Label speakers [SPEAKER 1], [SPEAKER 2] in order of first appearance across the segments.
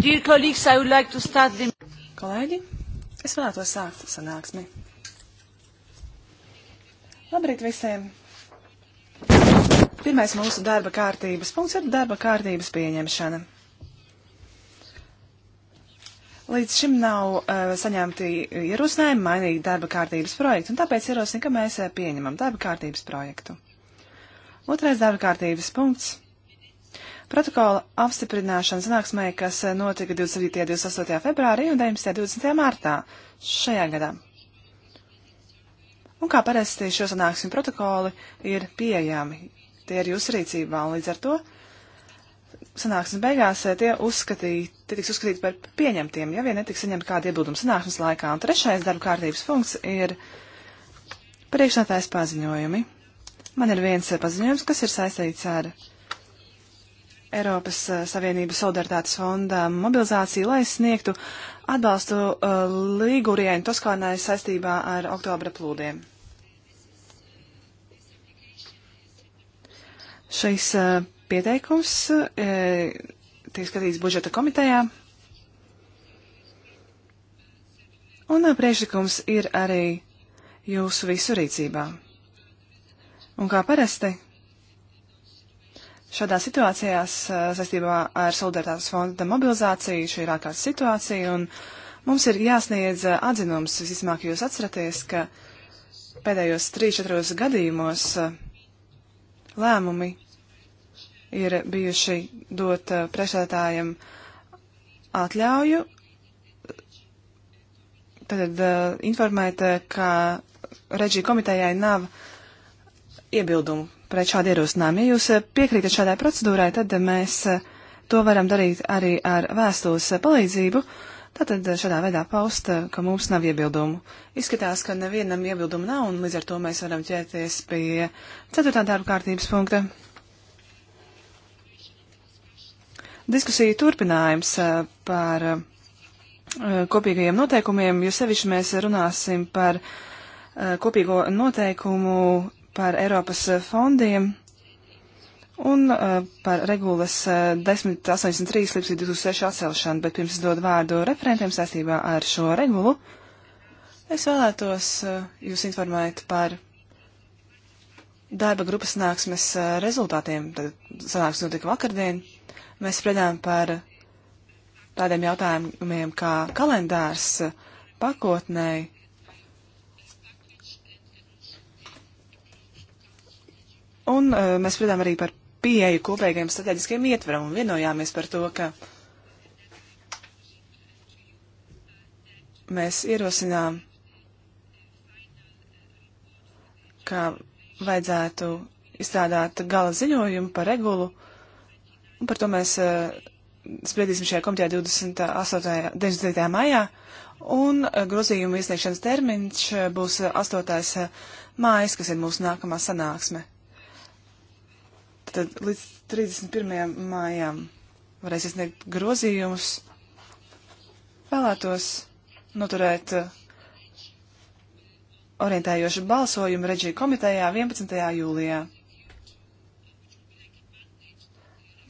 [SPEAKER 1] Dear colleagues, I would like to start the... Kolēģi, es vēlētos sākt sanāksmi. Labrīt visiem! Pirmais mūsu darba kārtības punkts ir darba kārtības pieņemšana. Līdz šim nav uh, saņemti ierosinājumi mainīt darba kārtības projektu, un tāpēc ierosinu, ka mēs eh, pieņemam darba kārtības projektu. Otrais darba kārtības punkts Protokola apstiprināšana sanāksmē, kas eh, notika 27. un 28. februārī un 19. un 20. martā šajā gadā. Un kā parasti šo sanāksmi protokoli ir pieejami, tie ir jūsu rīcībā, un līdz ar to sanāksmes beigās eh, tie, uzskatīt, tie tiks uzskatīti par pieņemtiem, ja vien netiks saņemt kādu iebildumu sanāksmes laikā. Un trešais darba kārtības punkts ir priekšnātājs paziņojumi. Man ir viens eh, paziņojums, kas ir saistīts ar Eiropas eh, Savienības solidaritātes fonda mobilizāciju, lai sniegtu atbalstu uh, eh, Līgurijai un Toskānai saistībā ar oktobra plūdiem. Šis uh, pieteikums uh, tiek skatīts budžeta komitejā. Un uh, priekšlikums ir arī jūsu visu rīcībā. Un kā parasti, Šādā situācijā eh, saistībā ar solidaritātes fonda mobilizāciju šī ir ārkārtas situācija, un mums ir jāsniedz eh, atzinums. Visticamāk, jūs atceraties, ka pēdējos 3-4 gadījumos eh, lēmumi ir bijuši dot priekšsēdētājiem atļauju, tad informēt, ka reģija komitejai nav iebildumu pret šādu ierosinājumu. Ja jūs eh, piekrītat šādai procedūrai, tad eh, mēs eh, to varam darīt arī ar vēstules palīdzību. Tātad šādā veidā paust, ka mums nav iebildumu. Izskatās, ka nevienam iebildumu nav, un līdz ar to mēs varam ķerties pie ceturtā darba kārtības punkta. Diskusija turpinājums par kopīgajiem noteikumiem, jo sevišķi mēs runāsim par kopīgo noteikumu par Eiropas eh, fondiem un uh, par regulas uh, eh, 1083 līdz 2006 atcelšanu, bet pirms dod vārdu referentiem saistībā ar šo regulu, es vēlētos uh, jūs informēt par darba grupas sanāksmes uh, rezultātiem. Tad sanāks notika vakardien. Mēs spredām par tādiem jautājumiem kā kalendārs pakotnēji Un uh, mēs spriedām arī par pieeju kopīgiem strateģiskiem ietveram un vienojāmies par to, ka mēs ierosinām, ka vajadzētu izstrādāt gala ziņojumu par regulu, un par to mēs uh, spriedīsim šajā komitejā 28. 99. maijā, un uh, grozījumu iesniegšanas termiņš būs 8. mājas, kas ir mūsu nākamā sanāksme. Tad līdz 31. mājām varēs iesniegt grozījumus. Vēlētos noturēt uh, orientējošu balsojumu reģiju komitejā 11. jūlijā.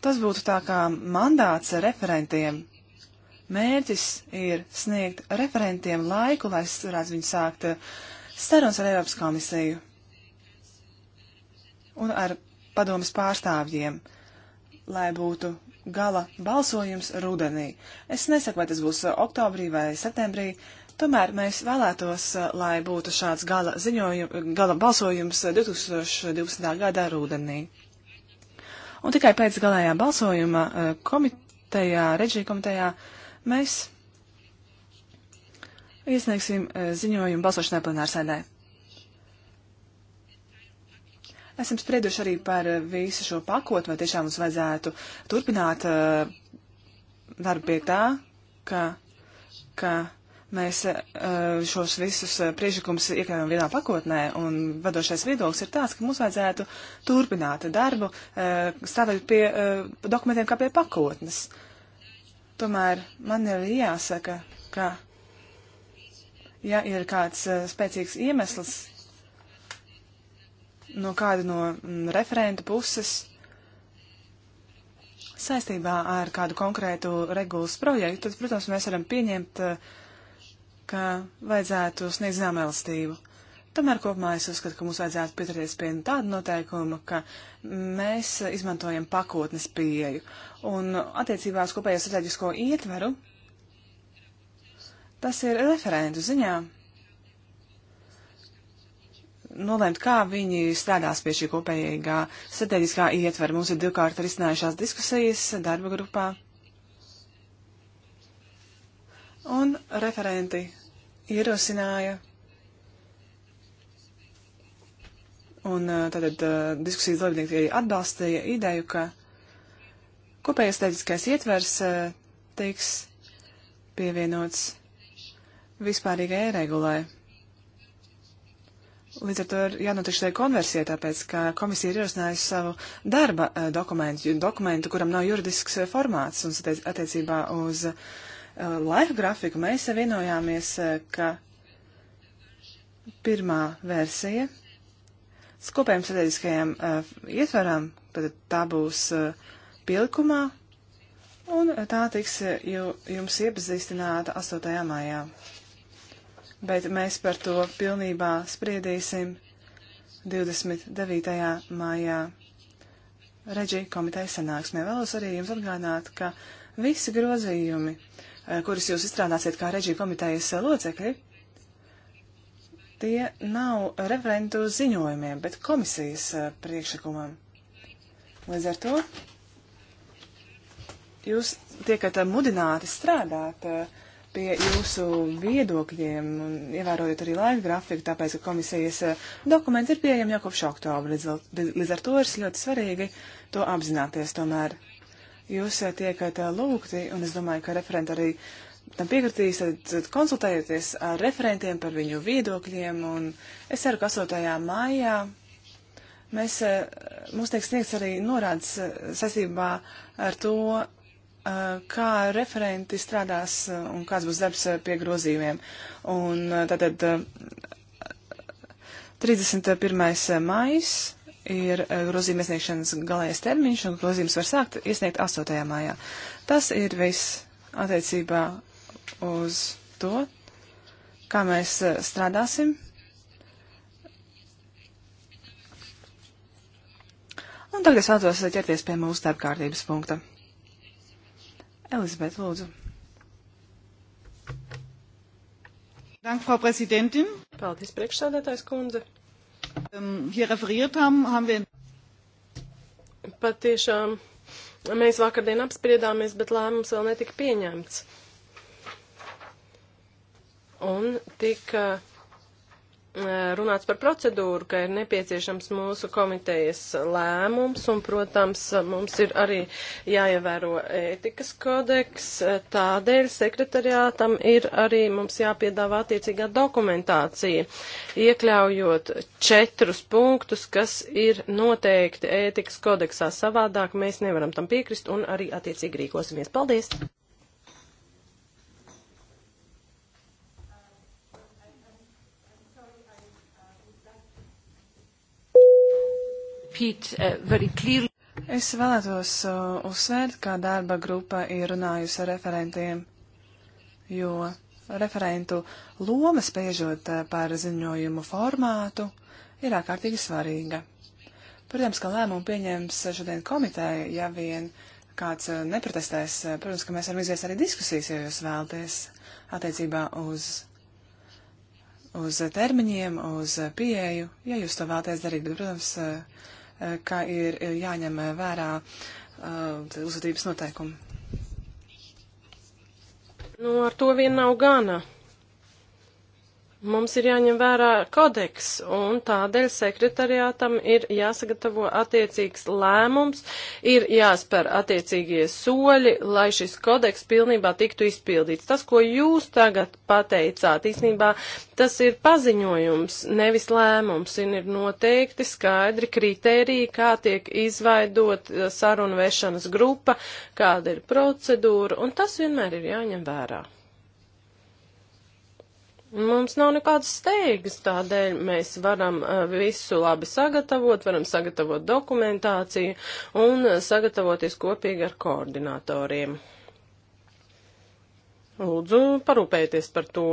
[SPEAKER 1] Tas būtu tā kā mandāts referentiem. Mērķis ir sniegt referentiem laiku, lai varētu viņu sākt uh, sarunas ar Eiropas komisiju un ar padomas pārstāvjiem, lai būtu gala balsojums rudenī. Es nesaku, vai tas būs uh, oktobrī vai septembrī, tomēr mēs vēlētos, uh, lai būtu šāds gala, ziņojum, gala balsojums 2020. Uh, gada rudenī. Un tikai pēc galējā balsojuma komitejā, reģija komitejā, mēs iesniegsim ziņojumu balsošanai plenārsēdē. Esam sprieduši arī par eh, visu šo pakotu, vai tiešām mums vajadzētu turpināt uh, darbu pie tā, ka, ka mēs eh, šos visus priekšlikumus iekļaujam vienā pakotnē, un vadošais viedoklis ir tāds, ka mums vajadzētu turpināt darbu, stāvēt pie dokumentiem kā pie pakotnes. Tomēr man ir jāsaka, ka, ja ir kāds spēcīgs iemesls no kāda no mm, referenta puses saistībā ar kādu konkrētu regulas projektu, tad, protams, mēs varam pieņemt, eh, ka vajadzētu sniegt zinām elastību. Tomēr kopumā es uzskatu, ka mums vajadzētu pieturēties pie tāda noteikuma, ka mēs izmantojam pakotnes pieeju. Un attiecībā uz kopējo strateģisko ietveru tas ir referentu ziņā nolēmt, kā viņi strādās pie šī kopējā strateģiskā ietvera. Mums ir divkārt arī snājušās diskusijas darba grupā. Un referenti ierosināja. Un uh, tātad uh, diskusijas dalībnieki arī atbalstīja ideju, ka kopējais strateģiskais ietvers uh, tiks pievienots vispārīgai regulai Līdz ar to ir jānotiek šai konversijai, tāpēc, ka komisija ir ierosinājusi savu darba eh, dokumentu, dokumentu, kuram nav juridisks eh, formāts, un attiecībā uz eh, laika grafiku mēs vienojāmies, ka pirmā versija s kopējiem strateģiskajiem ietvaram, tad tā būs pielikumā, un tā tiks jū, jums iepazīstināta 8. maijā bet mēs par to pilnībā spriedīsim 29. maijā. Reģi komiteja sanāksmē vēlos arī jums atgādināt, ka visi grozījumi, eh, kurus jūs izstrādāsiet kā reģi komitejas locekļi, tie nav referentu ziņojumiem, bet komisijas eh, priekšlikumam. Līdz ar to jūs tiekat mudināti strādāt uh, pie jūsu viedokļiem un ievērojot arī laika grafiku, tāpēc, ka komisijas eh, dokumenti ir pieejami jau kopš oktobra. Līdz, līdz ar to ir ļoti svarīgi to apzināties. Tomēr jūs eh, tiekat eh, lūgti, un es domāju, ka referenti arī tam piekritīs, tad, tad konsultējoties ar referentiem par viņu viedokļiem, un es ceru, ka 8. maijā mēs, mums tiek sniegts arī norādes saistībā ar to, kā referenti strādās un kāds būs darbs pie grozījumiem. Un tātad 31. mājas ir grozījuma iesniegšanas galējais termiņš, un grozījums var sākt iesniegt 8. mājā. Tas ir viss attiecībā uz to, kā mēs strādāsim. Un tagad es vēlos ķerties pie mūsu darbkārtības punkta. Elizabete, lūdzu. Dank, Frau Präsidentin. Paldies, priekšsādātājs kundze. Um, hier referiert haben, haben wir.
[SPEAKER 2] Patiešām mēs vakardien apspriedāmies, bet lēmums vēl netika pieņemts. Un tika. Uh, runāts par procedūru, ka ir nepieciešams mūsu komitejas lēmums, un, protams, mums ir arī jāievēro ētikas kodeks. Tādēļ sekretariātam ir arī mums jāpiedāvā attiecīgā dokumentācija, iekļaujot četrus punktus, kas ir noteikti ētikas kodeksā. Savādāk mēs nevaram tam piekrist un arī attiecīgi rīkosimies. Paldies!
[SPEAKER 1] repeat uh, very clearly. Es vēlētos uh, uzsvērt, kā darba grupa ir runājusi ar referentiem, jo referentu loma spēļot uh, par ziņojumu formātu ir ārkārtīgi svarīga. Protams, ka lēmumu pieņems šodien komiteja, ja vien kāds uh, neprotestēs. Uh, protams, ka mēs varam izies arī diskusijas, ja jūs vēlaties, attiecībā uz uz termiņiem, uz pieeju, ja jūs to vēlaties darīt. Bet, protams, uh, ka ir eh, jāņem eh, vērā eh, uzvedības noteikumi. Nu, ar to vien nav gana.
[SPEAKER 2] Mums ir jāņem vērā kodeks, un tādēļ sekretariātam ir jāsagatavo attiecīgs lēmums, ir jāspēr attiecīgie soļi, lai šis kodeks pilnībā tiktu izpildīts. Tas, ko jūs tagad pateicāt, īstenībā tas ir paziņojums, nevis lēmums, un ir noteikti skaidri kriteriji, kā tiek izveidot eh, sarunu vešanas grupa, kāda ir procedūra, un tas vienmēr ir jāņem vērā. Mums nav nekādas steigas, tādēļ mēs varam uh, visu labi sagatavot, varam sagatavot dokumentāciju un sagatavoties kopīgi ar koordinatoriem. Lūdzu, parūpējieties par to.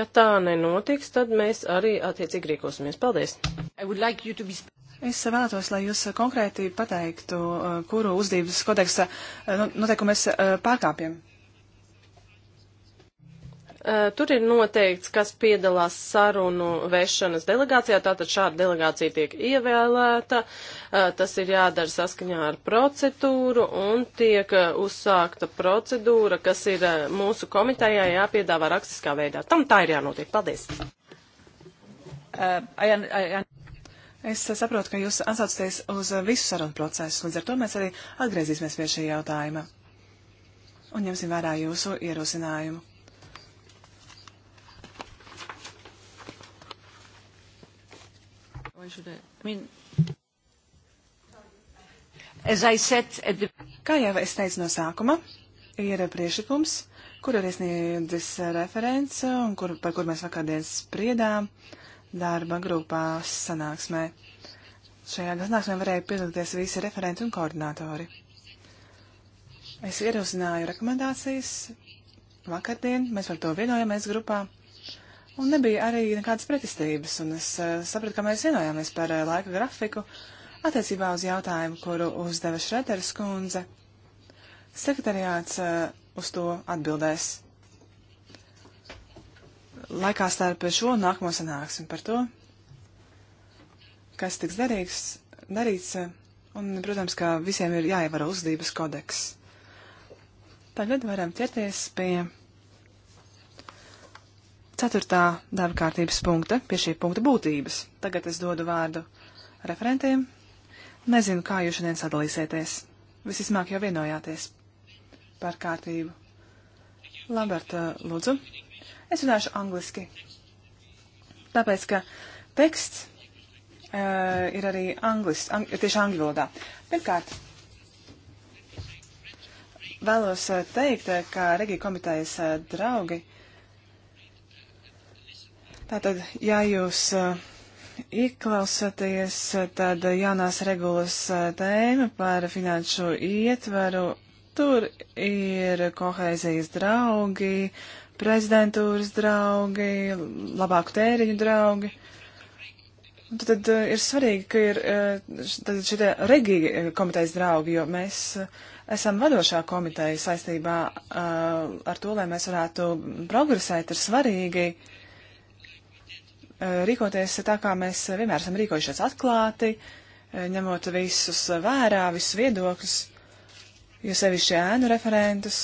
[SPEAKER 2] Ja tā nenotiks, tad mēs arī attiecīgi rīkosimies. Paldies!
[SPEAKER 1] Like be... Es vēlētos, lai jūs konkrēti pateiktu, uh, kuru uzdības kodeksa uh, nu, noteikumu mēs pārkāpjam.
[SPEAKER 2] Tur ir noteikts, kas piedalās sarunu vešanas delegācijā, tātad šāda delegācija tiek ievēlēta, tas ir jādara saskaņā ar procedūru un tiek uzsākta procedūra, kas ir mūsu komitējā jāpiedāvā rakstiskā veidā. Tam tā
[SPEAKER 1] ir jānotiek. Paldies! Es saprotu, ka jūs atsaucaties uz visu sarunu procesu, līdz ar to mēs arī atgriezīsimies pie šī jautājuma un ņemsim vērā jūsu ierosinājumu. Uh, Kā jau es teicu no sākuma, ir priešlikums, kuru ir iesniedzis referents un kur, par kur mēs vakardien spriedām darba grupā sanāksmē. Šajā sanāksmē varēja piedalīties visi referenti un koordinātori. Es ierosināju rekomendācijas vakardien, mēs par to vienojamies grupā. Un nebija arī nekādas pretestības, un es eh, sapratu, ka mēs vienojāmies par eh, laika grafiku attiecībā uz jautājumu, kuru uzdeva Šreteres kundze. Sekretariāts eh, uz to atbildēs laikā starp šo un nākamo sanāksmi par to, kas tiks darīgs, darīts, un, protams, ka visiem ir jāievaro uzvedības kodeks. Tagad varam ķerties pie ceturtā darba kārtības punkta pie šī punkta būtības. Tagad es dodu vārdu referentiem. Nezinu, kā jūs šodien sadalīsieties. Visizmāk jau vienojāties par kārtību. Lamberta, eh, lūdzu. Es runāšu angliski. Tāpēc, ka teksts uh, ir arī anglis, ang tieši angļu valodā. Pirmkārt, vēlos eh, teikt, ka Regija komitejas draugi uh, Tātad, ja jūs eh, ieklausāties, eh, tad jaunās regulas eh, tēma par finanšu ietvaru, tur ir kohēzijas draugi, prezidentūras draugi, labāku tēriņu draugi. Un tad, tad ir svarīgi, ka ir šie regija komitejas draugi, jo mēs esam vadošā komiteja saistībā ar to, lai mēs varētu progresēt, ir svarīgi Eh, rīkoties tā, kā mēs vienmēr esam rīkojušies atklāti, eh, ņemot visus vērā, visus viedokļus, jo sevišķi ēnu referentus,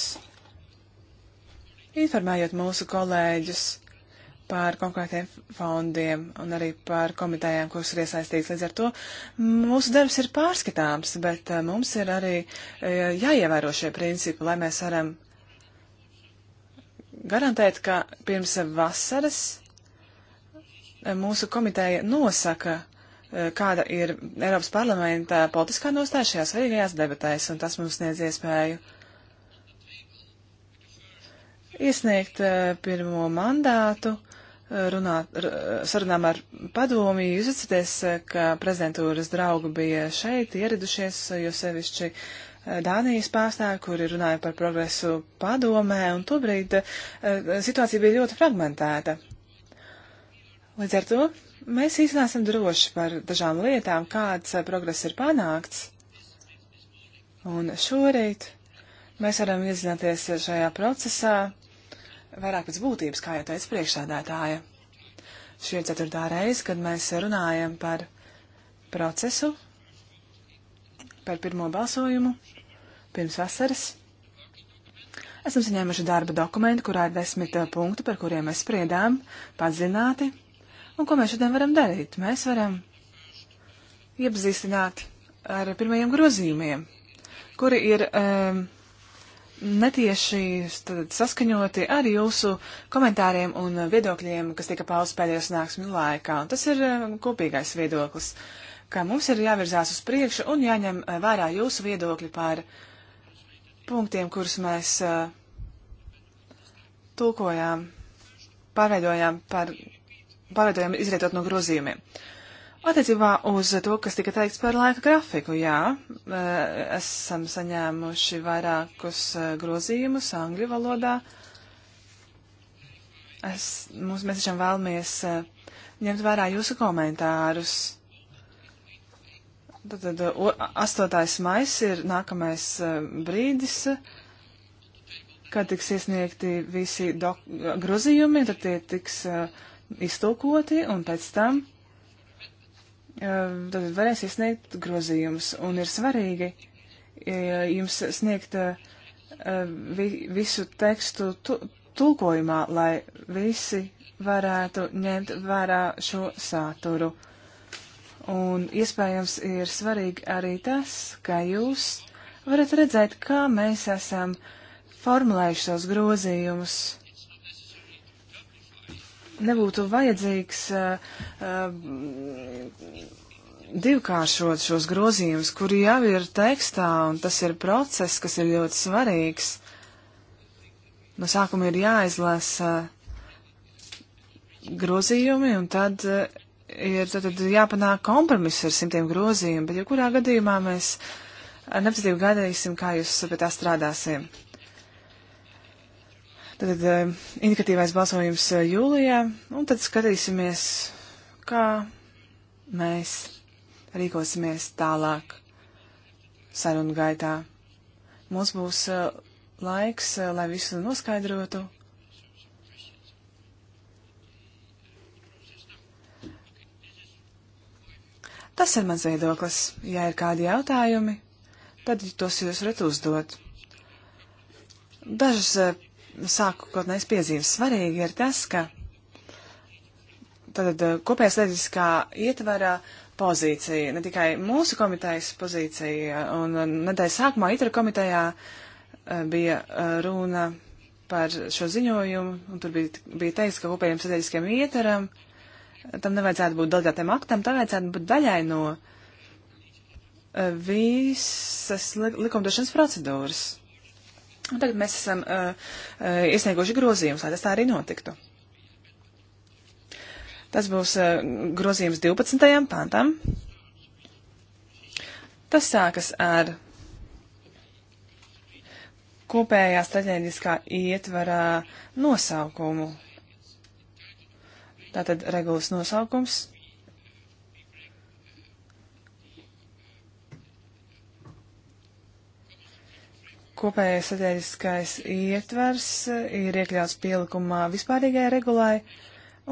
[SPEAKER 1] informējot mūsu kolēģus par konkrētiem fondiem un arī par komitējām, kuras ir iesaistīts. Līdz ar to mūsu darbs ir pārskatāms, bet eh, mums ir arī jāievēro šie principi, lai mēs varam garantēt, ka pirms vasaras mūsu komiteja nosaka, eh, kāda ir Eiropas parlamenta politiskā nostāja šajās svarīgajās debatēs, un tas mums sniedz iespēju iesniegt eh, pirmo mandātu, eh, runāt, sarunām ar padomi. Jūs atceraties, ka prezidentūras draugi bija šeit ieradušies, jo sevišķi Dānijas pārstāvi, kuri runāja par progresu padomē, un tobrīd situācija bija ļoti fragmentēta. Līdz ar to mēs īsti neesam droši par dažām lietām, kāds eh, progress ir panākts. Un šorīt mēs varam iezināties šajā procesā vairāk pēc būtības, kā jau teica priekšsādātāja. Šī ir ceturtā reize, kad mēs runājam par procesu, par pirmo balsojumu pirms vasaras. Esam saņēmuši darba dokumentu, kurā ir desmit eh, punkti, par kuriem mēs spriedām, padzināti. Un ko mēs šodien varam darīt? Mēs varam iepazīstināt ar pirmajiem grozījumiem, kuri ir um, netieši tad, saskaņoti ar jūsu komentāriem un viedokļiem, kas tika pausts pēdējos nāksmju laikā. Un tas ir um, kopīgais viedoklis, ka mums ir jāvirzās uz priekšu un jāņem uh, vērā jūsu viedokļi par punktiem, kurus mēs uh, tulkojām, pārveidojām par pārvietojumu izrietot no grozījumiem. Attiecībā uz to, kas tika teikts par laika grafiku, jā, e, esam saņēmuši vairākus e, grozījumus angļu valodā. Es, mums, mēs tiešām vēlamies e, ņemt vērā jūsu komentārus. Tad, tad 8. mais ir nākamais brīdis, kad tiks iesniegti visi grozījumi, tad tie tiks uh, iztulkoti un pēc tam eh, tad varēs iesniegt grozījumus. Un ir svarīgi eh, jums sniegt eh, visu tekstu tulkojumā, lai visi varētu ņemt vērā šo saturu. Un iespējams ir svarīgi arī tas, ka jūs varat redzēt, kā mēs esam formulējuši savus grozījumus nebūtu vajadzīgs uh, uh, divkāršot šos grozījumus, kuri jau ir tekstā, un tas ir process, kas ir ļoti svarīgs. No sākuma ir jāizlasa grozījumi, un tad eh, ir tad, tad jāpanāk kompromiss ar simtiem grozījumu, bet jebkurā gadījumā mēs ar nepacietību gaidīsim, kā jūs pie tā strādāsim. Tad uh, eh, indikatīvais balsojums eh, jūlijā, un tad skatīsimies, kā mēs rīkosimies tālāk sarunu gaitā. Mums būs uh, laiks, uh, lai visu noskaidrotu. Tas ir mans viedoklis. Ja ir kādi jautājumi, tad tos jūs varat uzdot. Dažas sākotnēs piezīmes. Svarīgi ir tas, ka tad eh, kopējais leģiskā ietvara pozīcija, ne tikai mūsu komitejas pozīcija, un eh, nedēļas sākumā itra komitejā eh, bija runa par šo ziņojumu, un tur bija, bija teiks, ka kopējiem strateģiskiem ietvaram tam nevajadzētu būt delegātiem aktam, tam vajadzētu būt daļai no visas li likumdošanas procedūras. Un tagad mēs esam uh, uh, iesnieguši grozījumus, lai tas tā arī notiktu. Tas būs uh, grozījums 12. pantam. Tas sākas ar kopējā strateģiskā ietvarā nosaukumu. Tātad regulas nosaukums Kopējais strateģiskais ietvers eh, ir iekļauts pielikumā vispārīgai regulai,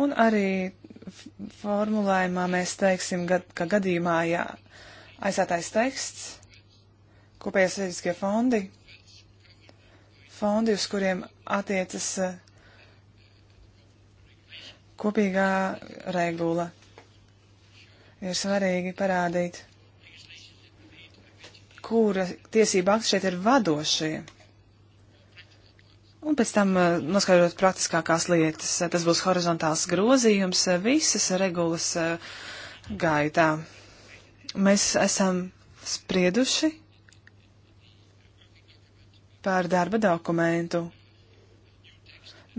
[SPEAKER 1] un arī formulējumā mēs teiksim, ka gadījumā, ja aizsātais teksts, kopējais strateģiskie fondi, fondi, uz kuriem attiecas eh, kopīgā regula, ir svarīgi parādīt kura tiesība akti šeit ir vadošie. Un pēc tam eh, noskaidrot praktiskākās lietas. Eh, tas būs horizontāls grozījums eh, visas regulas gaitā. Mēs esam sprieduši par darba dokumentu.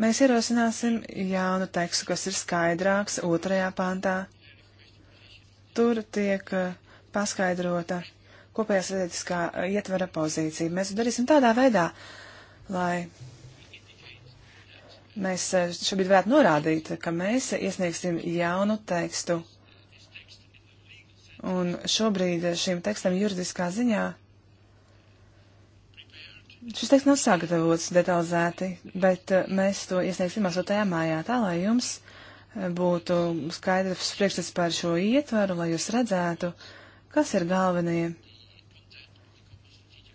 [SPEAKER 1] Mēs ierosināsim jaunu tekstu, kas ir skaidrāks otrajā pantā. Tur tiek paskaidrota kopējā strateģiskā eh, ietvara pozīcija. Mēs to darīsim tādā veidā, lai mēs eh, šobrīd varētu norādīt, ka mēs iesniegsim jaunu tekstu. Un šobrīd šim tekstam juridiskā ziņā šis teksts nav sagatavots detalizēti, bet eh, mēs to iesniegsim 8. mājā, tā lai jums būtu skaidrs priekšstats par šo ietvaru, lai jūs redzētu, kas ir galvenie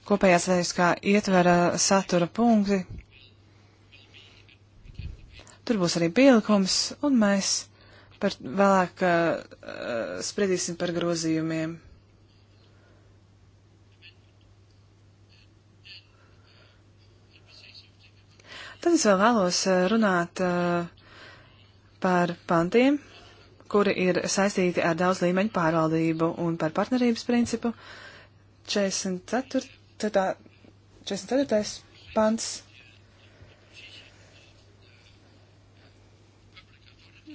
[SPEAKER 1] kopējā saistībā ietvera satura punkti. Tur būs arī pielikums, un mēs par vēlāk uh, uh spriedīsim par grozījumiem. Tad es vēl vēlos uh, runāt uh, par pantiem, kuri ir saistīti ar daudz līmeņu pārvaldību un par partnerības principu. 44. Citā 44. pants.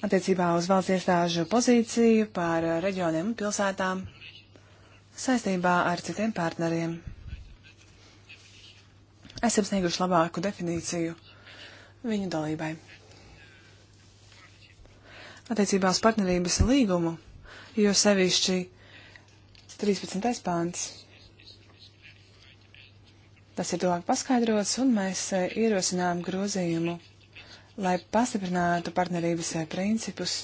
[SPEAKER 1] Attiecībā uz valsts iestāžu pozīciju par reģioniem un pilsētām saistībā ar citiem partneriem. Esam snieguši labāku definīciju viņu dalībai. Attiecībā uz partnerības līgumu, jo sevišķi 13. pāns. Tas ir tuvāk paskaidrots, un mēs eh, ierosinām grozījumu, lai pastiprinātu partnerības eh, principus,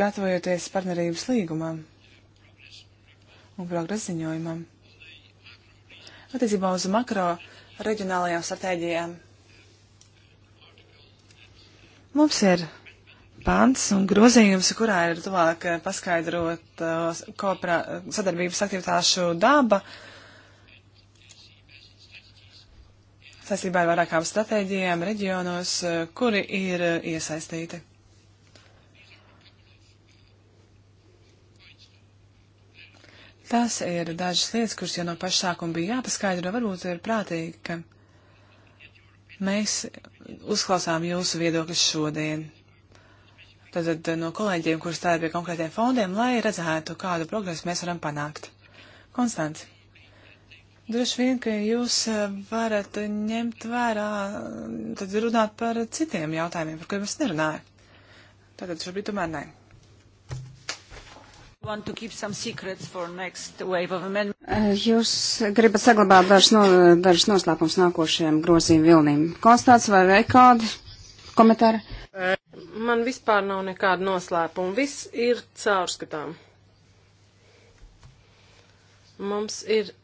[SPEAKER 1] gatavojoties partnerības līgumam un progresa ziņojumam. Attiecībā uz makro reģionālajām stratēģijām. Mums ir pants un grozījums, kurā ir tuvāk eh, paskaidrot uh, kopra, sadarbības aktivitāšu daba. Uh, saistībā ar vairākām stratēģijām reģionos, eh, kuri ir eh, iesaistīti. Tas ir dažas lietas, kuras jau no paša sākuma bija jāpaskaidro, varbūt ir prātīgi, ka mēs uzklausām jūsu viedokļus šodien. Tātad eh, no kolēģiem, kurus tādā pie konkrētiem fondiem, lai redzētu, kādu progresu mēs varam panākt. Konstanti. Droši vien, ka jūs eh, varat ņemt vērā, tad runāt par citiem jautājumiem, par kuriem es nerunāju. Tātad šobrīd tomēr nē. Eh,
[SPEAKER 3] jūs gribat saglabāt dažas, no, dažas noslēpums nākošajiem grozījumu vilnīm. Konstāts vai vēl kādi komentāri?
[SPEAKER 2] Man vispār nav nekāda noslēpuma. Viss ir caurskatām. Mums ir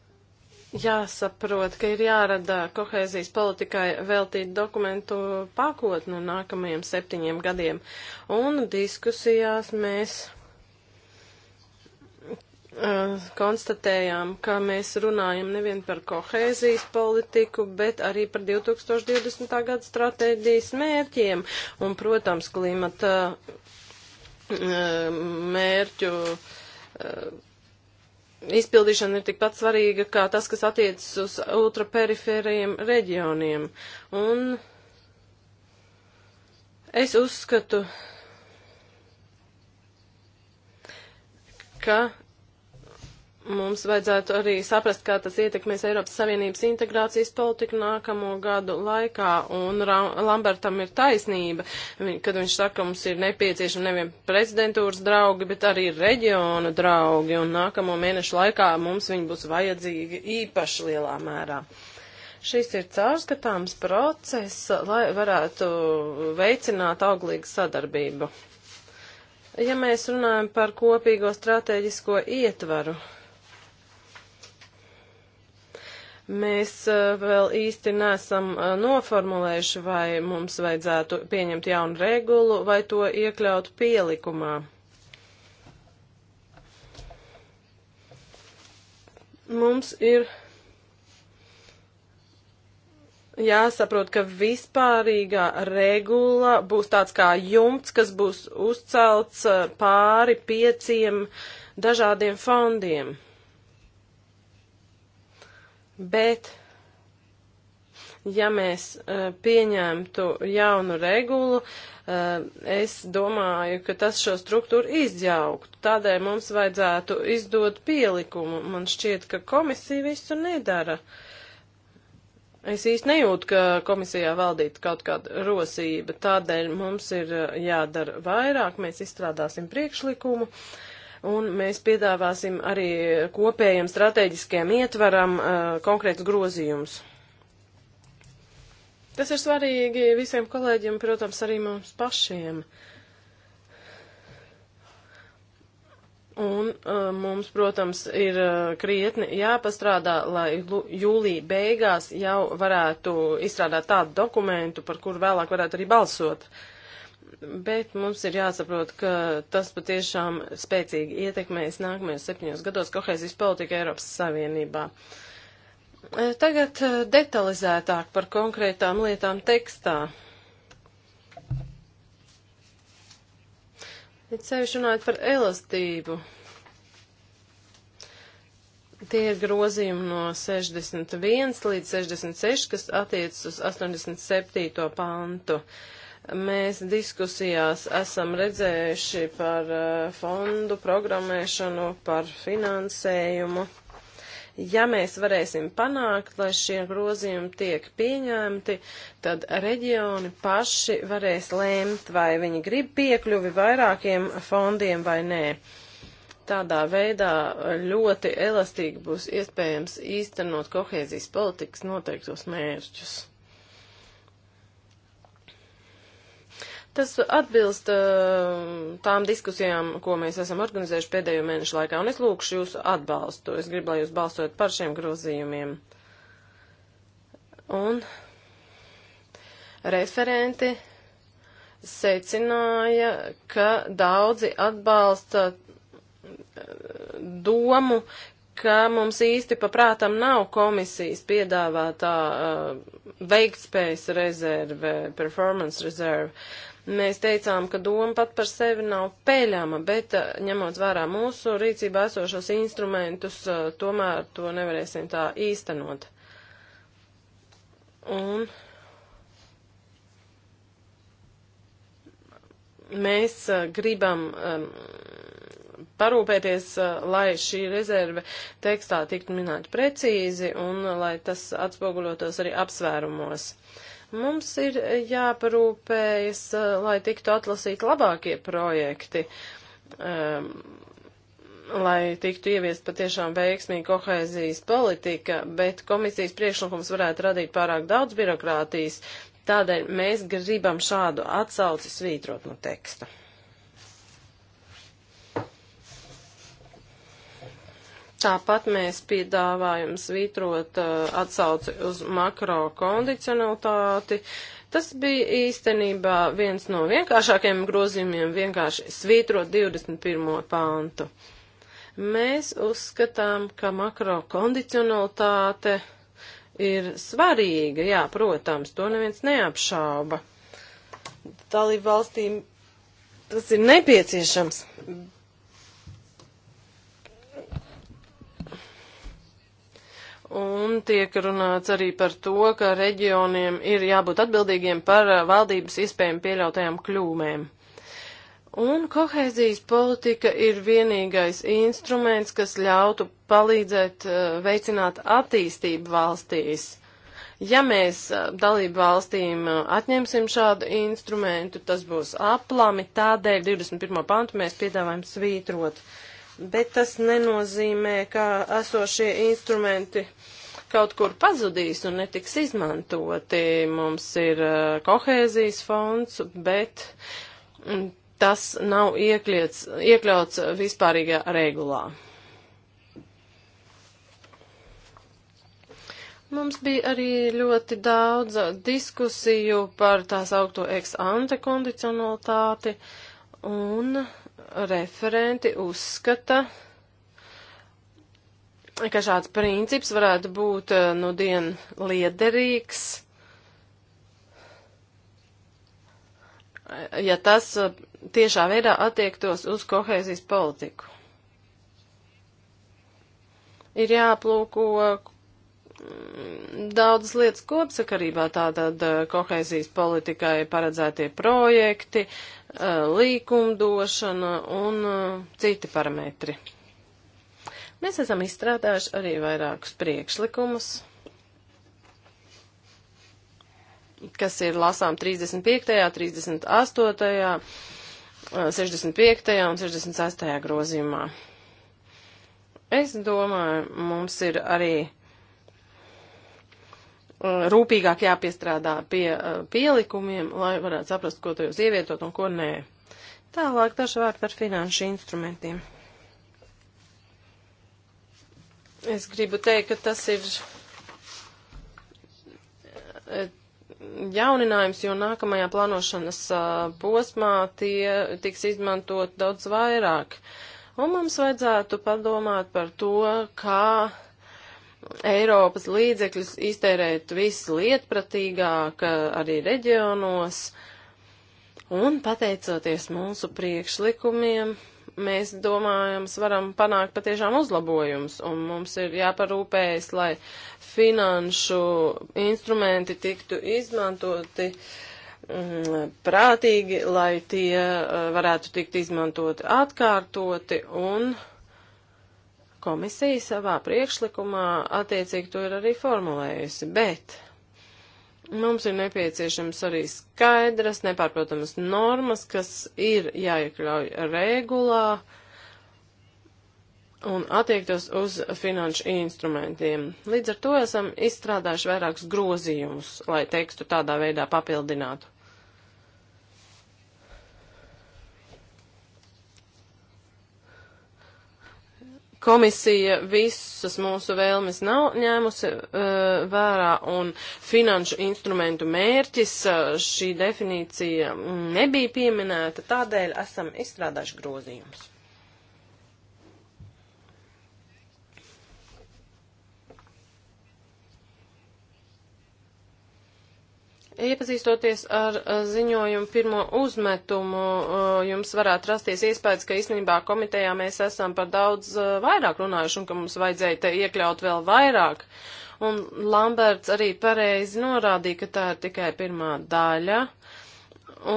[SPEAKER 2] Jāsaprot, ka ir jārada kohēzijas politikai veltīt dokumentu pakotni nākamajiem septiņiem gadiem. Un diskusijās mēs uh, konstatējām, ka mēs runājam nevien par kohēzijas politiku, bet arī par 2020. gada stratēģijas mērķiem un, protams, klimata uh, mērķu uh, izpildīšana ir tikpat svarīga kā tas, kas attiecas uz ultraperifēriem reģioniem. Un es uzskatu, ka Mums vajadzētu arī saprast, kā tas ietekmēs Eiropas Savienības integrācijas politiku nākamo gadu laikā, un Ram Lambertam ir taisnība, kad viņš saka, ka mums ir nepieciešami nevien prezidentūras draugi, bet arī reģiona draugi, un nākamo mēnešu laikā mums viņi būs vajadzīgi īpaši lielā mērā. Šis ir caurskatāms process, lai varētu veicināt auglīgu sadarbību. Ja mēs runājam par kopīgo strateģisko ietvaru, Mēs eh, vēl īsti nesam eh, noformulējuši, vai mums vajadzētu pieņemt jaunu regulu vai to iekļaut pielikumā. Mums ir jāsaprot, ka vispārīgā regula būs tāds kā jumts, kas būs uzcelts eh, pāri pieciem dažādiem fondiem. Bet, ja mēs uh, pieņemtu jaunu regulu, uh, es domāju, ka tas šo struktūru izjauktu. Tādēļ mums vajadzētu izdot pielikumu. Man šķiet, ka komisija visu nedara. Es īsti nejūtu, ka komisijā valdītu kaut kāda rosība, tādēļ mums ir e, jādara vairāk, mēs izstrādāsim priekšlikumu. Uh, un mēs piedāvāsim arī kopējiem strateģiskajam ietvaram uh, konkrētus grozījumus. Tas ir svarīgi visiem kolēģiem, protams, arī mums pašiem. Un uh, mums, protams, ir uh, krietni jāpastrādā, lai jūlija beigās jau varētu izstrādāt tādu dokumentu, par kuru vēlāk varētu arī balsot. Uh, bet mums ir jāsaprot, ka tas patiešām spēcīgi ietekmēs nākamajos septiņos gados kohēzijas politika Eiropas Savienībā. E, tagad e, detalizētāk par konkrētām lietām tekstā. Ir sevišķi runājot par elastību. Tie ir grozījumi no 61 līdz 66, kas attiecas uz 87. pantu. Uh, Mēs diskusijās esam redzējuši par eh, fondu programmēšanu, par finansējumu. Ja mēs varēsim panākt, lai šie grozījumi tiek pieņemti, tad reģioni paši varēs lēmt, vai viņi grib piekļuvi vairākiem fondiem vai nē. Tādā veidā ļoti elastīgi būs iespējams īstenot kohēzijas politikas noteiktos mērķus. Tas atbilst uh, tām diskusijām, ko mēs esam organizējuši pēdējo mēnešu laikā, un es lūkšu jūsu atbalstu. Es gribu, lai jūs balsojat par šiem grozījumiem. Un referenti secināja, ka daudzi atbalsta eh, domu, ka mums īsti paprātam nav komisijas piedāvātā uh, veiktspējas rezerve, performance rezerve. Mēs teicām, ka doma pat par sevi nav peļama, bet eh, ņemot vērā mūsu rīcībā esošos instrumentus, eh, tomēr to nevarēsim tā īstenot. Un mēs eh, gribam um, parūpēties, lai šī rezerve tekstā tiktu minēta precīzi un lai tas atspoguļotos arī apsvērumos. Uh, Mums ir jāparūpējas, eh, lai tiktu atlasīti labākie projekti, um, lai tiktu ieviest patiešām veiksmīgi kohēzijas politika, bet komisijas priekšlikums varētu radīt pārāk daudz birokrātijas, tādēļ mēs gribam šādu atsauci svītrot no teksta. Tāpat mēs piedāvājam svītrot uh, atsauci uz makrokondicionalitāti. Tas bija īstenībā viens no vienkāršākajiem grozījumiem, vienkārši svītrot 21. pāntu. Mēs uzskatām, ka makrokondicionalitāte ir svarīga, jā, protams, to neviens neapšauba. Dalību valstīm tas ir nepieciešams, Un tiek runāts arī par to, ka reģioniem ir jābūt atbildīgiem par uh, valdības iespējami pieļautajām kļūmēm. Un kohēzijas politika ir vienīgais instruments, kas ļautu palīdzēt uh, veicināt attīstību valstīs. Ja mēs uh, dalību valstīm atņemsim šādu instrumentu, tas būs aplami, tādēļ 21. pantu mēs piedāvājam svītrot. Uh, bet tas nenozīmē, ka esošie instrumenti kaut kur pazudīs un netiks izmantoti. Mums ir uh, kohēzijas fonds, bet mm, tas nav iekļiets, iekļauts vispārīgā regulā. Mums bija arī ļoti daudz diskusiju par tās augto ex ante kondicionalitāti un uh, referenti uzskata, ka šāds princips varētu būt eh, nu dien liederīgs, ja tas eh, tiešā veidā attiektos uz kohēzijas politiku. Ir jāplūko, daudzas lietas kopsakarībā, tātad eh, kohēzijas politikai paredzētie projekti, eh, līkumdošana un eh, citi parametri. Mēs esam izstrādājuši arī vairākus priekšlikumus, kas ir lasām 35., 38., 65. un 66. grozījumā. Es domāju, mums ir arī Eh, rūpīgāk jāpiestrādā pie eh, pielikumiem, lai varētu saprast, ko tajos ievietot un ko nē. Tālāk daži vārdi par finanšu instrumentiem. Es gribu teikt, ka tas ir eh, jauninājums, jo nākamajā plānošanas posmā tie tiks izmantot daudz vairāk. Un mums vajadzētu padomāt par to, kā Eiropas līdzekļus iztērēt vislietpratīgāk arī reģionos, un pateicoties mūsu priekšlikumiem, mēs domājams varam panākt patiešām uzlabojums, un mums ir jāparūpējas, lai finanšu instrumenti tiktu izmantoti mm, prātīgi, lai tie eh, varētu tikt izmantoti atkārtoti, un Komisija savā priekšlikumā attiecīgi to ir arī formulējusi, bet mums ir nepieciešams arī skaidras, nepārprotamas normas, kas ir jāiekļauj regulā un attiektos uz finanšu instrumentiem. Līdz ar to esam izstrādājuši vairākus grozījumus, lai tekstu tādā veidā papildinātu. Komisija visas mūsu vēlmes nav ņēmusi uh, vērā un finanšu instrumentu mērķis uh, šī definīcija nebija pieminēta, tādēļ esam izstrādājuši grozījumus. Iepazīstoties ar uh, ziņojumu pirmo uzmetumu, uh, jums varētu rasties iespējas, ka īstenībā komitejā mēs esam par daudz uh, vairāk runājuši un ka mums vajadzēja te iekļaut vēl vairāk. Un Lamberts arī pareizi norādīja, ka tā ir tikai pirmā daļa.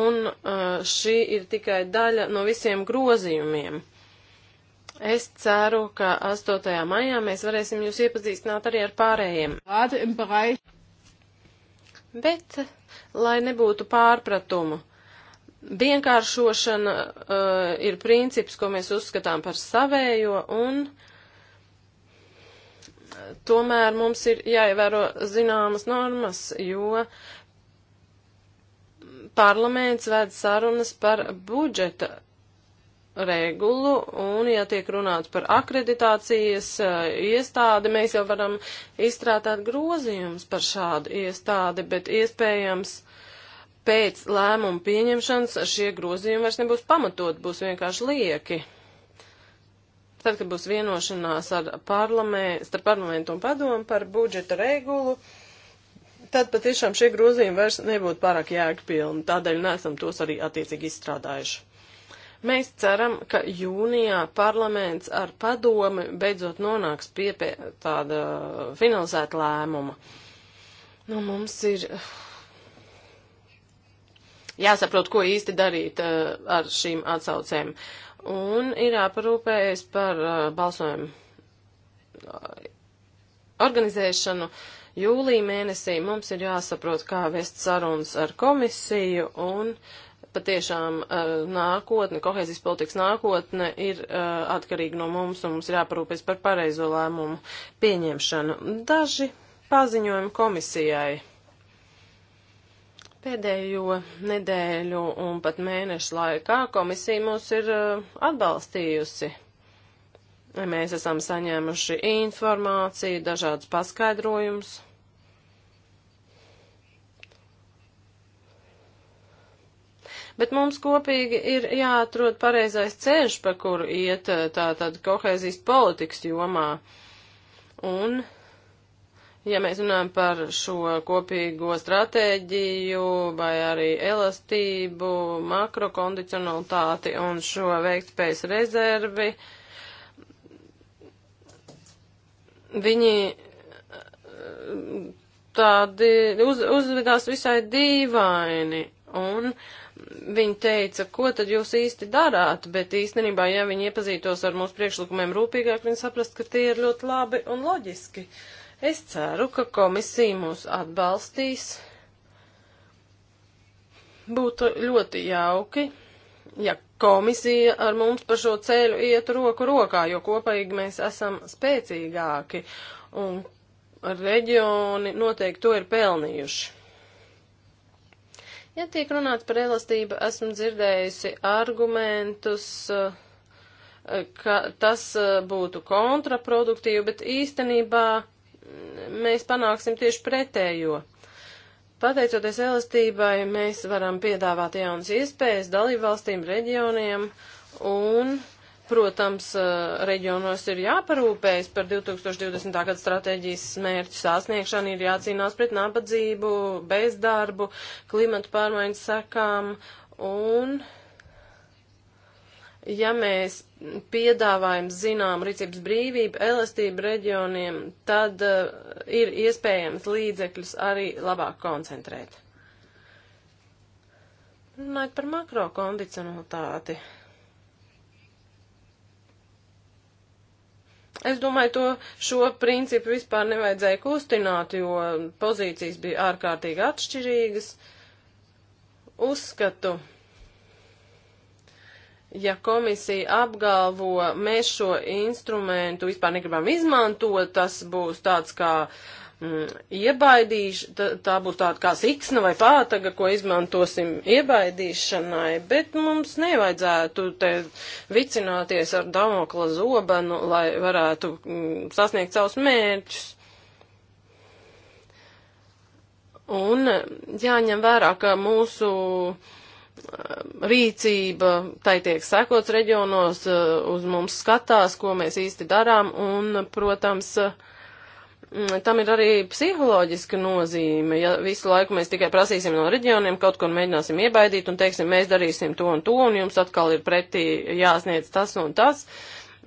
[SPEAKER 2] Un šī ir tikai daļa no visiem grozījumiem. Es ceru, ka 8. maijā mēs varēsim jūs iepazīstināt arī ar pārējiem. Bet, lai nebūtu pārpratumu, vienkāršošana uh, ir princips, ko mēs uzskatām par savējo, un eh, tomēr mums ir jāievēro zināmas normas, jo parlaments vēd sarunas par budžeta regulu, un ja tiek runāts par akreditācijas eh, iestādi, mēs jau varam izstrādāt grozījumus par šādu iestādi, bet iespējams pēc lēmumu pieņemšanas šie grozījumi vairs nebūs pamatot, būs vienkārši lieki. Tad, kad būs vienošanās ar parlament, starp parlamentu un padomu par budžeta regulu, tad patiešām šie grozījumi vairs nebūtu pārāk jēgpilni, tādēļ nesam tos arī attiecīgi izstrādājuši. Mēs ceram, ka jūnijā parlaments ar padomi beidzot nonāks pie, pie tāda finalizēta lēmuma. Nu, mums ir uh, jāsaprot, ko īsti darīt uh, ar šīm atsaucēm. Un ir jāparūpējas par uh, balsojumu organizēšanu. Jūlī mēnesī mums ir jāsaprot, kā vest sarunas ar komisiju un uh, patiešām eh, nākotne, kohēzijas politikas nākotne ir eh, atkarīga no mums, un mums ir jāparūpēs par pareizo lēmumu pieņemšanu. Daži paziņojumi komisijai. Pēdējo nedēļu un pat mēnešu laikā komisija mūs ir eh, atbalstījusi. Mēs esam saņēmuši informāciju, dažādus paskaidrojumus. bet mums kopīgi ir jāatrod pareizais ceļš, pa kuru iet eh, tā tad kohēzijas politikas jomā. Un, ja mēs runājam par šo kopīgo stratēģiju vai arī elastību, makrokondicionalitāti un šo veiktspējas rezervi, viņi eh, tādi uz, uzvedās visai dīvaini. Un uh, viņi teica, ko tad jūs īsti darāt, bet īstenībā, ja viņi iepazītos ar mūsu priekšlikumiem rūpīgāk, viņi saprast, ka tie ir ļoti labi un loģiski. Es ceru, ka komisija mūs atbalstīs. Būtu ļoti jauki, ja komisija ar mums pa šo ceļu iet roku rokā, jo kopīgi mēs esam spēcīgāki un reģioni noteikti to ir pelnījuši. Ja tiek runāts par elastību, esmu dzirdējusi argumentus, eh, ka tas eh, būtu kontraproduktīvi, bet īstenībā mm, mēs panāksim tieši pretējo. Pateicoties elastībai, mēs varam piedāvāt jaunas iespējas dalībvalstīm, reģioniem un Protams, eh, reģionos ir jāparūpējas par 2020. gada stratēģijas smērķu sasniegšanu, ir jācīnās pret nabadzību, bezdarbu, klimatu pārmaiņu sekām un ja mēs piedāvājam zinām rīcības brīvību, elastību reģioniem, tad uh, ir iespējams līdzekļus arī labāk koncentrēt. Runājot par makrokondicionalitāti. es domāju, to šo principu vispār nevajadzēja kustināt, jo pozīcijas bija ārkārtīgi atšķirīgas. Uzskatu, ja komisija apgalvo, mēs šo instrumentu vispār negribam izmantot, tas būs tāds kā uh, Mm, iebaidīšana, tā būs tāda kā siksna vai pātaga, ko izmantosim iebaidīšanai, bet mums nevajadzētu te vicināties ar damokla zobenu, lai varētu mm, sasniegt savus mērķus. Un mm, jāņem vērā, ka mūsu rīcība, tai tiek sekots reģionos, uz mums skatās, ko mēs īsti darām, un, protams, uh, Mm, tam ir arī psiholoģiska nozīme. Ja visu laiku mēs tikai prasīsim no reģioniem, kaut ko mēģināsim iebaidīt un teiksim, mēs darīsim to un to, un jums atkal ir pretī jāsniedz tas un tas,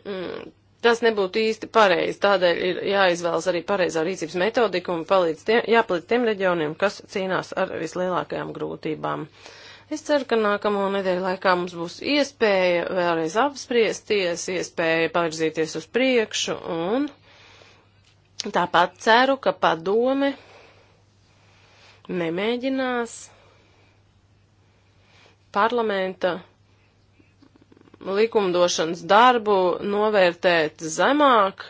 [SPEAKER 2] mm, tas nebūtu īsti pareizi. Tādēļ ir jāizvēlas arī pareizā rīcības metodika un palīdz tiem, jāpalīdz tiem reģioniem, kas cīnās ar vislielākajām grūtībām. Es ceru, ka nākamo nedēļu laikā mums būs iespēja vēlreiz apspriesties, iespēja pavirzīties uz priekšu un. Tāpat ceru, ka padome nemēģinās parlamenta likumdošanas darbu novērtēt zemāk,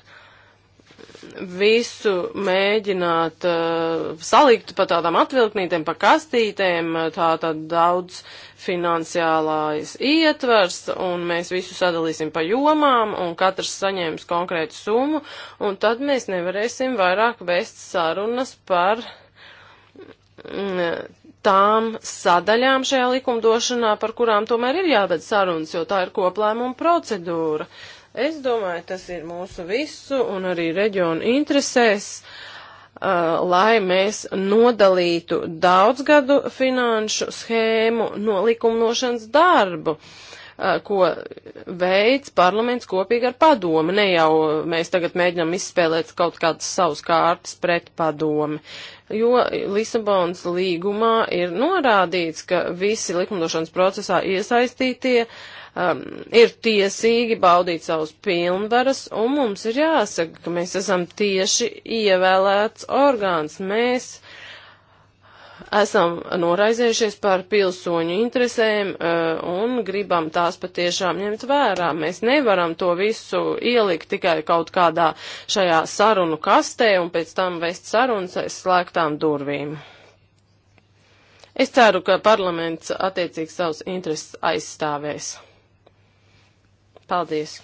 [SPEAKER 2] visu mēģināt uh, salikt pa tādām atvilknītēm, pa kastītēm, eh, tā tad daudz finansiālais ietvers, un mēs visu sadalīsim pa jomām, un katrs saņēmis konkrētu summu, un tad mēs nevarēsim vairāk vēst sarunas par mm, tām sadaļām šajā likumdošanā, par kurām tomēr ir jāved sarunas, jo tā ir koplēmuma procedūra. Uh, Es domāju, tas ir mūsu visu un arī reģionu interesēs, uh, lai mēs nodalītu daudzgadu finanšu schēmu no likumdošanas darbu. Uh, Eh, ko veids parlaments kopīgi ar padomu. Ne jau mēs tagad mēģinām izspēlēt kaut kādas savas kārtas pret padomu. Jo Lisabonas līgumā ir norādīts, ka visi likumdošanas procesā iesaistītie um, ir tiesīgi baudīt savus pilnvaras, un mums ir jāsaka, ka mēs esam tieši ievēlēts orgāns. Mēs esam noraizējušies par pilsoņu interesēm uh, un gribam tās patiešām ņemt vērā. Mēs nevaram to visu ielikt tikai kaut kādā šajā sarunu kastē un pēc tam vest sarunas aiz slēgtām durvīm. Es ceru, ka parlaments attiecīgi savus intereses
[SPEAKER 3] aizstāvēs. Paldies!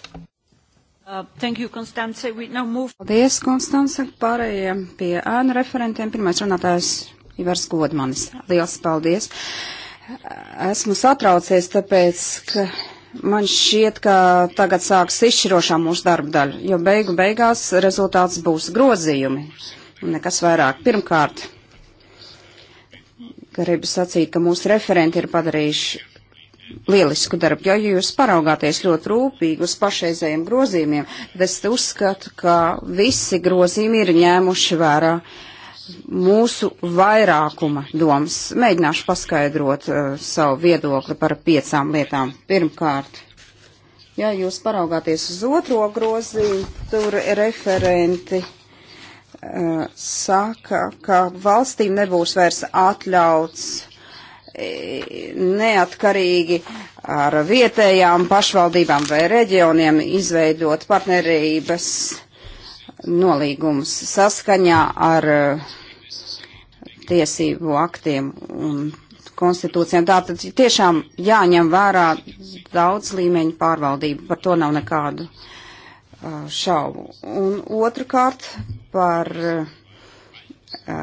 [SPEAKER 3] Uh, thank you, Konstance. We now move. Paldies, Konstance. Pārējiem pie ēnu referentiem. Pirmais runātājs Ivars Godmanis. Liels paldies! Esmu satraucies, tāpēc, ka man šķiet, ka tagad sāks izšķirošā mūsu darba daļa, jo beigu beigās rezultāts būs grozījumi. Nekas vairāk. Pirmkārt, gribu sacīt, ka mūsu referenti ir padarījuši lielisku darbu. Ja jūs paraugāties ļoti rūpīgi uz pašreizējiem grozījumiem, tad es uzskatu, ka visi grozījumi ir ņēmuši vērā uh, mūsu vairākuma domas. Mēģināšu paskaidrot uh, savu viedokli par piecām lietām. Pirmkārt, ja jūs paraugāties uz otro grozīmu, tur referenti uh, saka, ka valstīm nebūs vairs atļauts eh, neatkarīgi ar vietējām pašvaldībām vai reģioniem izveidot partnerības nolīgumus saskaņā ar eh, tiesību aktiem un konstitūcijām. Tātad tiešām jāņem vērā daudz līmeņu pārvaldību, par to nav nekādu eh, šaubu. Un otrkārt par eh,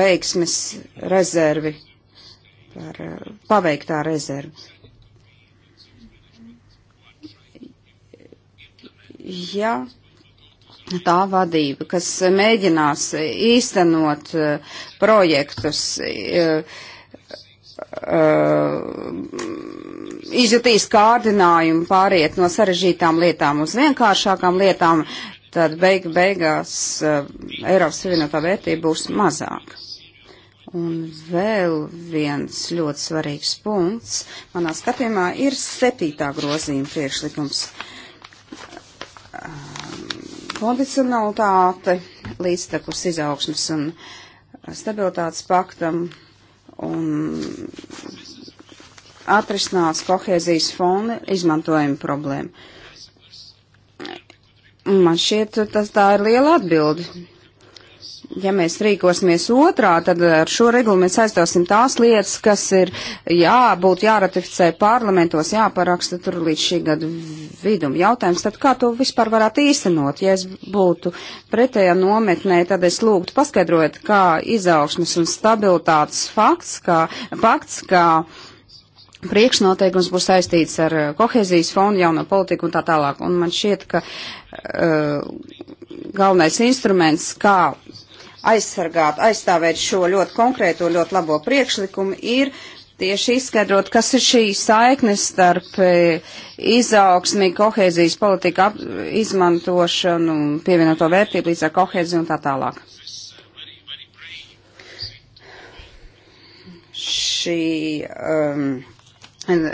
[SPEAKER 3] veiksmes rezervi, par paveiktā rezervi. Ja tā vadība, kas mēģinās īstenot uh, projektus, uh, uh, izjutīs kārdinājumu pāriet no sarežģītām lietām uz vienkāršākām lietām, tad beig beigās Eiropas Savienotā vērtība būs mazāka. Un vēl viens ļoti svarīgs punkts manā skatījumā ir septītā grozījuma priekšlikums. Uh, kondicionalitāte līdztekus izaugsmas un stabilitātes paktam un atrisināts kohēzijas fonda izmantojuma problēma. Man šķiet, tas tā ir liela atbildi ja mēs rīkosimies otrā, tad ar šo regulu mēs aizstāsim tās lietas, kas ir jābūt jāratificē parlamentos, jāparaksta tur līdz šī gada vidum. Jautājums tad, kā to vispār varētu īstenot? Ja es būtu pretējā nometnē, tad es lūgtu paskaidrot, kā izaugsmes un stabilitātes fakts, kā pakts, kā priekšnoteikums būs saistīts ar uh, kohezijas fondu, jauno politiku un tā tālāk. Un man šķiet, ka uh, galvenais instruments, kā aizsargāt, aizstāvēt šo ļoti konkrēto, ļoti labo priekšlikumu, ir tieši izskaidrot, kas ir šī saikne starp e, izaugsmi, kohēzijas politika izmantošanu, pievienoto vērtību līdz ar kohēziju un tā tālāk. Šī, um,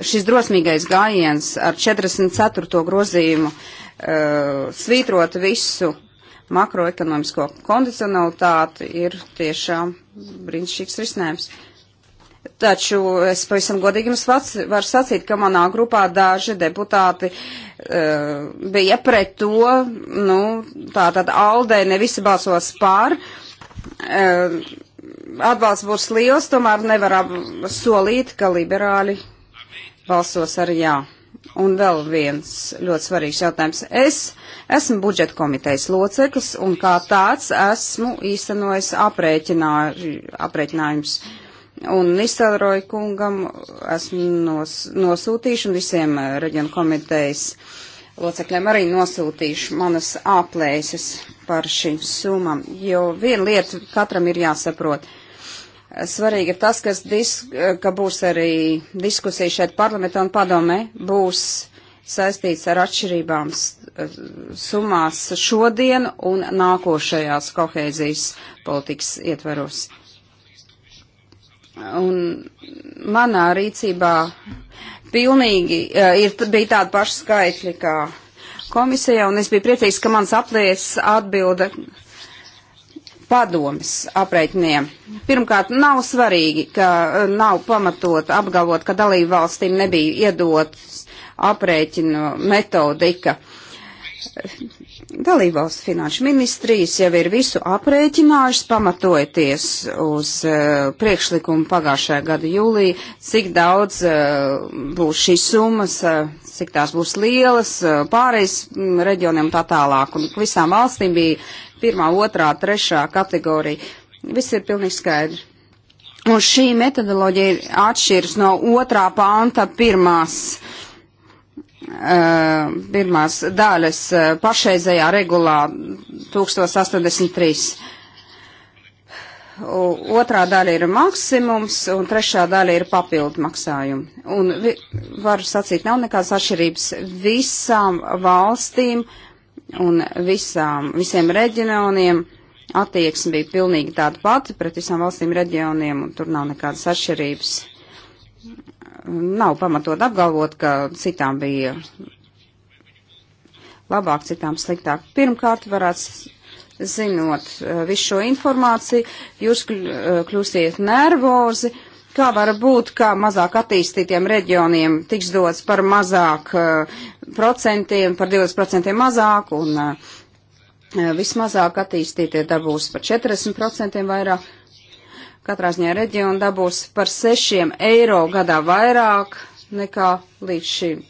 [SPEAKER 3] šis drosmīgais gājiens ar 44. grozījumu uh, svītrot visu makroekonomisko kondicionalitāti ir tiešām brīnišķīgs risinājums. Taču es pavisam godīgi jums varu sacīt, ka manā grupā daži deputāti uh, bija pret to, nu, tā tad Aldei ne visi balsos pār. Uh, e, atbalsts būs liels, tomēr nevaram solīt, ka liberāļi balsos ar jā. Un vēl viens ļoti svarīgs jautājums. Es esmu budžeta komitejas loceklis un kā tāds esmu īstenojis aprēķinājums. Un Nistelroja kungam esmu nos, nosūtījuši un visiem eh, reģionu komitejas locekļiem arī nosūtīšu manas aplēses par šīm summām. Jo viena lieta katram ir jāsaprot. Uh, Svarīgi ir tas, disk, ka būs arī diskusija šeit parlamentā un padomē būs saistīts ar atšķirībām summās šodien un nākošajās kohēzijas politikas ietveros. Un manā rīcībā pilnīgi eh, ir, bija tādi paši skaitļi kā komisijā, un es biju priecīgs, ka mans aplies atbilda padomis apreitniem. Pirmkārt, nav svarīgi, ka eh, nav pamatot apgalvot, ka dalību valstīm nebija iedotas aprēķinu metodika. Dalībvalsts finanšu ministrijas jau ir visu aprēķinājušas, pamatojoties uz uh, priekšlikumu pagājušajā gada jūlijā, cik daudz uh, būs šīs summas, uh, cik tās būs lielas, uh, pārējais mm, reģioniem tā tālāk. Un visām valstīm bija pirmā, otrā, trešā kategorija. Viss ir pilnīgi skaidrs. Un šī metodoloģija ir atšķiras no otrā panta pirmās, uh, pirmās daļas uh, pašreizējā regulā 1083. U, otrā daļa ir maksimums, un trešā daļa ir papildu maksājumi. Un vi, varu sacīt, nav nekādas atšķirības visām valstīm. Uh, un visām, visiem reģioniem attieksme bija pilnīgi tāda pati pret visām valstīm reģioniem, un tur nav nekādas atšķirības. Nav pamatot apgalvot, ka citām bija labāk, citām sliktāk. Pirmkārt, varētu zinot eh, visu šo informāciju, jūs eh, kļūsiet nervozi Kā var būt, ka mazāk attīstītiem reģioniem tiks dots par mazāk uh, procentiem, par 20% mazāk, un uh, vismazāk attīstītie dabūs par 40% vairāk? Katrā ziņā reģiona dabūs par 6 eiro gadā vairāk nekā līdz šim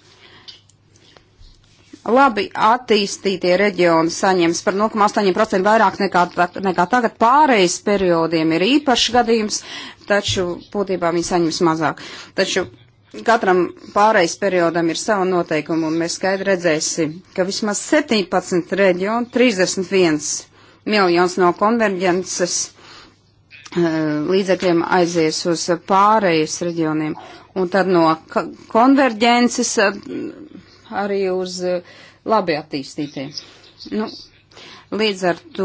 [SPEAKER 3] labi attīstītie reģioni saņems par 0,8% vairāk nekā, nekā tagad. Pārējais periodiem ir īpašs gadījums, taču būtībā viņi saņems mazāk. Taču katram pārējais periodam ir sava noteikuma, un mēs skaidri redzēsim, ka vismaz 17 reģionu, 31 miljons no konverģences eh, līdzekļiem aizies uz eh, pārējais reģioniem, un tad no konverģences eh, arī uz eh, labi attīstītiem. Nu, Līdz ar to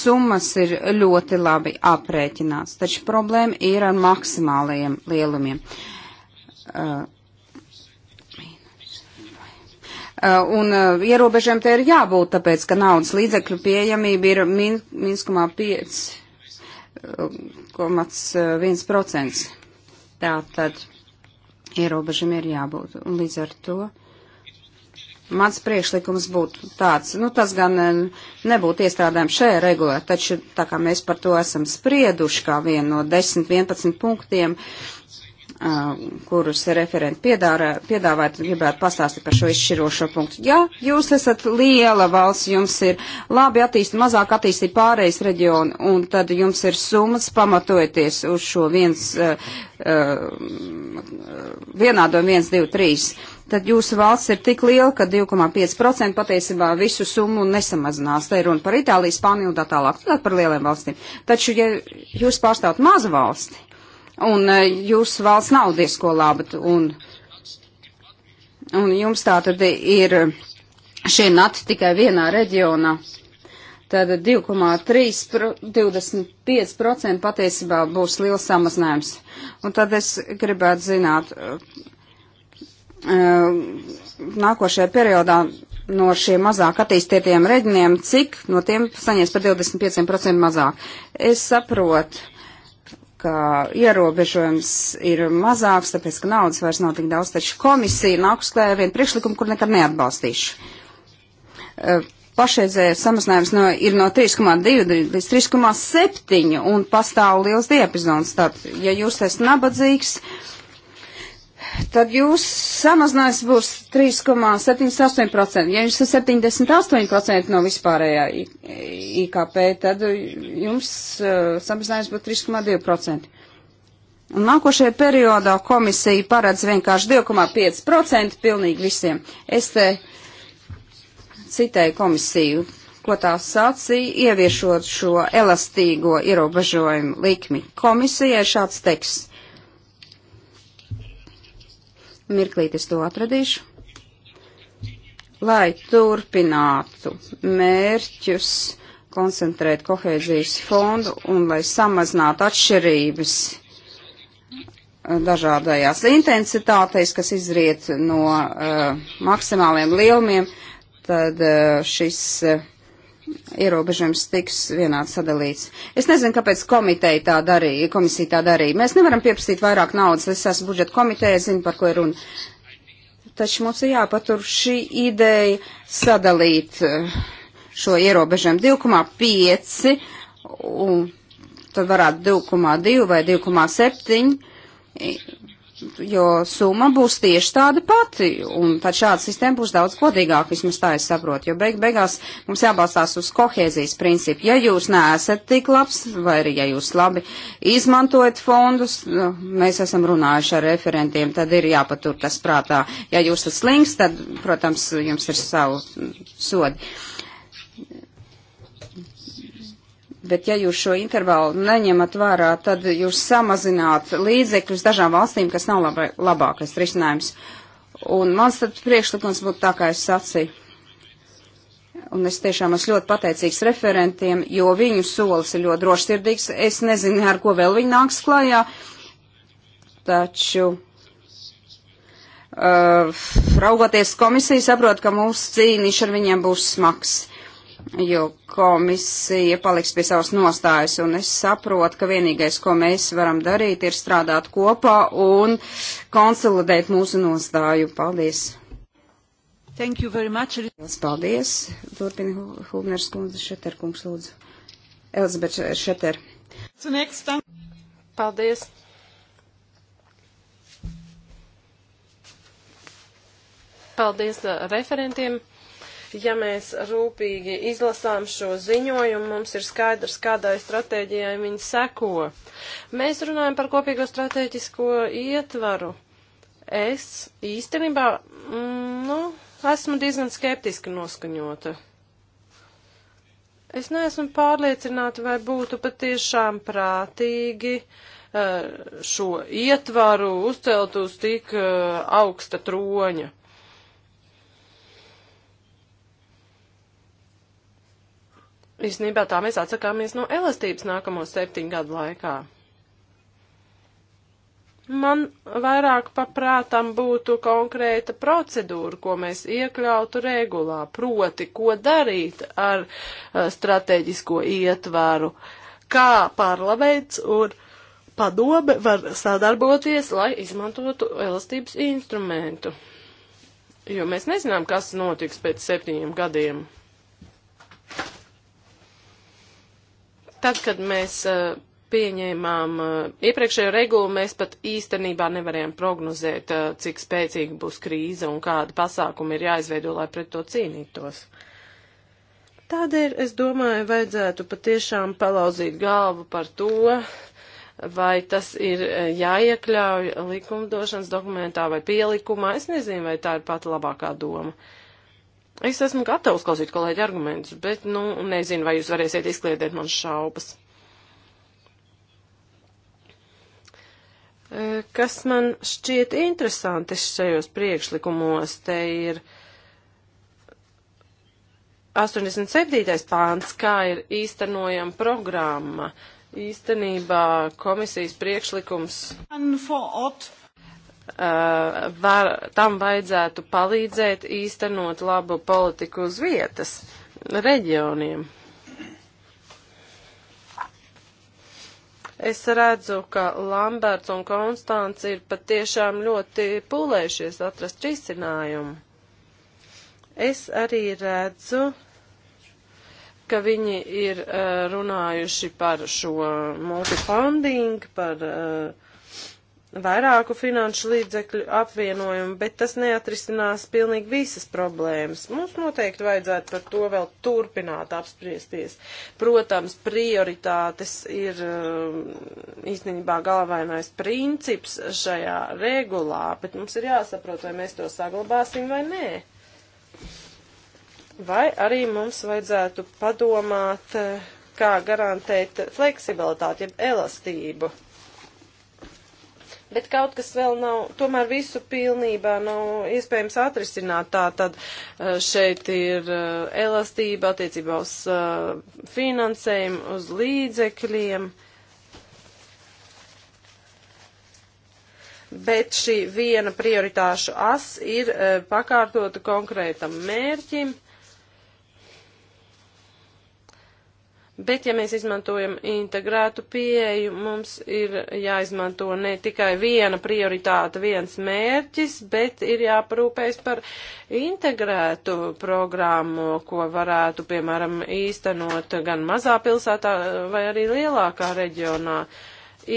[SPEAKER 3] summas ir ļoti labi aprēķināts, taču problēma ir ar maksimālajiem lielumiem. Uh, un uh, ierobežiem te ir jābūt, tāpēc, ka naudas līdzekļu pieejamība ir min, minskumā 5,1%. Uh, Tātad ierobežiem ir jābūt. Un līdz ar to Mans priekšlikums būtu tāds, nu tas gan eh, nebūtu iestrādājumi šajā regulē, taču tā kā mēs par to esam sprieduši kā vienu no 10-11 punktiem, Uh, kurus referenti piedāvā, piedāvāt, gribētu pastāstīt par šo izšķirošo punktu. Ja jūs esat liela valsts, jums ir labi attīstīta, mazāk attīstīta pārējais reģioni, un tad jums ir summas pamatojoties uz šo viens, uh, uh, vienādo 1, 2, 3 tad jūsu valsts ir tik liela, ka 2,5% patiesībā visu summu nesamazinās. Te ir runa par Itāliju, Spāniju un tā tālāk, tad par lieliem valstīm. Taču, ja jūs pārstāvat mazu valsti, un e, jūsu valsts nav diezko laba, un, un jums tā tad ir šie nati tikai vienā reģionā, tad 2,25% patiesībā būs liels samazinājums. Un tad es gribētu zināt, nākošajā periodā no šiem mazāk attīstītiem reģioniem, cik no tiem saņems par 25% mazāk. Es saprotu, ka ierobežojums ir mazāks, tāpēc, ka naudas vairs nav tik daudz, taču komisija nāk uz klēju vienu priekšlikumu, kur nekad neatbalstīšu. Pašreizējais samazinājums no, ir no 3,2 līdz 3,7 un pastāv liels diapazons. Tad, ja jūs esat nabadzīgs, uh, tad jūs samazinājums būs 3,78%. Ja jums ir 78% no vispārējā IKP, tad jums uh, samazinājums būs 3,2%. Un nākošajā periodā komisija paredz vienkārši 2,5% pilnīgi visiem. Es te citēju komisiju, ko tā sacīja, ieviešot šo elastīgo ierobežojumu likmi. Komisijai šāds teksts Mirklīt es to atradīšu. Lai turpinātu mērķus koncentrēt kohēzijas fondu un lai samazinātu atšķirības dažādajās intensitātēs, kas izriet no uh, maksimāliem lielumiem, tad uh, šis uh, ierobežojums tiks vienādi sadalīts. Es nezinu, kāpēc komiteja tā darīja, komisija tā darīja. Mēs nevaram pieprasīt vairāk naudas, es esmu budžeta komiteja, zinu, par ko ir runa. Taču mums ir jāpatur šī ideja sadalīt eh, šo ierobežojumu 2,5, un tad varētu 2,2 vai 2,7 jo summa būs tieši tāda pati, un tad šāda sistēma būs daudz godīgāka, vismaz tā es saprotu, jo beig beigās mums jābalstās uz kohēzijas principu. Ja jūs neesat tik labs, vai arī ja jūs labi izmantojat fondus, nu, mēs esam runājuši ar referentiem, tad ir jāpatur tas prātā. Ja jūs esat slings, tad, protams, jums ir savu sodi. Bet ja jūs šo intervālu neņemat vērā, tad jūs samazināt līdzekļus dažām valstīm, kas nav laba, labākais risinājums. Un mans tad priekšlikums būtu tā, kā es sacīju. Un es tiešām esmu ļoti pateicīgs referentiem, jo viņu solis ir ļoti drošsirdīgs. Es nezinu, ar ko vēl viņi nāks klājā, taču uh, raugoties komisiju, saprot, ka mūsu cīniši ar viņiem būs smags jo komisija paliks pie savas nostājas, un es saprotu, ka vienīgais, ko mēs varam darīt, ir strādāt kopā un konsolidēt mūsu nostāju. Paldies! Thank you very much. Paldies! Turpina Hubners kundze, Šeter kungs lūdzu. Elizabete Šeter.
[SPEAKER 2] Um. Paldies! Paldies uh, referentiem! Ja mēs rūpīgi izlasām šo ziņojumu, mums ir skaidrs, kādai stratēģijai viņi seko. Mēs runājam par kopīgo stratēģisko ietvaru. Es īstenībā, mm, nu, esmu diezgan skeptiski noskaņota. Es neesmu pārliecināta, vai būtu patiešām prātīgi eh, šo ietvaru uzcelt uz tik eh, augsta troņa. Īsnībā tā mēs atsakāmies no elastības nākamo septiņu gadu laikā. Man vairāk paprātam būtu konkrēta procedūra, ko mēs iekļautu regulā, proti, ko darīt ar uh, strateģisko ietvaru, kā parlaments un padome var sadarboties, lai izmantotu elastības instrumentu. Jo mēs nezinām, kas notiks pēc septiņiem gadiem. Tad, kad mēs uh, pieņēmām uh, iepriekšējo regulu, mēs pat īstenībā nevarējām prognozēt, uh, cik spēcīga būs krīze un kāda pasākuma ir jāizveido, lai pret to cīnītos. Tādēļ, es domāju, vajadzētu patiešām palauzīt galvu par to, vai tas ir e, jāiekļauj likumdošanas dokumentā vai pielikumā. Es nezinu, vai tā ir pat labākā doma. Uh, Es esmu gatavs klausīt kolēģi argumentus, bet, nu, nezinu, vai jūs varēsiet izkliedēt man šaubas. E, kas man šķiet interesanti šajos priekšlikumos, te ir 87. pāns, kā ir īstenojama programma. Īstenībā komisijas priekšlikums.
[SPEAKER 1] And for ought
[SPEAKER 2] Uh, var, tam vajadzētu palīdzēt īstenot labu politiku uz vietas, reģioniem. Es redzu, ka Lamberts un Konstants ir patiešām ļoti pūlējušies atrast risinājumu. Es arī redzu, ka viņi ir uh, runājuši par šo multifunding, par uh, vairāku finanšu līdzekļu apvienojumu, bet tas neatrisinās pilnīgi visas problēmas. Mums noteikti vajadzētu par to vēl turpināt apspriesties. Protams, prioritātes ir um, īstenībā galvenais princips šajā regulā, bet mums ir jāsaprot, vai mēs to saglabāsim vai nē. Vai arī mums vajadzētu padomāt, eh, kā garantēt fleksibilitāti, jeb elastību bet kaut kas vēl nav, tomēr visu pilnībā nav iespējams atrisināt. Tā tad eh, šeit ir eh, elastība attiecībā uz eh, finansējumu, uz līdzekļiem. Bet šī viena prioritāšu as ir pakārtota konkrētam mērķim Bet, ja mēs izmantojam integrētu pieeju, mums ir jāizmanto ne tikai viena prioritāte, viens mērķis, bet ir jāparūpējas par integrētu programmu, ko varētu, piemēram, īstenot gan mazā pilsētā vai arī lielākā reģionā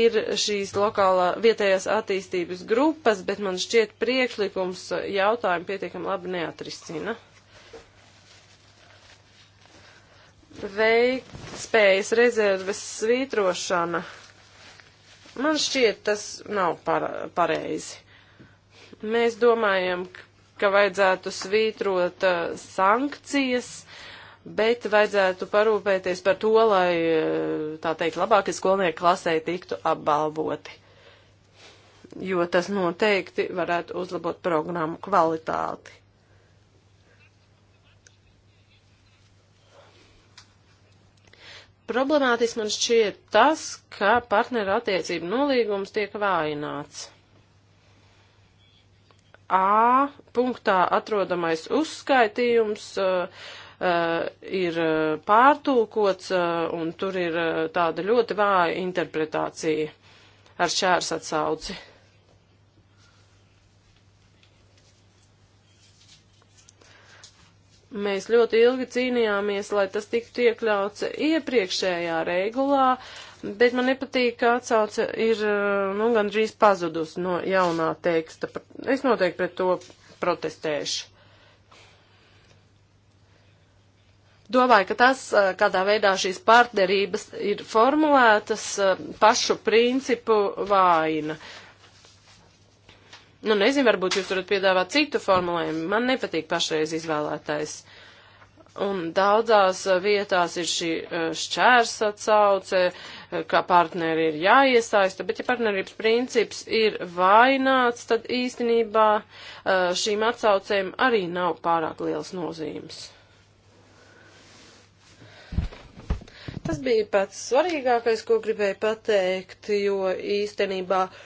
[SPEAKER 2] ir šīs lokālā vietējās attīstības grupas, bet man šķiet priekšlikums jautājumu pietiekam labi neatrisina. veiktspējas rezerves svītrošana. Man šķiet, tas nav pareizi. Mēs domājam, ka vajadzētu svītrot uh, sankcijas, bet vajadzētu parūpēties par to, lai, tā teikt, labākie skolnieki klasē tiktu apbalvoti, jo tas noteikti varētu uzlabot programmu kvalitāti. Problemātiski man šķiet tas, ka partneru attiecību nolīgums tiek vājināts. A punktā atrodamais uzskaitījums uh, uh, ir eh, pārtulkots, uh, un tur ir uh, tāda ļoti vāja interpretācija ar šķērs atsauci. Uh, Mēs ļoti ilgi cīnījāmies, lai tas tiktu iekļauts iepriekšējā regulā, bet man nepatīk, ka atsauce ir, eh, nu, gandrīz pazudus no jaunā teksta. Es noteikti pret to protestēšu. Domāju, ka tas, eh, kādā veidā šīs partnerības ir formulētas, eh, pašu principu vaina. Uh, Nu, nezinu, varbūt jūs varat piedāvāt citu formulējumu. Man nepatīk pašreiz izvēlētais. Un daudzās eh, vietās ir šī eh, šķērs atsauce, eh, kā partneri ir jāiesaista, bet ja partnerības princips ir vaināts, tad īstenībā šīm atsaucēm arī nav pārāk liels nozīmes. Tas bija pats svarīgākais, ko gribēju pateikt, jo īstenībā uh,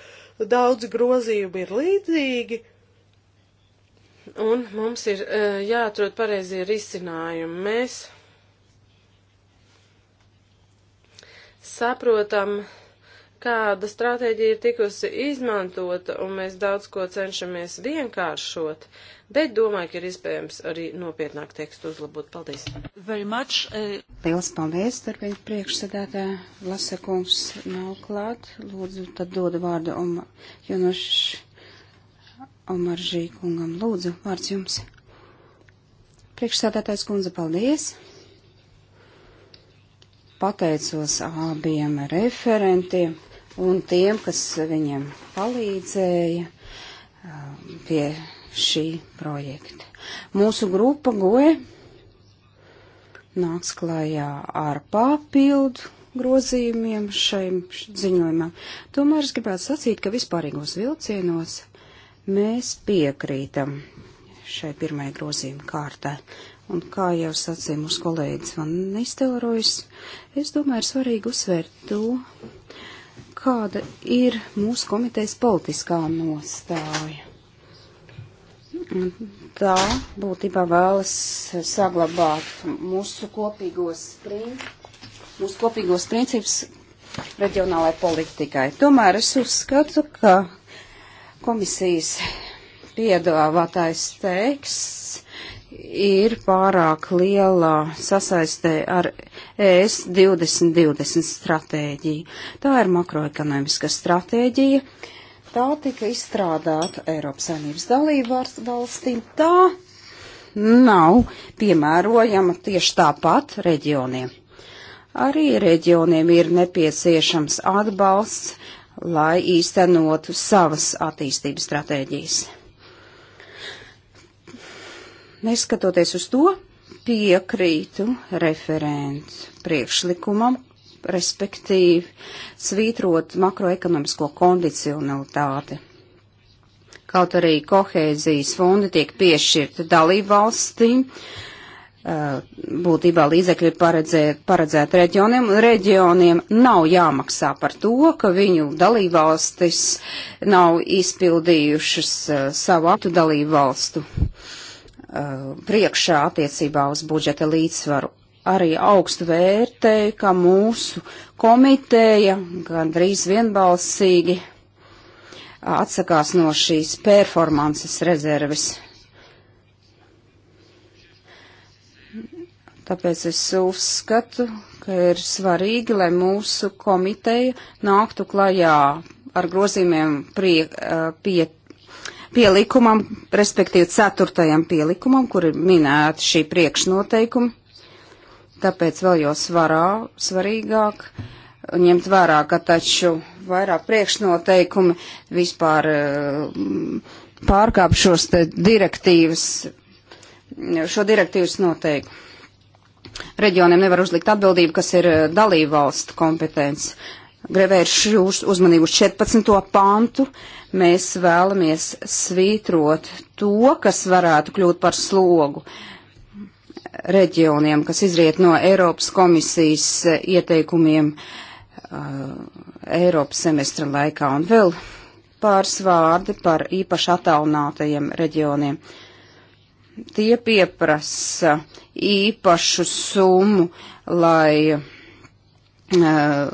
[SPEAKER 2] daudz grozījumu ir līdzīgi, un mums ir e, jāatrod pareizie risinājumi. Mēs saprotam, uh, kāda stratēģija ir tikusi izmantota, un mēs daudz ko cenšamies vienkāršot, bet domāju, ka ir iespējams arī nopietnāk tekstu uzlabot. Paldies!
[SPEAKER 1] Very much! Uh...
[SPEAKER 3] Liels paldies, darbīt priekšsēdētā Lasekums nav klāt. Lūdzu, tad dodu vārdu um, Jonoš Omaržī kungam. Lūdzu, vārds jums. Priekšsēdētājs kundze, paldies! Pateicos abiem referentiem un tiem, kas viņiem palīdzēja um, pie šī projekta. Mūsu grupa GOE nāks klājā ar papildu grozījumiem šai ziņojumam. Tomēr es gribētu sacīt, ka vispārīgos vilcienos mēs piekrītam šai pirmai grozījuma kārtai. Un kā jau sacīja mūsu kolēģis Van Nistelrojas, es domāju, ir svarīgi uzsvērt to, kāda ir mūsu komitejas politiskā nostāja. Tā būtībā vēlas saglabāt mūsu kopīgos, princ, mūsu kopīgos principus reģionālajai politikai. Tomēr es uzskatu, ka komisijas piedāvātais teksts ir pārāk lielā sasaistē ar ES 2020 stratēģiju. Tā ir makroekonomiska stratēģija. Tā tika izstrādāta Eiropas saimnības dalību valstīm. Tā nav piemērojama tieši tāpat reģioniem. Arī reģioniem ir nepieciešams atbalsts, lai īstenotu savas attīstības stratēģijas. Neskatoties uz to, piekrītu referents priekšlikumam, respektīvi svītrot makroekonomisko kondicionalitāti. Kaut arī kohēzijas fondi tiek piešķirti dalību valstīm, būtībā līdzekļi paredzēt, paredzēt reģioniem, un reģioniem nav jāmaksā par to, ka viņu dalību valstis nav izpildījušas savu aktu dalību valstu. Uh, Uh, priekšā attiecībā uz budžeta līdzsvaru. Arī augstu vērtēju, ka mūsu komiteja gandrīz vienbalsīgi atsakās no šīs performances rezerves. Tāpēc es uzskatu, ka ir svarīgi, lai mūsu komiteja nāktu klajā ar grozījumiem uh, pie, pie pielikumam, respektīvi ceturtajam pielikumam, kur ir minēta šī priekšnoteikuma. Tāpēc vēl jau svarā, svarīgāk ņemt vērā, ka taču vairāk priekšnoteikumi vispār eh, pārkāp šos direktīvas, šo direktīvas noteikumu. Reģioniem nevar uzlikt atbildību, kas ir eh, dalībvalstu kompetence. Grevēršu jūs uzmanību 14. pantu. Mēs vēlamies svītrot to, kas varētu kļūt par slogu reģioniem, kas izriet no Eiropas komisijas ieteikumiem uh, Eiropas semestra laikā. Un vēl pāris vārdi par īpaši attālinātajiem reģioniem. Tie pieprasa īpašu summu, lai uh, Uh,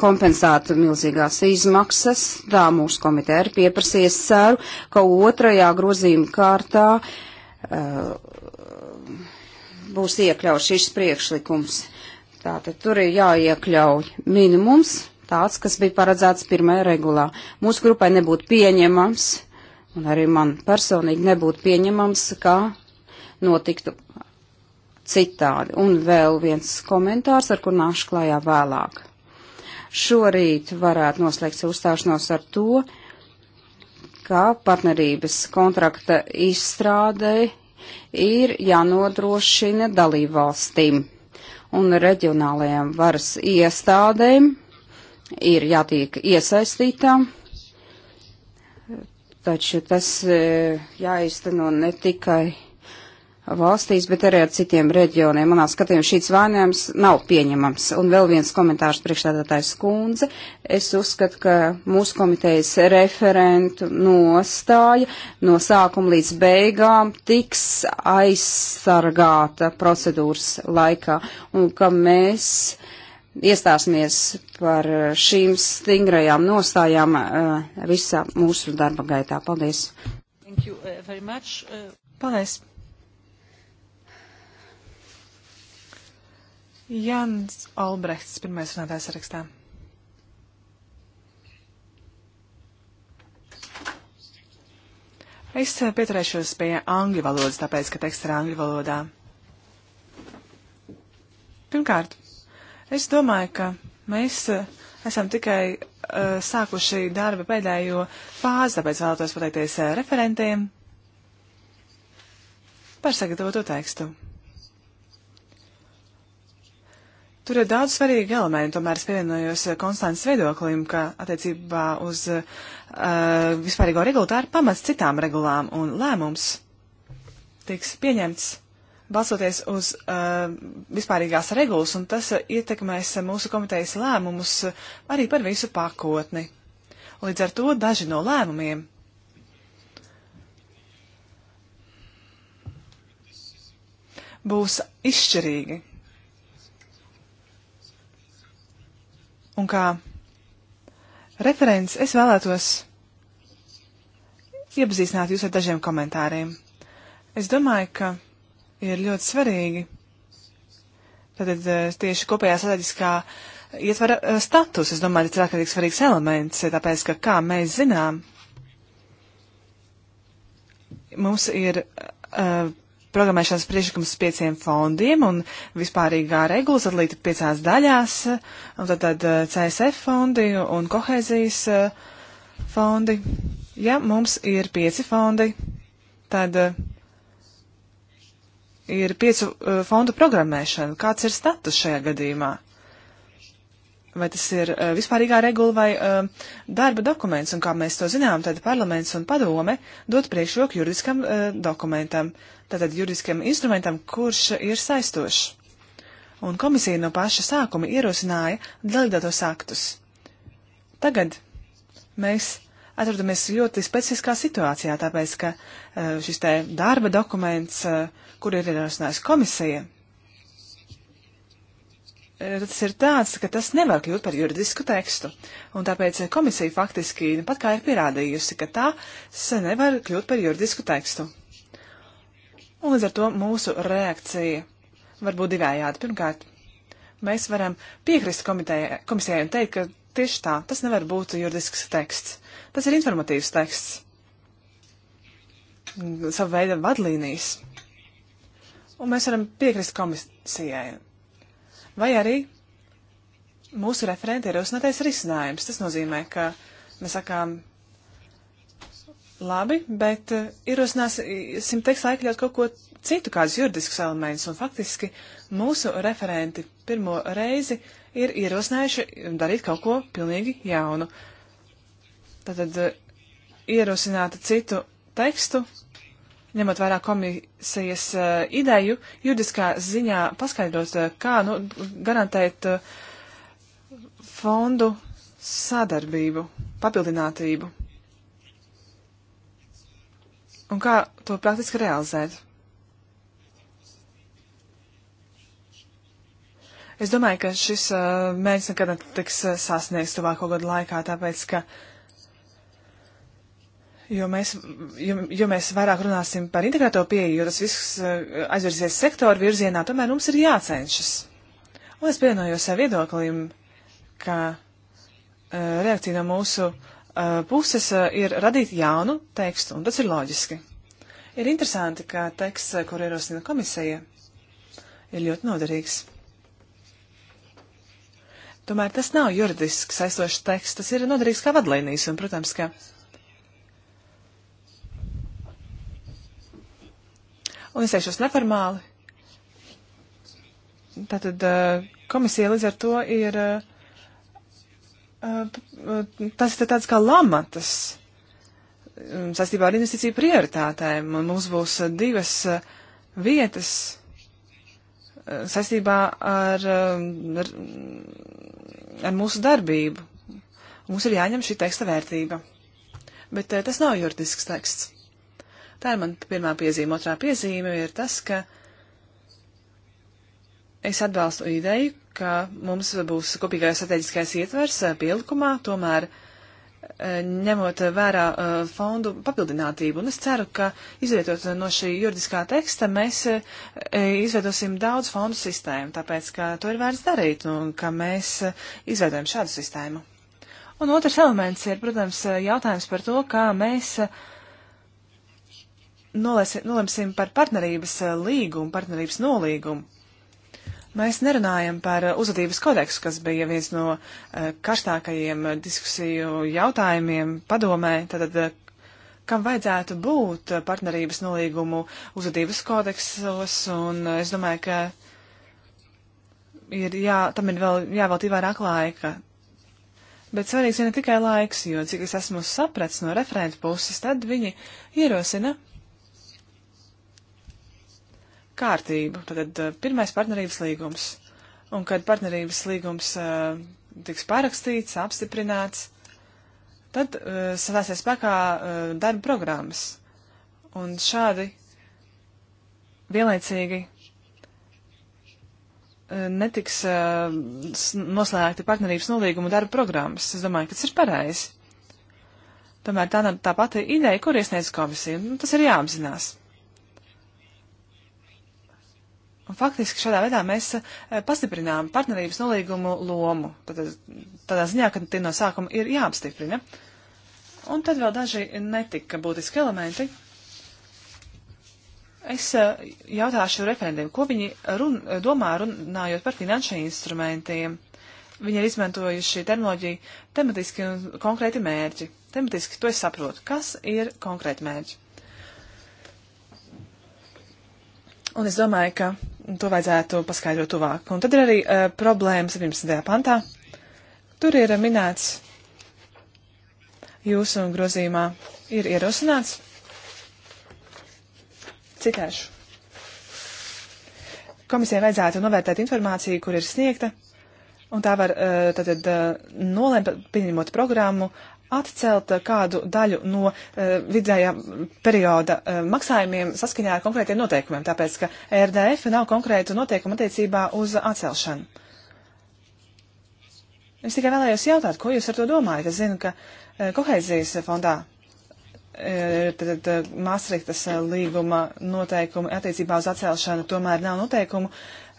[SPEAKER 3] kompensēt milzīgās izmaksas. Tā mūsu komiteja ir pieprasījusi. Es ceru, ka otrajā grozījuma kārtā uh, būs iekļauts šis priekšlikums. Tātad tur ir jāiekļauj minimums, tāds, kas bija paredzēts pirmajā regulā. Mūsu grupai nebūtu pieņemams, un arī man personīgi nebūtu pieņemams, kā notiktu citādi. Un vēl viens komentārs, ar kur nāšu klājā vēlāk. Šorīt varētu noslēgt savu uzstāšanos ar to, ka partnerības kontrakta izstrādē ir jānodrošina dalībvalstīm un reģionālajām varas iestādēm ir jātiek iesaistītām, taču tas eh, jāizteno ne tikai valstīs, bet arī ar citiem reģioniem. Manā skatījumā šīs vainojums nav pieņemams. Un vēl viens komentārs priekšstādātājs Skundze. Es uzskatu, ka mūsu komitejas referentu nostāja no sākuma līdz beigām tiks aizsargāta procedūras laikā. Un ka mēs iestāsimies par šīm stingrajām nostājām eh, visā mūsu darba gaitā. Paldies!
[SPEAKER 2] Thank you eh, very much. Eh.
[SPEAKER 3] Paldies!
[SPEAKER 1] Jans Albrechts, pirmais runātājs sarakstā. Es pieturēšos pie angļu valodas, tāpēc, ka teksts ir angļu valodā. Pirmkārt, es domāju, ka mēs eh, esam tikai uh, sākuši darba pēdējo fāzi, tāpēc vēlētos pateikties eh, referentiem par sagatavoto tekstu. Tur ir daudz svarīgi elementi, tomēr es pievienojos eh, Konstants viedoklim, ka attiecībā uz uh, vispārīgo regulāru pamats citām regulām un lēmums tiks pieņemts balsoties uz uh, vispārīgās regulas, un tas uh, ietekmēs uh, mūsu komitejas lēmumus uh, arī par visu pakotni. Līdz ar to daži no lēmumiem. Būs izšķirīgi. Un kā referents es vēlētos iepazīstināt jūs ar dažiem komentāriem. Es domāju, ka ir ļoti svarīgi Tātad eh, tieši kopējā strateģiskā ietvara eh, status, es domāju, tas ir ārkārtīgi svarīgs elements, tāpēc, ka, kā mēs zinām, mums ir uh, programmēšanas priekšlikums pieciem fondiem un vispārīgā regula sadalīta piecās daļās, un tad, tad eh, CSF fondi un kohēzijas eh, fondi. Ja mums ir pieci fondi, tad eh, ir piecu fondu programmēšana. Kāds ir status šajā gadījumā? vai tas ir uh, vispārīgā regula vai uh, darba dokuments, un kā mēs to zinām, tad parlaments un padome dod priekšroku juridiskam uh, dokumentam, tātad juridiskam instrumentam, kurš ir saistošs. Un komisija no paša sākuma ierosināja delegētos aktus. Tagad mēs atrodamies ļoti specifiskā situācijā, tāpēc, ka šis te darba dokuments, kur ir ierosinājusi komisija, tas ir tāds, ka tas nevar kļūt par juridisku tekstu. Un tāpēc komisija faktiski pat kā ir pierādījusi, ka tas nevar kļūt par juridisku tekstu. Un līdz ar to mūsu reakcija var būt divējādi. Pirmkārt, mēs varam piekrist komitē, komisijai un teikt, ka tieši tā, tas nevar būt juridisks teksts. Tas ir informatīvs teksts. Sava veida vadlīnijas. Un mēs varam piekrist komisijai vai arī mūsu referenta ierosinātais risinājums. Tas nozīmē, ka mēs sakām, labi, bet eh, ierosināsim tekstā iekļaut kaut ko citu, kādus juridiskus elementus, un faktiski mūsu referenti pirmo reizi ir ierosinājuši darīt kaut ko pilnīgi jaunu. Tātad eh, ierosināta citu tekstu ņemot vērā komisijas uh, ideju, juridiskā ziņā paskaidrot, uh, kā nu, garantēt uh, fondu sadarbību, papildinātību un kā to praktiski realizēt. Es domāju, ka šis uh, mērķis nekad netiks sasniegts tuvāko gadu laikā, tāpēc, ka uh, Jo mēs, jo, jo mēs vairāk runāsim par integrēto pieeju, jo tas viss eh, aizvirsies sektoru virzienā, tomēr mums ir jācenšas. Un es pievienojos ar viedoklim, ka eh, reakcija no mūsu eh, puses ir radīt jaunu tekstu, un tas ir loģiski. Ir interesanti, ka teksts, kur ierosina komisija, ir ļoti noderīgs. Tomēr tas nav juridiski saistošs teksts, tas ir noderīgs kā vadlīnijas, un, protams, ka un es iešu neformāli. Tātad eh, komisija līdz ar to ir. Eh, eh, tas ir tāds kā lamatas mm, saistībā ar investīciju prioritātēm. Mums būs divas vietas saistībā ar, ar, ar mūsu darbību. Mums ir jāņem šī teksta vērtība. Bet tas nav juridisks teksts. Tā ir man pirmā piezīme. Otrā piezīme ir tas, ka es atbalstu ideju, ka mums būs kopīgais strateģiskais ietvers eh, pielikumā, tomēr eh, ņemot vērā eh, fondu papildinātību. Un es ceru, ka izvietot no šī juridiskā teksta mēs izveidosim daudz fondu sistēmu, tāpēc, ka to ir vērts darīt un ka mēs izveidojam šādu sistēmu. Un otrs elements ir, protams, jautājums par to, kā mēs uh, nolemsim par partnerības eh, līgumu, partnerības nolīgumu. Mēs nerunājam par eh, uzvedības kodeksu, kas bija viens no eh, karstākajiem diskusiju jautājumiem padomē. Tātad, kam vajadzētu būt partnerības nolīgumu uzvedības kodeksos, un es domāju, ka ir jā, tam ir vēl jāveltī vairāk laika. Bet svarīgs ir ne tikai laiks, jo cik es esmu sapratis no referentu puses, tad viņi ierosina kārtību. Tad eh, pirmais partnerības līgums. Un kad partnerības līgums eh, tiks parakstīts, apstiprināts, tad eh, stāsies spēkā darba programmas. Un šādi vienlaicīgi netiks noslēgti partnerības nolīgumu darba programmas. Es domāju, ka tas ir pareizi. Tomēr tā nav tā pati ideja, kur iesniedz komisija. Nu, tas ir jāapzinās. Un faktiski šādā veidā mēs eh, pastiprinām partnerības nolīgumu lomu. Tad, tādā ziņā, ka tie no sākuma ir jāapstiprina. Un tad vēl daži netika būtiski elementi. Es eh, jautāšu referendiem, ko viņi run, domā runājot par finanšu instrumentiem. Viņi ir izmantojuši terminoloģiju tematiski un konkrēti mērķi. Tematiski to es saprotu. Kas ir konkrēti mērķi? Un es domāju, ka to vajadzētu paskaidrot tuvāk. Un tad ir arī uh, problēma 17. pantā. Tur ir uh, minēts jūsu grozījumā ir ierosināts. Citēšu. Komisijai vajadzētu novērtēt informāciju, kur ir sniegta, un tā var uh, eh, tad uh, nolemt, pieņemot programmu atcelt kādu daļu no eh, vidējā perioda eh, maksājumiem saskaņā ar konkrētiem noteikumiem, tāpēc ka RDF nav konkrētu noteikumu attiecībā uz atcelšanu. Es tikai vēlējos jautāt, ko jūs ar to domājat? Es zinu, ka eh, kohēzijas fondā tad Maastrichtas līguma noteikumi attiecībā uz atcelšanu tomēr nav noteikumu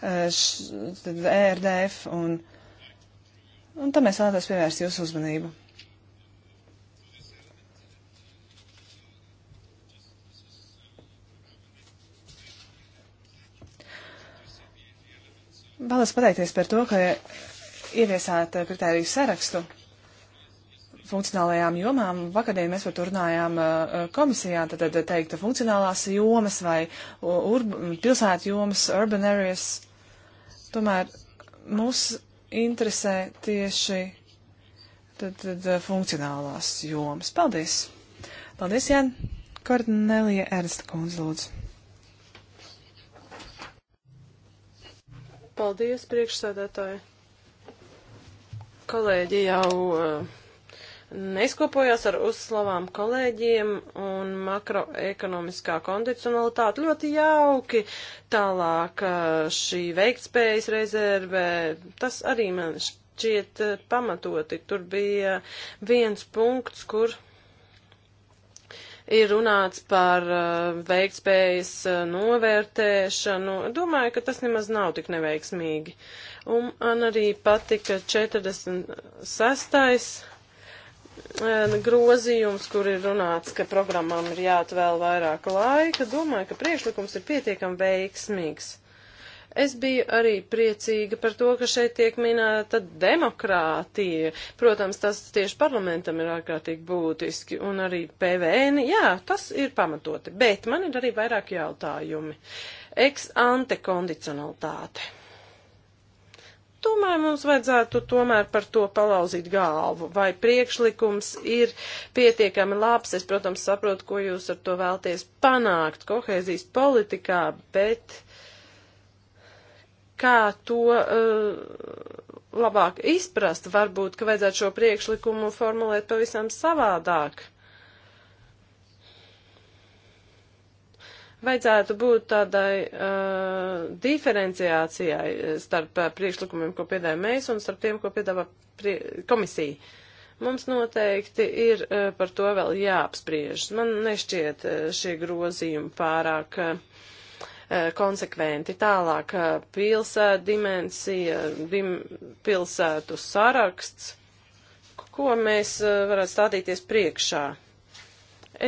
[SPEAKER 1] š, RDF un, un tam es vēlētos pievērst jūsu uzmanību. Vēlos pateikties par to, ka ieviesāt kritēriju sarakstu funkcionālajām jomām. Vakardien mēs par to runājām uh, komisijā, tad, tad teikt funkcionālās jomas vai uh, pilsētu jomas, urban areas. Tomēr mūs interesē tieši tad, tad, uh, funkcionālās jomas. Paldies! Paldies, Jan! Kornelija Ernsta kundze, lūdzu.
[SPEAKER 2] Paldies, priekšsēdētāji. Kolēģi jau uh, neizkopojās ar uzslavām kolēģiem un makroekonomiskā kondicionalitāte ļoti jauki. Tālāk uh, šī veiktspējas rezerve, tas arī man šķiet uh, pamatoti. Tur bija viens punkts, kur ir runāts par uh, veiktspējas uh, novērtēšanu. Domāju, ka tas nemaz nav tik neveiksmīgi. Un man arī patika 46. Uh, grozījums, kur ir runāts, ka programmām ir jāatvēl vairāk laika. Domāju, ka priekšlikums ir pietiekami veiksmīgs. Es biju arī priecīga par to, ka šeit tiek minēta demokrātija. Protams, tas tieši parlamentam ir ārkārtīgi būtiski, un arī PVN, jā, tas ir pamatoti, bet man ir arī vairāk jautājumi. Ex ante kondicionalitāte. Domāju, mums vajadzētu tomēr par to palauzīt galvu, vai priekšlikums ir pietiekami labs. Es, protams, saprotu, ko jūs ar to vēlties panākt kohēzijas politikā, bet kā to uh, labāk izprast, varbūt, ka vajadzētu šo priekšlikumu formulēt pavisam savādāk. Vajadzētu būt tādai uh, diferenciācijai eh, starp priekšlikumiem, ko piedāvā mēs, un starp tiem, ko piedāvā komisija. Mums noteikti ir uh, par to vēl jāapspriež. Man nešķiet uh, šie grozījumi pārāk. Uh, E, konsekventi. Tālāk e, pilsētu dimensija, dim, pilsētu saraksts, ko mēs e, varētu stādīties priekšā.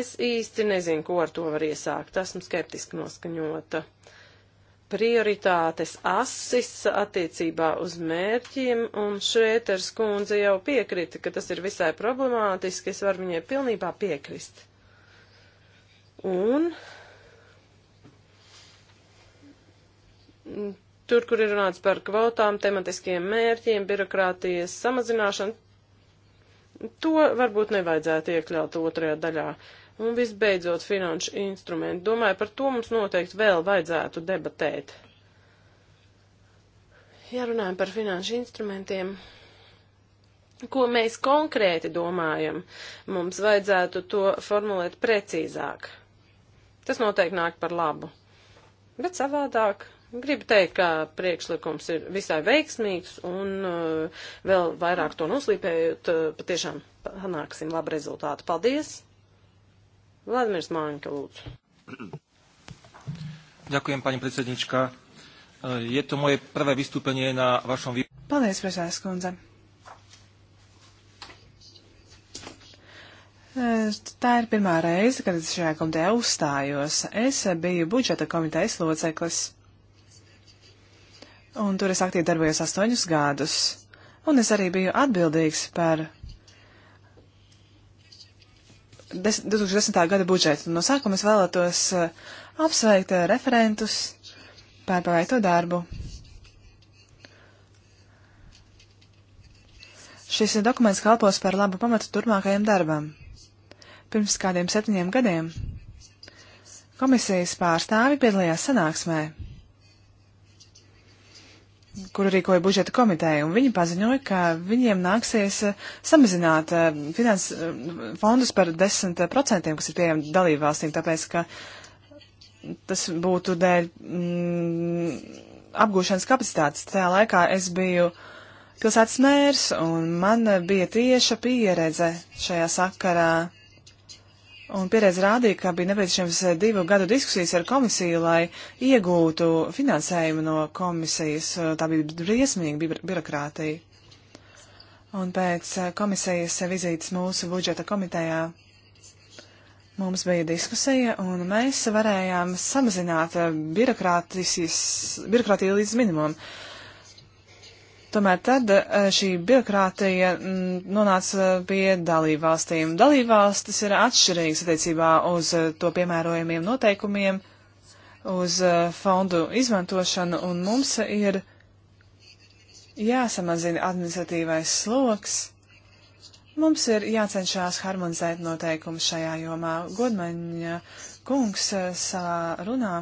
[SPEAKER 2] Es īsti nezinu, ko ar to var iesākt. Esmu skeptiski noskaņota. Prioritātes asis attiecībā uz mērķiem, un Šrēters kundze jau piekrita, ka tas ir visai problemātiski. Es varu viņai pilnībā piekrist. Un Tur, kur ir runāts par kvotām, tematiskiem mērķiem, birokrātijas samazināšanu, to varbūt nevajadzētu iekļaut otrajā daļā. Un visbeidzot, finanšu instrumenti. Domāju, par to mums noteikti vēl vajadzētu debatēt. Ja runājam par finanšu instrumentiem, ko mēs konkrēti domājam, mums vajadzētu to formulēt precīzāk. Tas noteikti nāk par labu. Bet savādāk Gribu teikt, ka priekšlikums ir visai veiksmīgs un uh, vēl vairāk to noslīpējot, uh, patiešām panāksim labu rezultātu. Paldies! Vladimirs Māņka, lūdzu. Ďakujem, pani predsednička. Uh, je to moje prvé
[SPEAKER 1] vystúpenie na vašom výboru. Paldies, prezidents kundze. Tā ir pirmā reize, kad es šajā komitejā uzstājos. Es biju budžeta komitejas loceklis un tur es aktīvi darbojos astoņus gadus. Un es arī biju atbildīgs par 2010. gada budžetu. No sākuma es vēlētos eh, apsveikt eh, referentus par paveikto darbu. Šis dokuments kalpos par labu pamatu turpmākajam darbam. Pirms kādiem septiņiem gadiem komisijas pārstāvi piedalījās sanāksmē kuru rīkoja budžeta komiteja, un viņi paziņoja, ka viņiem nāksies eh, samazināt eh, finans, eh, fondus par 10%, kas ir pieejami dalībvalstīm, tāpēc, ka tas būtu dēļ mm, apgūšanas kapacitātes. Tajā laikā es biju pilsētas mērs, un man bija tieša pieredze šajā sakarā Un pieredze rādīja, ka bija nepieciešams divu gadu diskusijas ar komisiju, lai iegūtu finansējumu no komisijas. Tā bija briesmīga bi birokrātija. Un pēc komisijas vizītes mūsu budžeta komitejā mums bija diskusija, un mēs varējām samazināt birokrātiju līdz minimumam. Tomēr tad eh, šī birokrātija mm, nonāca eh, pie dalībvalstīm. Dalībvalstis ir atšķirīgas attiecībā uz eh, to piemērojumiem noteikumiem, uz fondu izmantošanu, un mums ir jāsamazina administratīvais sloks. Mums ir jācenšās harmonizēt noteikumus šajā jomā. Godmaņa kungs savā runā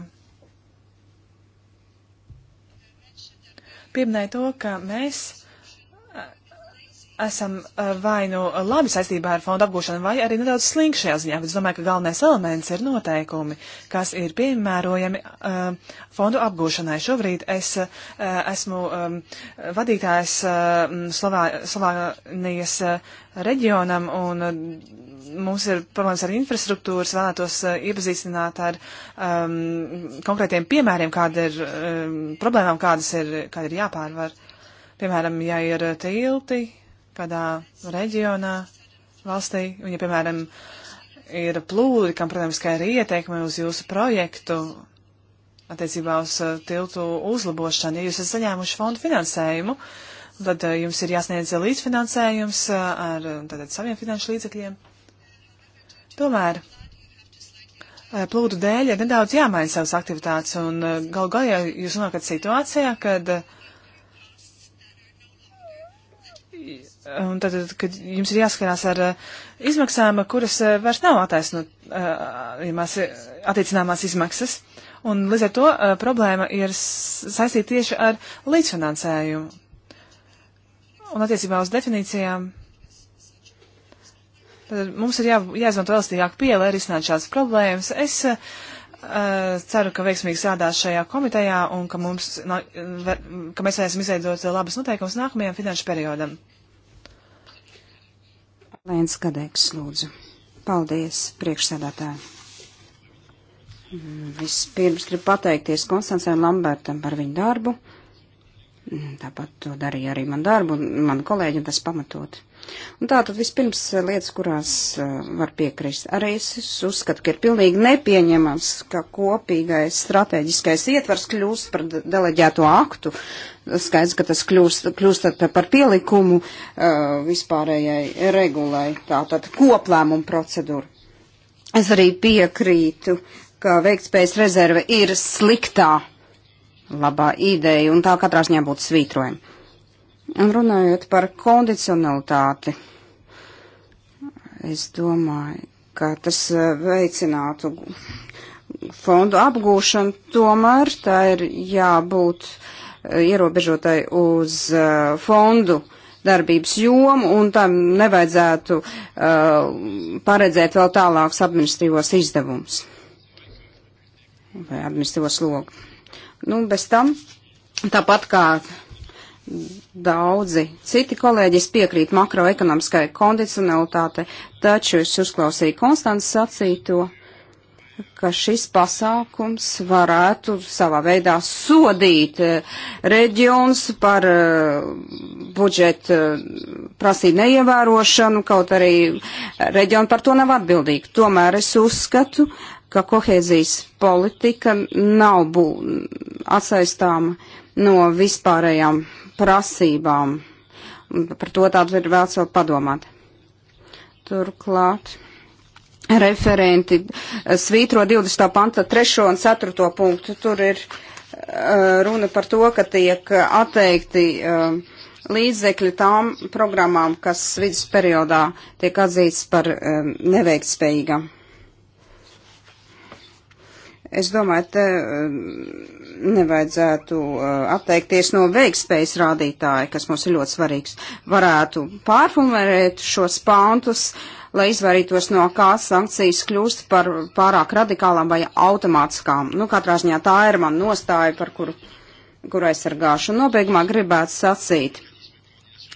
[SPEAKER 1] pieminēja to, ka mēs esam eh, vai nu labi saistībā ar fondu apgūšanu, vai arī nedaudz slinki šajā ziņā, bet es domāju, ka galvenais elements ir noteikumi, kas ir piemērojami uh, fondu apgūšanai. Šobrīd es uh, esmu um, vadītājs uh, Slovā, Slovānijas uh, reģionam, un uh, mums ir problēmas ar infrastruktūras, vēlētos uh, iepazīstināt ar um, konkrētiem piemēriem, kāda ir um, problēmām, kādas ir, kāda ir jāpārvar. Piemēram, ja ir tilti, kādā reģionā, valstī, un ja, piemēram, ir plūdi, kam, protams, kā ir ieteikumi uz jūsu projektu attiecībā uz uh, tiltu uzlabošanu, ja jūs esat saņēmuši fondu finansējumu, tad uh, jums ir jāsniedz līdzfinansējums uh, ar tātad, saviem finanšu līdzekļiem. Tomēr plūdu dēļ ir nedaudz jāmaina savas aktivitātes, un galu galā jūs nonākat situācijā, kad uh, Un tad, kad jums ir jāskarās ar eh, izmaksām, kuras eh, vairs nav attaisnojamās, eh, attiecināmās izmaksas. Un līdz ar to problēma ir saistīta tieši ar līdzfinansējumu. Un attiecībā uz definīcijām. Tad mums ir jā, jāizmanto elastīgāk pieeja, lai risinātu šādas problēmas. Es uh, ceru, ka veiksmīgi strādās šajā komitejā un ka, mums, ka mēs varēsim izveidot labas noteikumus nākamajam finanšu periodam.
[SPEAKER 3] Lēns Kadeks, lūdzu. Paldies, priekšsēdētāji. Mm, vispirms gribu pateikties Konstancijam Lambertam par viņu darbu. Mm, tāpat to darīja arī man darbu un mani kolēģi, un tas pamatot. Un tā tad vispirms eh, lietas, kurās uh, var piekrist. Arī es uzskatu, ka ir pilnīgi nepieņemams, ka kopīgais strateģiskais ietvars kļūst par deleģēto aktu. Skaidrs, ka tas kļūst, kļūst par pielikumu uh, vispārējai regulai, tātad koplēmumu procedūru. Es arī piekrītu, ka veiktspējas rezerve ir sliktā labā ideja, un tā katrā ziņā būtu svītrojama. Un runājot par kondicionalitāti, es domāju, ka tas eh, veicinātu fondu apgūšanu, tomēr tā ir jābūt eh, ierobežotai uz eh, fondu darbības jomu, un tam nevajadzētu uh, paredzēt vēl tālākus administrīvos izdevumus vai administrīvos logu. Nu, bez tam, tāpat kā Daudzi citi kolēģis piekrīt makroekonomiskai kondicionalitāte, taču es uzklausīju Konstants sacīto, ka šis pasākums varētu savā veidā sodīt eh, reģions par eh, budžeta eh, prasību neievērošanu, kaut arī reģioni par to nav atbildīgi. Tomēr es uzskatu, ka kohēzijas politika nav bū, atsaistāma no vispārējām prasībām. Par to tādu ir vēl vēl padomāt. Turklāt referenti svītro 20. panta 3. un 4. punktu. Tur ir eh, runa par to, ka tiek atteikti eh, līdzekļi tām programmām, kas vidus periodā tiek atzīts par eh, neveiktspējīgām. Es domāju, te eh, nevajadzētu eh, atteikties no veikspējas rādītāja, kas mums ir ļoti svarīgs. Varētu pārfilmēt šos pantus, lai izvairītos no kā sankcijas kļūst par pārāk radikālām vai automātiskām. Nu, katrā ziņā tā ir man nostāja, par kuru, kuru aizsargāšu. Nobeigumā gribētu sacīt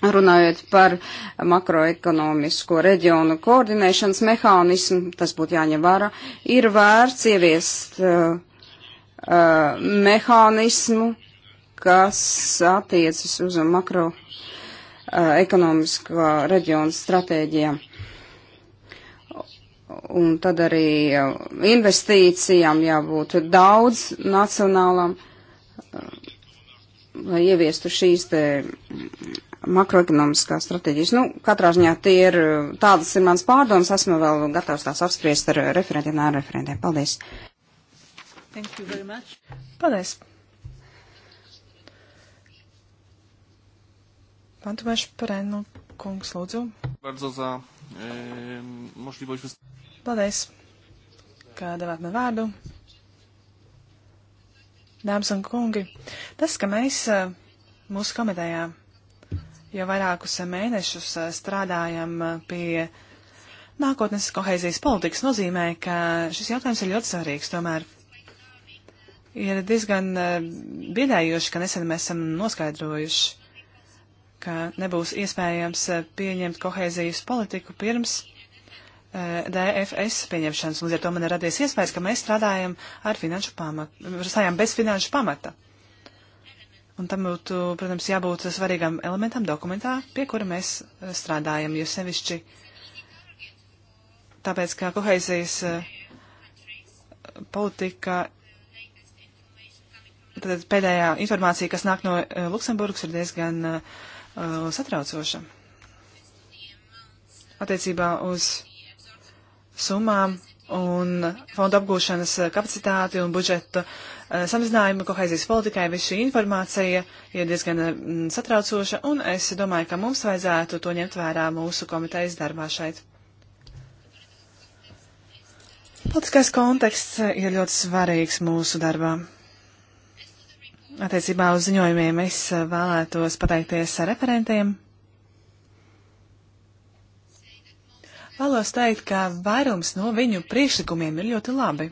[SPEAKER 3] Runājot par makroekonomisko reģionu koordinēšanas mehānismu, tas būtu jāņem vērā, ir vērts ieviest uh, uh, mehānismu, kas attiecas uz makroekonomisko uh, reģionu stratēģijām. Un tad arī uh, investīcijām jābūt daudz nacionālām, uh, lai ieviestu šīs te makroekonomiskās stratēģijas. Nu, katrā ziņā tie ir, tādas ir mans pārdomas, esmu vēl gatavs tās apspriest ar referentiem, nē, referentiem. Paldies. Thank you very much. Paldies.
[SPEAKER 1] Pan Tomasz Perenu, kungs, lūdzu.
[SPEAKER 3] Bardzo za e, możliwość wystąpienia.
[SPEAKER 1] Paldies, ka devāt man vārdu. Dāmas un kungi, tas, ka mēs e, mūsu komitējā Jau vairākus mēnešus eh, strādājam eh, pie nākotnes kohēzijas politikas. Nozīmē, ka šis jautājums ir ļoti svarīgs. Tomēr ir diezgan eh, biedējoši, ka nesen mēs esam noskaidrojuši ka nebūs iespējams pieņemt kohēzijas politiku pirms e, DFS pieņemšanas. Līdz ar to man ir radies iespējas, ka mēs strādājam ar finanšu pamatu, strādājam bez finanšu pamata. Un tam būtu, protams, jābūt svarīgam elementam dokumentā, pie kura mēs eh, strādājam, jo sevišķi tāpēc, ka kohēzijas eh, politika, tad pēdējā informācija, kas nāk no eh, Luksemburgas, ir diezgan uh, satraucoša. Attiecībā uz summām un fondu apgūšanas kapacitāti un budžeta uh, Eh, samazinājumu kohēzijas politikai, viss šī informācija ir diezgan mm, satraucoša, un es domāju, ka mums vajadzētu to ņemt vērā mūsu komitejas darbā šeit. Politiskais konteksts ir ļoti svarīgs mūsu darbā. Attiecībā uz ziņojumiem es vēlētos pateikties referentiem. Vēlos teikt, ka vairums no viņu priekšlikumiem ir ļoti labi.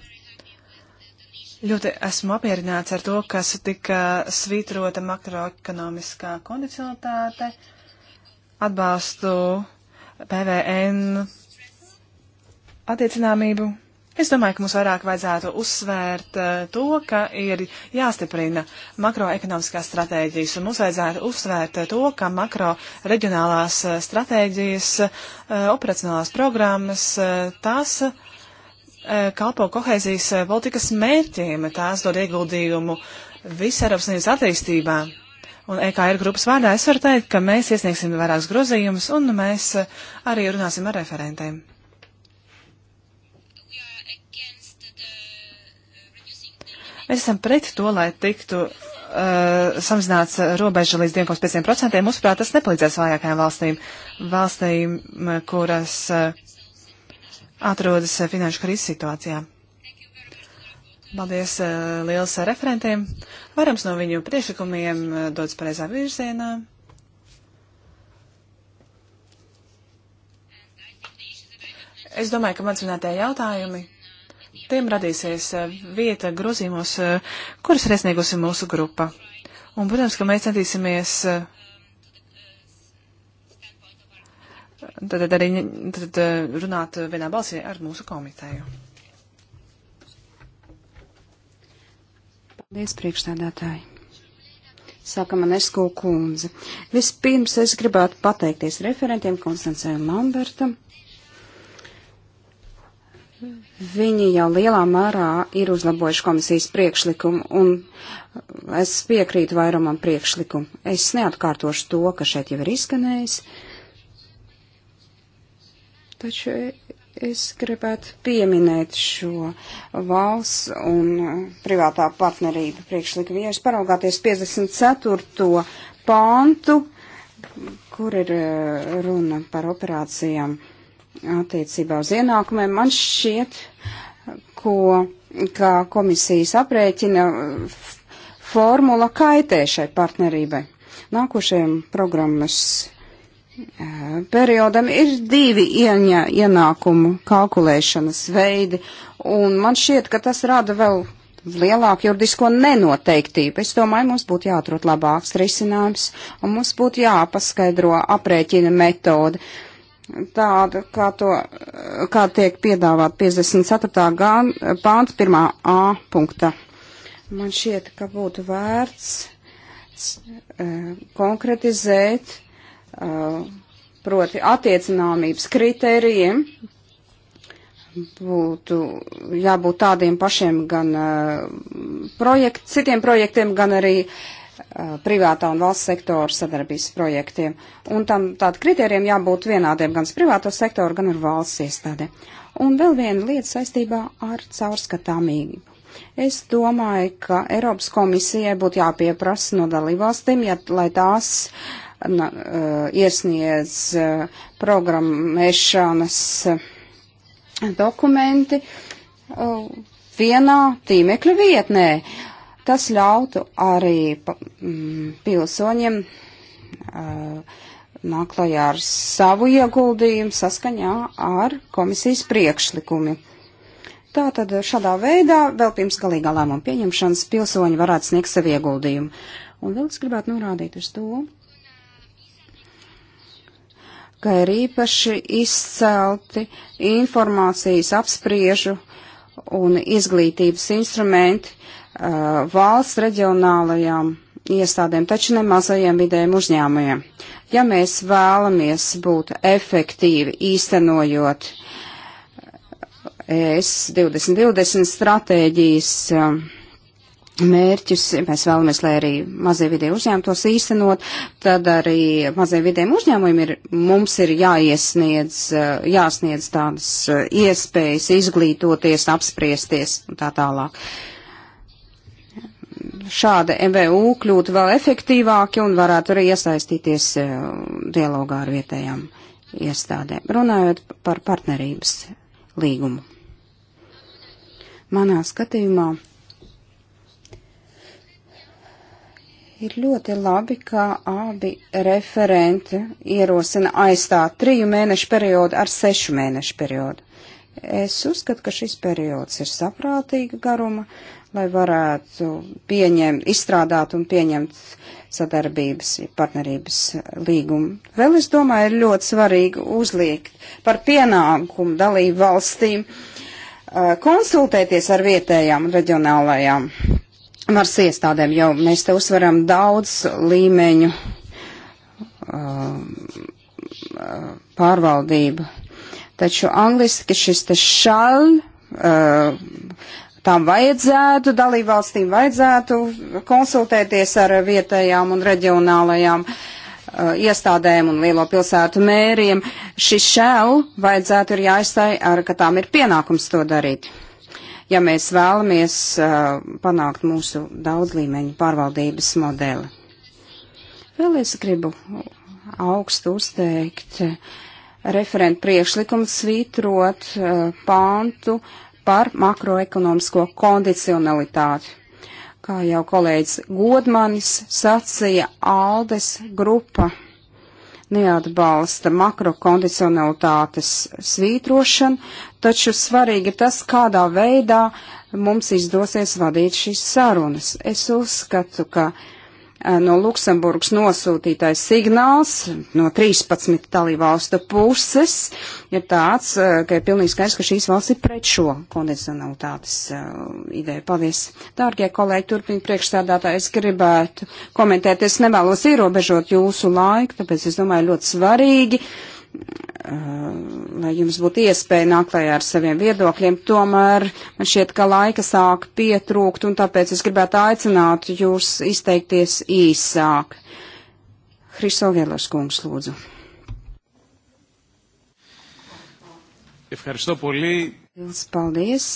[SPEAKER 1] Ļoti esmu apmierināts ar to, kas tika svītrota makroekonomiskā kondicionalitāte. Atbalstu PVN attiecināmību. Es domāju, ka mums vairāk vajadzētu uzsvērt eh, to, ka ir jāstiprina makroekonomiskās stratēģijas, un mums vajadzētu uzsvērt eh, to, ka makroreģionālās eh, stratēģijas, operacionālās programmas, tās Eh, kalpo kohēzijas eh, politikas mērķiem, tās dod ieguldījumu visā Eiropas Savienības attīstībā. Un EKR grupas vārdā es varu teikt, ka mēs iesniegsim vairākus grozījumus un mēs eh, arī runāsim ar referentiem. Mēs esam pret to, lai tiktu uh, samazināts robeža līdz 2,5%. Mūsuprāt, tas nepalīdzēs vājākajām valstīm, valstīm, kuras uh, atrodas eh, finanšu krīzes situācijā. Paldies eh, liels eh, referentiem. Varams no viņu priekšlikumiem dodas pareizā virzienā. Es domāju, ka man zinātie jautājumi, tiem radīsies vieta grozīmos, kurus ir iesniegusi mūsu grupa. Un, protams, ka mēs centīsimies uh, tad arī tad eh, runāt vienā balsī ar mūsu komiteju.
[SPEAKER 3] Paldies, priekšstādātāji! Saka Manesko kundze. Vispirms es gribētu pateikties referentiem Konstancēm Lambertam. Viņi jau lielā mērā ir uzlabojuši komisijas priekšlikumu, un es piekrītu vairumam priekšlikumu. Es neatkārtošu to, ka šeit jau ir izskanējis. Uh, Taču es gribētu pieminēt šo valsts un uh, privātā partnerība priekšlikumu. Ja es paraugāties 54. pāntu, kur ir uh, runa par operācijām attiecībā uz ienākumiem, man šķiet, ko, kā komisijas aprēķina formula kaitē šai partnerībai. Nākošajam programmas periodam ir divi ieņa, ienākumu kalkulēšanas veidi, un man šķiet, ka tas rada vēl lielāku juridisko nenoteiktību. Es domāju, mums būtu jāatrod labāks risinājums, un mums būtu jāpaskaidro aprēķina metode. Tāda, kā, to, kā tiek piedāvāt 54. pānta 1. A punktā. Man šķiet, ka būtu vērts konkretizēt Uh, proti attiecināmības kritērijiem būtu jābūt tādiem pašiem gan uh, projekt, citiem projektiem, gan arī uh, privātā un valsts sektora sadarbības projektiem. Un tam tādu kritērijiem jābūt vienādiem gan uz privāto sektoru, gan ar valsts iestādi. Un vēl viena lieta saistībā ar caurskatāmību. Es domāju, ka Eiropas komisijai būtu jāpieprasa no dalībvalstīm, ja, lai tās uh, Eh, iesniedz eh, programmēšanas eh, dokumenti vienā tīmekļa vietnē. Tas ļautu arī mm, pilsoņiem nāk klajā ar savu ieguldījumu saskaņā ar komisijas priekšlikumi. Tātad šādā veidā vēl pirms galīgā lēmuma pieņemšanas pilsoņi varētu sniegt savu ieguldījumu. Un vēl es gribētu norādīt uz to, ka ir īpaši izcelti informācijas apspriežu un izglītības instrumenti uh, valsts reģionālajām iestādēm, taču ne mazajiem vidējiem uzņēmumiem. Ja mēs vēlamies būt efektīvi īstenojot e ES 2020 stratēģijas, uh, mērķus, mēs vēlamies, lai arī mazie vidē uzņēmumi tos īstenot, tad arī mazie vidēm uzņēmumiem ir, mums ir jāiesniedz, eh, jāsniedz tādas eh, iespējas izglītoties, apspriesties un tā tālāk. Šāda MVU kļūtu vēl efektīvāki un varētu arī iesaistīties eh, dialogā ar vietējām iestādēm, runājot par partnerības līgumu. Manā skatījumā Ir ļoti labi, ka abi referenti ierosina aizstāt triju mēnešu periodu ar sešu mēnešu periodu. Es uzskatu, ka šis periods ir saprātīga garuma, lai varētu pieņemt, izstrādāt un pieņemt sadarbības, partnerības līgumu. Vēl es domāju, ir ļoti svarīgi uzliekt par pienākumu dalību valstīm eh, konsultēties ar vietējām reģionālajām varas iestādēm, jo mēs te uzsveram daudz līmeņu uh, pārvaldību. Taču angliski šis te šal, uh, tām vajadzētu, dalībvalstīm vajadzētu konsultēties ar vietējām un reģionālajām uh, iestādēm un lielo pilsētu mēriem. Šis šel vajadzētu ir jāizstāj ar, ka tām ir pienākums to darīt ja mēs vēlamies uh, panākt mūsu daudzlīmeņu pārvaldības modeli. Vēl es gribu augstu uzteikt uh, referentu priekšlikumu svītrot uh, pāntu par makroekonomisko kondicionalitāti. Kā jau kolēģis Godmanis sacīja, Aldes grupa neatbalsta makrokondicionalitātes svītrošanu, taču svarīgi ir tas, kādā veidā mums izdosies vadīt šīs sarunas. Es uzskatu, ka uh, Eh, no Luksemburgas nosūtītais signāls no 13 dalībvalstu puses ir tāds, eh, ka ir pilnīgi skaidrs, ka šīs valsts ir pret šo kondicionalitātes eh, ideju. Paldies, dārgie kolēģi, turpina priekšstādātāji, es gribētu komentēt, es nevēlos ierobežot jūsu laiku, tāpēc es domāju ļoti svarīgi. Uh, lai eh, jums būtu iespēja nākt klajā ar saviem viedokļiem. Tomēr man šķiet, ka laika sāk pietrūkt, un tāpēc es gribētu aicināt jūs izteikties īsāk. Hristovielas kungs, lūdzu. Jūs paldies.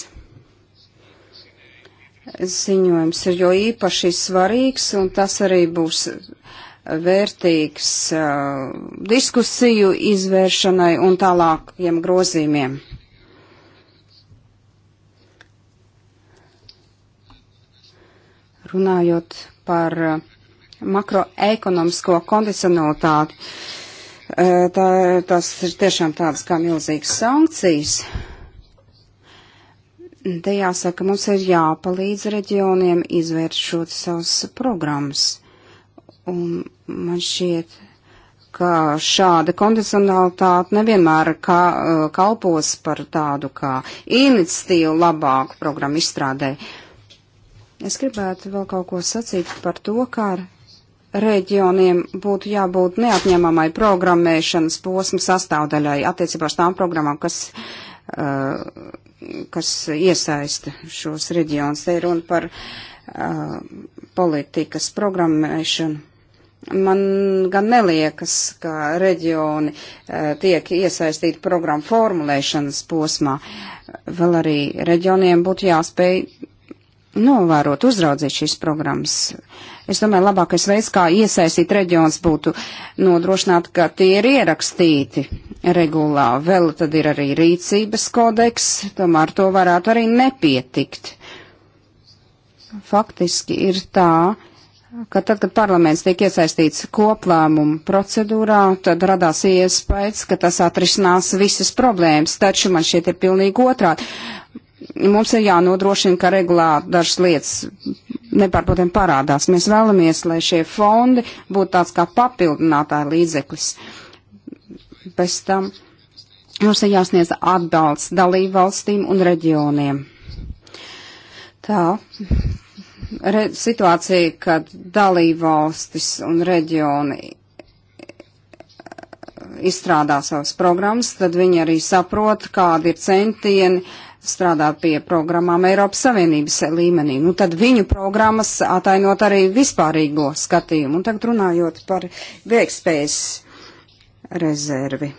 [SPEAKER 3] Ziņojums ir jo īpaši svarīgs, un tas arī būs vērtīgs uh, diskusiju izvēršanai un tālākiem grozījumiem. Runājot par makroekonomisko kondicionalitāti, tā, tas ir tiešām tāds kā milzīgs sankcijas. Te jāsaka, mums ir jāpalīdz reģioniem izvēršot savas programmas. Un Man šķiet, ka šāda kondicionalitāte nevienmēr kā, eh, kalpos par tādu kā inicitīvu labāku programmu izstrādē. Es gribētu vēl kaut ko sacīt par to, kā ar reģioniem būtu jābūt neatņemamai programmēšanas posmu sastāvdaļai attiecībā uz tām programmām, kas, uh, kas iesaista šos reģionus. Te ir runa par uh, politikas programmēšanu. Man gan neliekas, ka reģioni eh, tiek iesaistīti programmu formulēšanas posmā. Vēl arī reģioniem būtu jāspēj novērot, uzraudzīt šīs programmas. Es domāju, labākais veids, kā iesaistīt reģions, būtu nodrošināt, ka tie ir ierakstīti regulā. Vēl tad ir arī rīcības kodeks, tomēr to varētu arī nepietikt. Faktiski ir tā, ka tad, kad parlaments tiek iesaistīts koplēmumu procedūrā, tad radās iespējas, ka tas atrisinās visas problēmas, taču man šeit ir pilnīgi otrādi. Mums ir jānodrošina, ka regulā dažas lietas nepārprotam parādās. Mēs vēlamies, lai šie fondi būtu tāds kā papildinātāja līdzeklis. Bez tam mums ir jāsniedz atbalsts dalību valstīm un reģioniem. Tā, re, situācija, kad dalībvalstis un reģioni izstrādā savas programmas, tad viņi arī saprot, kādi ir centieni strādāt pie programmām Eiropas Savienības līmenī. Nu, tad viņu programmas atainot arī vispārīgo skatījumu. Un tagad runājot par veikspējas rezervi.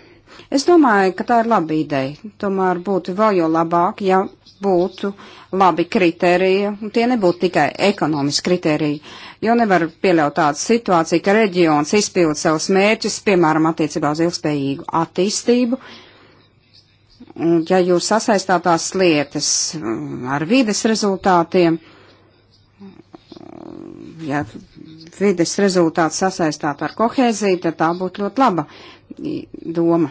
[SPEAKER 3] Es domāju, ka tā ir laba ideja. Tomēr būtu vēl jau labāk, ja būtu labi kriteriji, un tie nebūtu tikai ekonomiski kriteriji, jo nevar pieļaut tādu situāciju, ka reģions izpild savus mērķus, piemēram, attiecībā uz ilgspējīgu attīstību. Un, ja jūs sasaistāt tās lietas mm, ar vides rezultātiem, mm, ja vides rezultāts sasaistāt ar kohēziju, tad tā būtu ļoti laba doma.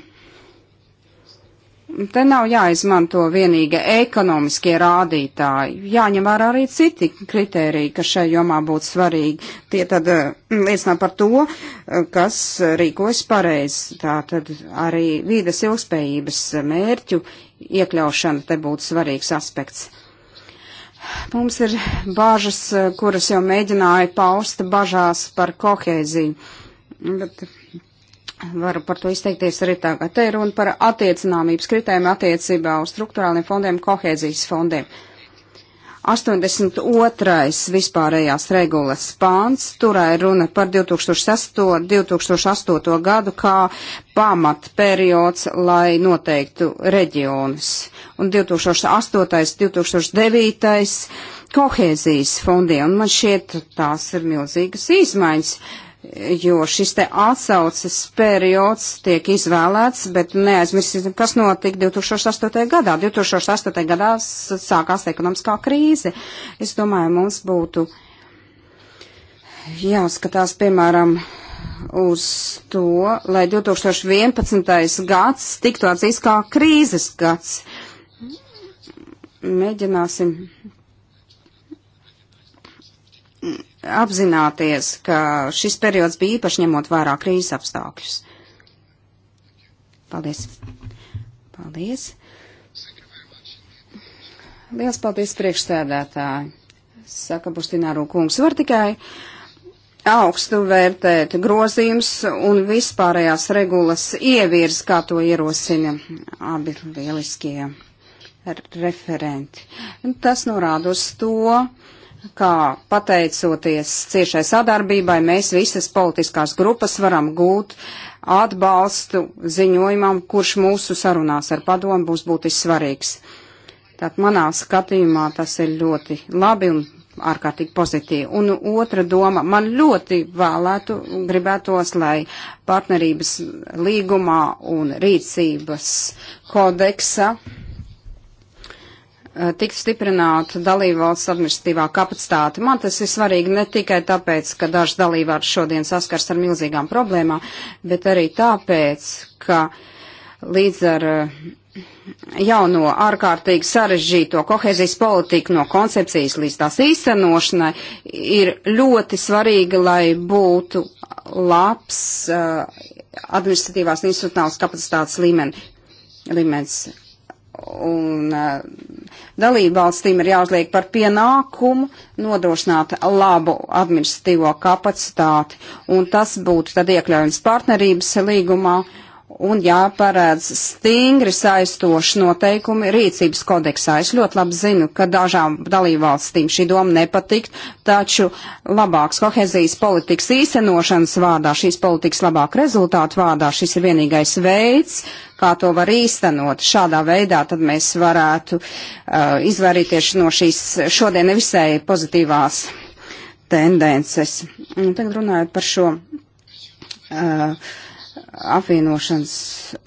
[SPEAKER 3] Te nav jāizmanto vienīgi ekonomiskie rādītāji, jāņem vērā arī citi kritēriji, kas šai jomā būtu svarīgi. Tie tad eh, liecina par to, eh, kas rīkojas pareizi. Tā tad arī vīdes ilgspējības mērķu iekļaušana te būtu svarīgs aspekts. Mums ir bāžas, eh, kuras jau mēģināja paust bažās par kohēziju. Bet Varu par to izteikties arī tagad. Te ir runa par attiecināmības kritējumu attiecībā uz struktūrāliem fondiem, kohēzijas fondiem. 82. vispārējās regulas pāns, turā ir runa par 2006. 2008. gadu kā pamat periods, lai noteiktu reģionus. Un 2008. 2009. kohēzijas fondiem. Un man šķiet, tās ir milzīgas izmaiņas jo šis te atsauces periods tiek izvēlēts, bet neaizmirsīsim, kas notika 2008. gadā. 2008. gadā sākās ekonomiskā krīze. Es domāju, mums būtu jāskatās, piemēram, uz to, lai 2011. gads tiktu atzīst kā krīzes gads. Mēģināsim apzināties, ka šis periods bija īpaši ņemot vērā krīzes apstākļus. Paldies. Paldies. Liels paldies priekšstādātāji. Saka Bustināru kungs, var tikai augstu vērtēt grozījums un vispārējās regulas ievirs, kā to ierosina abi lieliskie referenti. Tas norāda uz to, kā pateicoties ciešai sadarbībai, mēs visas politiskās grupas varam gūt atbalstu ziņojumam, kurš mūsu sarunās ar padomu būs būtiski svarīgs. Tātad manā skatījumā tas ir ļoti labi un ārkārtīgi pozitīvi. Un otra doma, man ļoti vēlētu, gribētos, lai partnerības līgumā un rīcības kodeksa Eh, tik stiprināta dalībvalsts administratīvā kapacitāte. Man tas ir svarīgi ne tikai tāpēc, ka daži dalībvalsts šodien saskars ar milzīgām problēmām, bet arī tāpēc, ka līdz ar eh, jauno ārkārtīgi sarežģīto kohēzijas politiku no koncepcijas līdz tās īstenošanai ir ļoti svarīgi, lai būtu labs uh, administratīvās institucionālas kapacitātes līmeni, līmenis un dalībvalstīm ir jāuzliek par pienākumu nodrošināt labu administratīvo kapacitāti, un tas būtu tad iekļaujams partnerības līgumā, un jāparēdz stingri saistoši noteikumi rīcības kodeksā. Es ļoti labi zinu, ka dažām dalībvalstīm šī doma nepatikt, taču labāks kohezijas politikas īstenošanas vārdā, šīs politikas labāk rezultātu vārdā, šis ir vienīgais veids, uh, kā to var īstenot. Šādā veidā tad mēs varētu uh, izvairīties no šīs šodien nevisai pozitīvās tendences. Un tagad runājot par šo uh, apvienošanas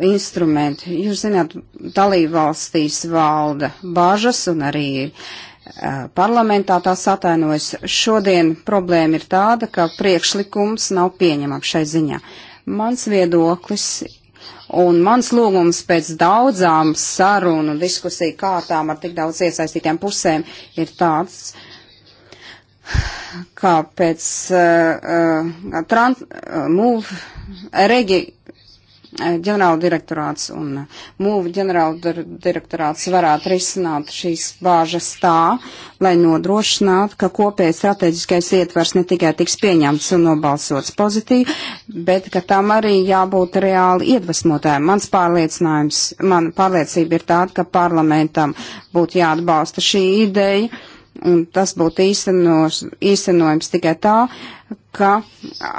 [SPEAKER 3] instrumentu, jūs zināt, dalībvalstīs valda bažas un arī uh, parlamentā tās atainojas. Šodien problēma ir tāda, ka priekšlikums nav pieņemams šai ziņā. Mans viedoklis Un mans lūgums pēc daudzām sarunu diskusiju kārtām ar tik daudz iesaistītiem pusēm ir tāds, kā pēc uh, eh, uh, eh, trans, uh, eh, move, regi ģenerāla direktorāts un mūvu ģenerāla direktorāts varētu risināt šīs bāžas tā, lai nodrošinātu, ka kopējais strateģiskais ietvers ne tikai tiks pieņemts un nobalsots pozitīvi, bet ka tam arī jābūt reāli iedvesmotājiem. Mans pārliecinājums, man pārliecība ir tāda, ka parlamentam būtu jāatbalsta šī ideja un tas būtu īstenos, īstenojams tikai tā, ka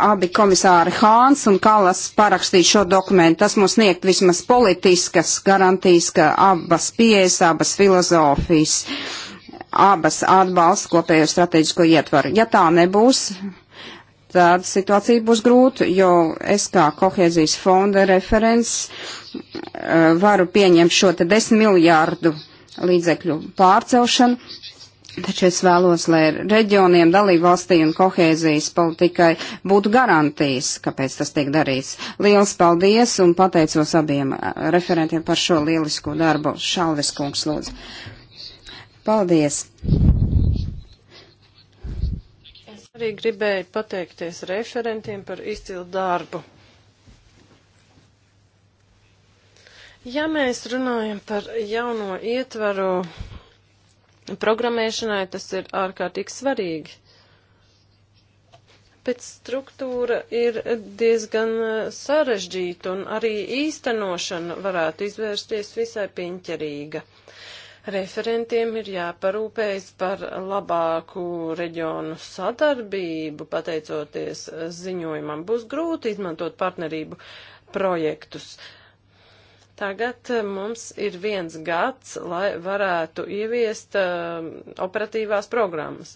[SPEAKER 3] abi komisāri Hāns un Kalas parakstīja šo dokumentu. Tas mums sniegt vismaz politiskas garantijas, ka abas pieejas, abas filozofijas, abas atbalsts kopējo strateģisko ietvaru. Ja tā nebūs, tad situācija būs grūta, jo es kā kohēzijas fonda referents eh, varu pieņemt šo te 10 miljārdu līdzekļu pārcelšanu Taču es vēlos, lai reģioniem, dalībvalstīm un kohēzijas politikai būtu garantijas, kāpēc tas tiek darīts. Liels paldies un pateicos abiem referentiem par šo lielisko darbu. Šalvis kungs, lūdzu. Paldies!
[SPEAKER 2] Es arī gribēju pateikties referentiem par izcilu darbu. Ja mēs runājam par jauno ietvaru programmēšanai tas ir ārkārtīgi svarīgi. Bet struktūra ir diezgan e, sarežģīta un arī īstenošana varētu izvērsties visai piņķerīga. Referentiem ir jāparūpējas par labāku reģionu sadarbību, pateicoties ziņojumam. Būs grūti izmantot partnerību projektus. Uh, Tagad eh, mums ir viens gads, lai varētu ieviest uh, operatīvās programmas.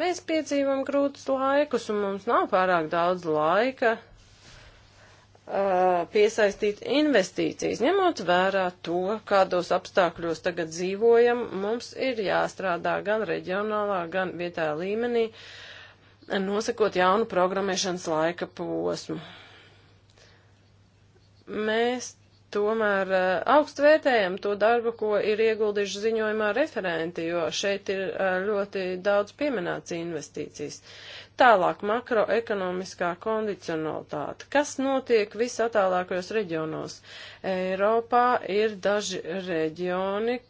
[SPEAKER 2] Mēs piedzīvam grūtus laikus, un mums nav pārāk daudz laika uh, piesaistīt investīcijas. Ņemot vērā to, kādos apstākļos tagad dzīvojam, mums ir jāstrādā gan reģionālā, gan vietējā līmenī, nosakot jaunu programmēšanas laika posmu. Mēs tomēr eh, augstu vērtējam to darbu, ko ir ieguldījuši ziņojumā referenti, jo šeit ir eh, ļoti daudz pieminēts investīcijas. Tālāk makroekonomiskā kondicionalitāte. Kas notiek visatālākajos reģionos? Eiropā ir daži reģioni,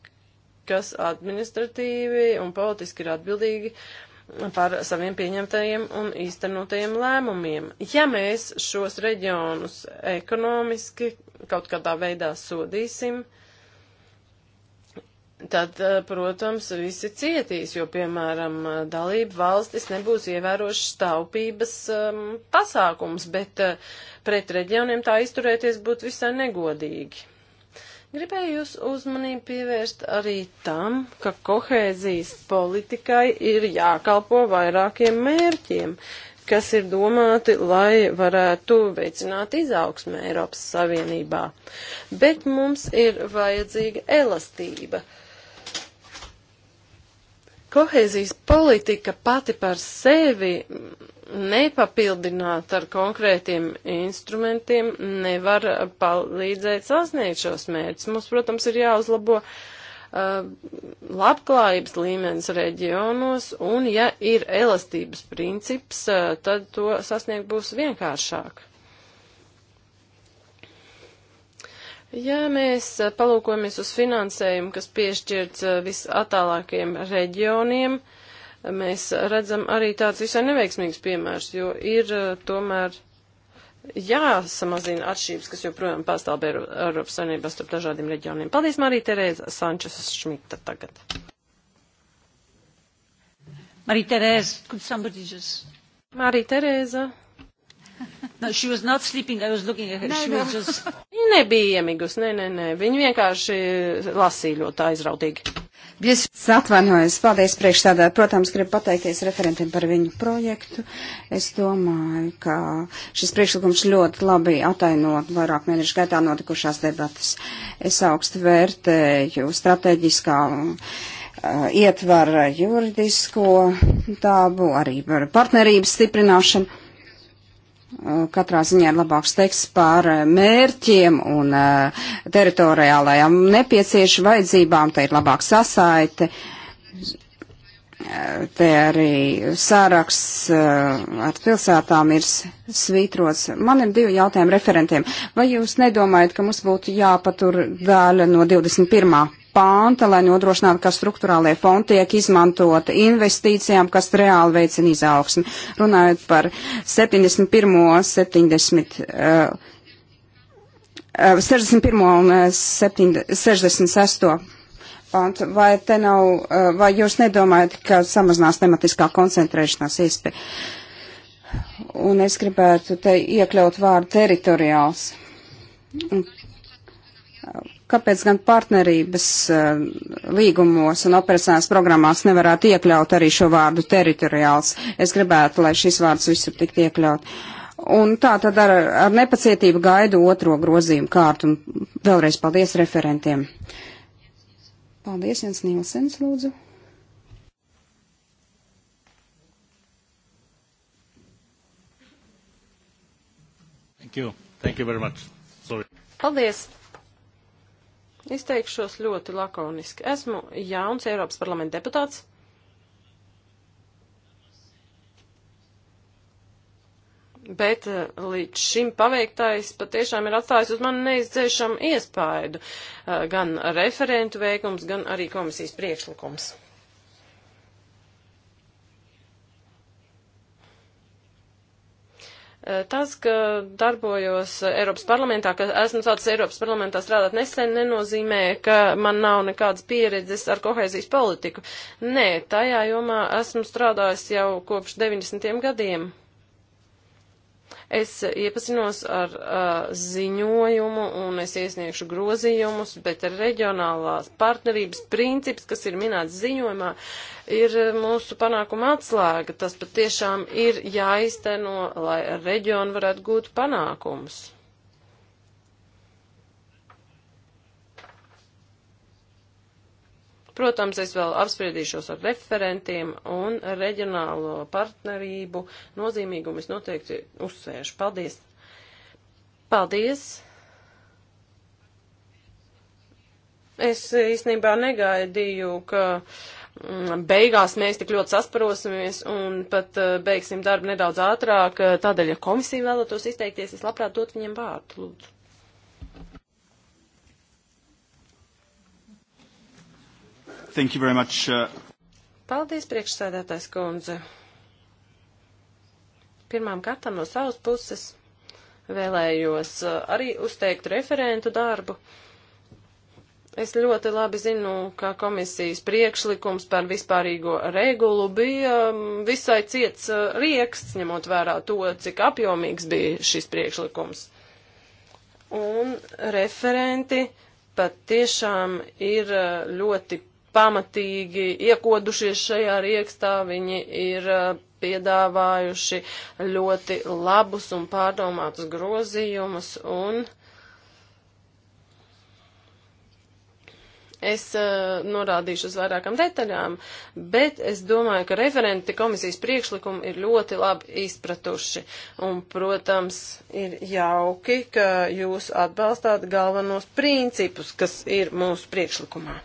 [SPEAKER 2] kas administratīvi un politiski ir atbildīgi par saviem pieņemtajiem un īstenotajiem lēmumiem. Ja mēs šos reģionus ekonomiski kaut kādā veidā sodīsim, tad, eh, protams, visi cietīs, jo, piemēram, dalība valstis nebūs ievērošas taupības um, pasākums, bet uh, pret reģioniem tā izturēties būtu visai negodīgi. Gribēju jūs uzmanību pievērst arī tam, ka kohēzijas politikai ir jākalpo vairākiem mērķiem. Uh, kas ir domāti, lai varētu veicināt izaugsmē Eiropas Savienībā. Bet mums ir vajadzīga elastība. Kohēzijas politika pati par sevi nepapildināt ar konkrētiem instrumentiem nevar palīdzēt sasniegt šos mērķus. Mums, protams, ir jāuzlabo uh, Uh, labklājības līmenis reģionos, un ja ir elastības princips, uh, tad to sasniegt būs vienkāršāk. Ja mēs uh, palūkojamies uz finansējumu, kas piešķirts visatālākajiem reģioniem, mēs redzam arī tāds visai neveiksmīgs piemērs, jo ir tomēr jāsamazina atšķirības, kas joprojām pastāv Eiropas Savienībā starp dažādiem reģioniem. Paldies, Marija Terēza Sančes Šmita tagad. Marija Terēza, could somebody just... Marija Terēza. No, she was not sleeping, I was looking at her. Nē, she was just... Viņa nebija iemigusi, nē, nē, nē. Viņa vienkārši lasīja ļoti aizrautīgi.
[SPEAKER 3] Es atvainojos, paldies priekšstādā. Protams, gribu pateikties referentiem par viņu projektu. Es domāju, ka šis priekšlikums ļoti labi atainot vairāk mēnešu gaitā notikušās debatas. Es augstu vērtēju strateģiskā uh, ietvara juridisko tābu, arī par partnerības stiprināšanu katrā ziņā ir labāks teksts par eh, mērķiem un eh, teritoriālajām nepieciešām vajadzībām, te ir labāka sasaite, eh, te arī sāraks ar pilsētām ir svītrots. Man ir divi jautājumi referentiem. Vai jūs nedomājat, ka mums būtu jāpatur daļa no 21 pānta, lai nodrošinātu, ka struktūrālie fondi tiek izmantoti investīcijām, kas reāli veicina izaugsmi. Runājot par 71. 70. Uh, 61. un 7, eh, 66. pantu, vai te nav, eh, vai jūs nedomājat, ka samazinās tematiskā koncentrēšanās iespēja? Un es gribētu te iekļaut vārdu teritoriāls. Un Kāpēc gan partnerības eh, līgumos un operacionālās programmās nevarētu iekļaut arī šo vārdu teritoriāls? Es gribētu, lai šis vārds visur tiktu iekļaut. Un tā tad ar, ar nepacietību gaidu otro grozījumu kārtu un vēlreiz paldies referentiem. Paldies, Jens Nīlsens, lūdzu. Thank you. Thank you very much. Sorry.
[SPEAKER 2] Paldies. Izteikšos ļoti lakoniski. Esmu jauns Eiropas parlamenta deputāts. Bet eh, līdz šim paveiktais patiešām ir atstājis uz mani neizdzēšamu iespaidu eh, gan referentu veikums, gan arī komisijas priekšlikums. Tas, ka darbojos Eiropas parlamentā, ka esmu sācis Eiropas parlamentā strādāt nesen, nenozīmē, ka man nav nekādas pieredzes ar kohēzijas politiku. Nē, tajā jomā esmu strādājis jau kopš 90. gadiem. Es iepazinos ar uh, ziņojumu un es iesniegšu grozījumus, bet reģionālās partnerības princips, kas ir minēts ziņojumā, ir mūsu panākuma atslēga. Tas patiešām ir jāizteno, lai reģioni varētu gūt panākumus. Protams, es vēl apspriedīšos ar referentiem un reģionālo partnerību nozīmīgumu es noteikti uzsvēršu. Paldies! Paldies! Es īstenībā negaidīju, ka mm, beigās mēs tik ļoti sasparosimies un pat eh, beigsim darbu nedaudz ātrāk. Tādēļ, ja komisija vēlētos izteikties, es labprāt dotu viņiem vārdu, lūdzu.
[SPEAKER 1] Thank you very much. Uh,
[SPEAKER 2] Paldies, priekšsēdētājs kundze. Pirmām kārtām no savas puses vēlējos uh, arī uzteikt referentu darbu. Es ļoti labi zinu, ka komisijas priekšlikums par vispārīgo regulu bija um, visai ciets uh, rieksts, ņemot vērā to, cik apjomīgs bija šis priekšlikums. Un referenti pat tiešām ir ļoti pamatīgi iekodušies šajā riekstā, viņi ir uh, piedāvājuši ļoti labus un pārdomātus grozījumus un Es uh, norādīšu uz vairākām detaļām, bet es domāju, ka referenti komisijas priekšlikumu ir ļoti labi izpratuši. Un, protams, ir jauki, ka jūs atbalstāt galvenos principus, kas ir mūsu priekšlikumā.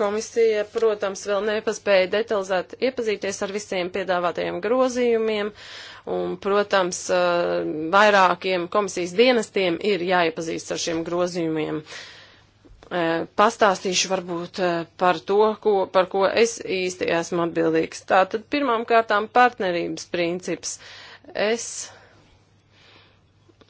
[SPEAKER 2] Komisija, protams, vēl nepaspēja detalizēt iepazīties ar visiem piedāvātajiem grozījumiem, un, protams, vairākiem komisijas dienestiem ir jāiepazīst ar šiem grozījumiem. Pastāstīšu varbūt par to, ko, par ko es īsti esmu atbildīgs. Tātad pirmām kārtām partnerības princips. Es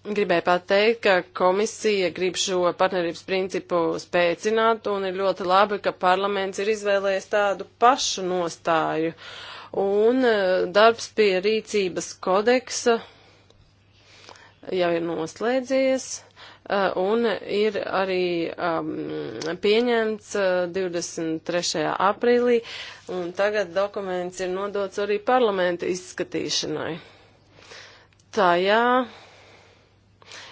[SPEAKER 2] gribēju pateikt, ka komisija grib šo partnerības principu spēcināt, un ir ļoti labi, ka parlaments ir izvēlējies tādu pašu nostāju. Un e, darbs pie rīcības kodeksa jau ir noslēdzies. E, un ir arī um, pieņemts uh, e, 23. aprīlī, un tagad dokuments ir nodots arī parlamenta izskatīšanai. Tajā. Tā, jā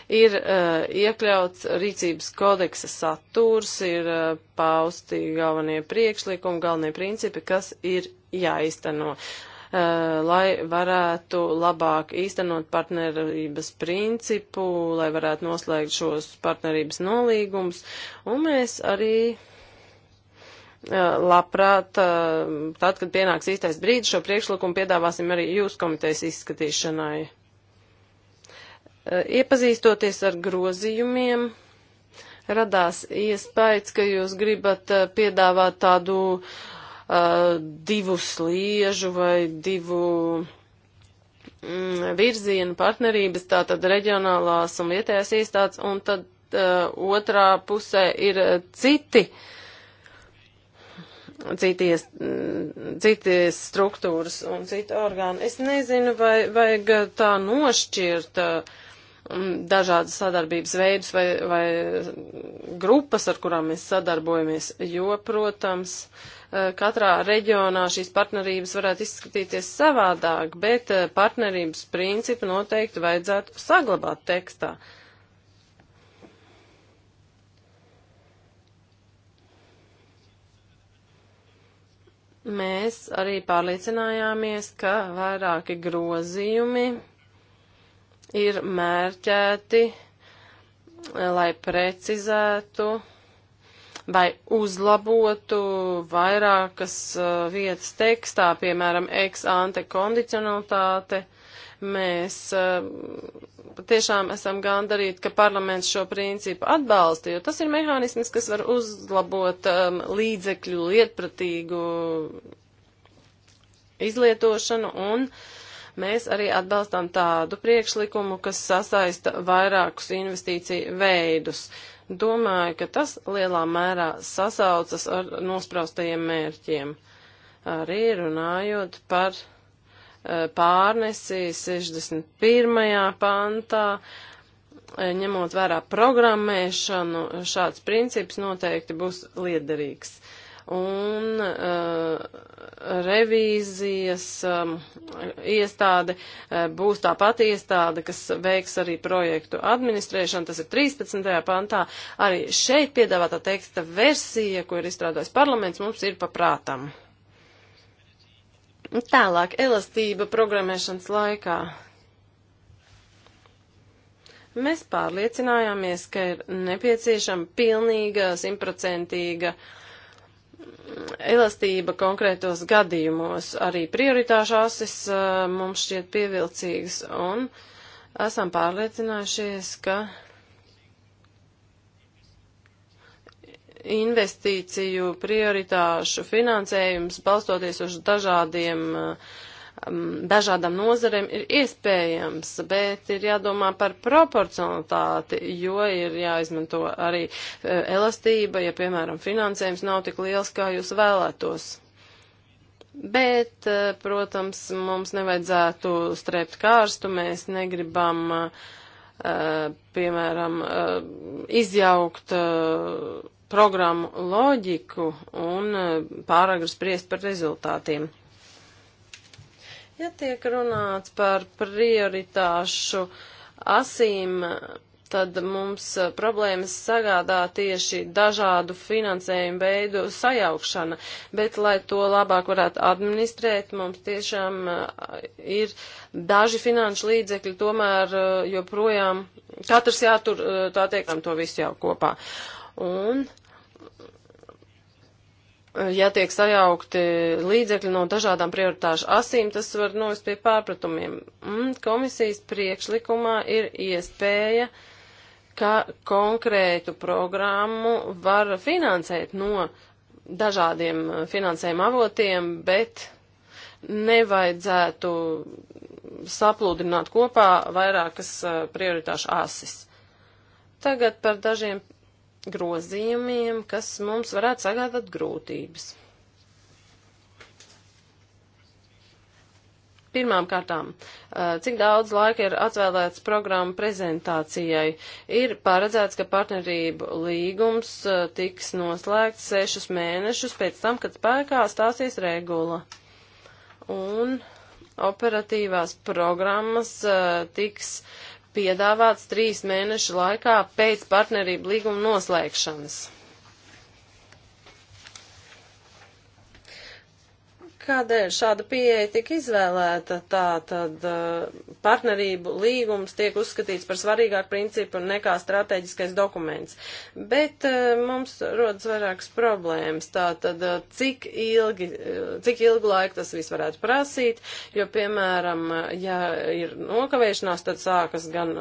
[SPEAKER 2] Ir uh, iekļauts rīcības kodeksa saturs, ir uh, pausti galvenie priekšlikumi, galvenie principi, kas ir jāizteno, uh, lai varētu labāk īstenot partnerības principu, lai varētu noslēgt šos partnerības nolīgumus. Un mēs arī labprāt, tad, kad pienāks īstais brīdis, šo priekšlikumu piedāvāsim arī jūs komitejas izskatīšanai. Eh, iepazīstoties ar grozījumiem, radās iespējas, ka jūs gribat eh, piedāvāt tādu uh, divu sliežu vai divu mm, virzienu partnerības, tātad reģionālās un vietējās iestādes, un tad uh, otrā pusē ir citi, cities, mm, cities struktūras un citi orgāni. Es nezinu, vai vajag tā nošķirt. Uh, Um, dažādas sadarbības veidus vai, vai grupas, ar kurām mēs sadarbojamies, jo, protams, uh, katrā reģionā šīs partnerības varētu izskatīties savādāk, bet uh, partnerības principu noteikti vajadzētu saglabāt tekstā. Mēs arī pārliecinājāmies, ka vairāki grozījumi ir mērķēti, lai precizētu vai uzlabotu vairākas vietas tekstā, piemēram, ex ante kondicionalitāte. Mēs patiešām esam gandarīti, ka parlaments šo principu atbalsta, jo tas ir mehānisms, kas var uzlabot um, līdzekļu lietpratīgu izlietošanu un uh, Mēs arī atbalstām tādu priekšlikumu, kas sasaista vairākus investīciju veidus. Domāju, ka tas lielā mērā sasaucas ar nospraustajiem mērķiem. Arī runājot par e, pārnesi 61. pantā, e, ņemot vērā programmēšanu, šāds princips noteikti būs liederīgs un uh, revīzijas um, iestāde uh, būs tā pati iestāde, kas veiks arī projektu administrēšanu, tas ir 13. pantā. Arī šeit piedāvātā teksta versija, ko ir izstrādājis parlaments, mums ir paprātam. Tālāk, elastība programmēšanas laikā. Mēs pārliecinājāmies, ka ir nepieciešama pilnīga, simtprocentīga uh, elastība konkrētos gadījumos, arī prioritāšu asis mums šķiet pievilcīgas un esam pārliecinājušies, ka investīciju prioritāšu finansējums balstoties uz dažādiem uh, Um, dažādām nozarēm ir iespējams, bet ir jādomā par proporcionalitāti, jo ir jāizmanto arī uh, elastība, ja, piemēram, finansējums nav tik liels, kā jūs vēlētos. Bet, uh, protams, mums nevajadzētu strēpt kārstu, mēs negribam, uh, piemēram, izjaukt programmu loģiku un pāragri spriest par rezultātiem. Ja tiek runāts par prioritāšu asīm, tad mums eh, problēmas sagādā tieši dažādu finansējumu veidu sajaukšana, bet, lai to labāk varētu administrēt, mums tiešām eh, ir daži finanšu līdzekļi tomēr eh, joprojām, katrs jātur, tā teikam, to visu jau kopā. Un ja tiek sajaukti līdzekļi no dažādām prioritāšu asīm, tas var novest pie pārpratumiem. Un mm, komisijas priekšlikumā ir iespēja, ka konkrētu programmu var finansēt no dažādiem finansējuma avotiem, bet nevajadzētu saplūdināt kopā vairākas eh, prioritāšu asis. Tagad par dažiem grozījumiem, kas mums varētu sagādāt grūtības. Pirmām kārtām, cik daudz laika ir atvēlēts programmu prezentācijai? Ir paredzēts, ka partnerību līgums tiks noslēgts sešus mēnešus pēc tam, kad spēkā stāsies regula. Un operatīvās programmas tiks uh, piedāvāts trīs mēnešu laikā pēc partnerību līguma noslēgšanas. Kādēļ šāda pieeja tika izvēlēta? Tā tad eh, partnerību līgums tiek uzskatīts par svarīgāku principu nekā strateģiskais dokuments. Bet eh, mums rodas vairākas problēmas. Tā tad eh, cik ilgi, cik ilgu laiku tas viss varētu prasīt, jo, piemēram, ja ir nokavēšanās, tad sākas gan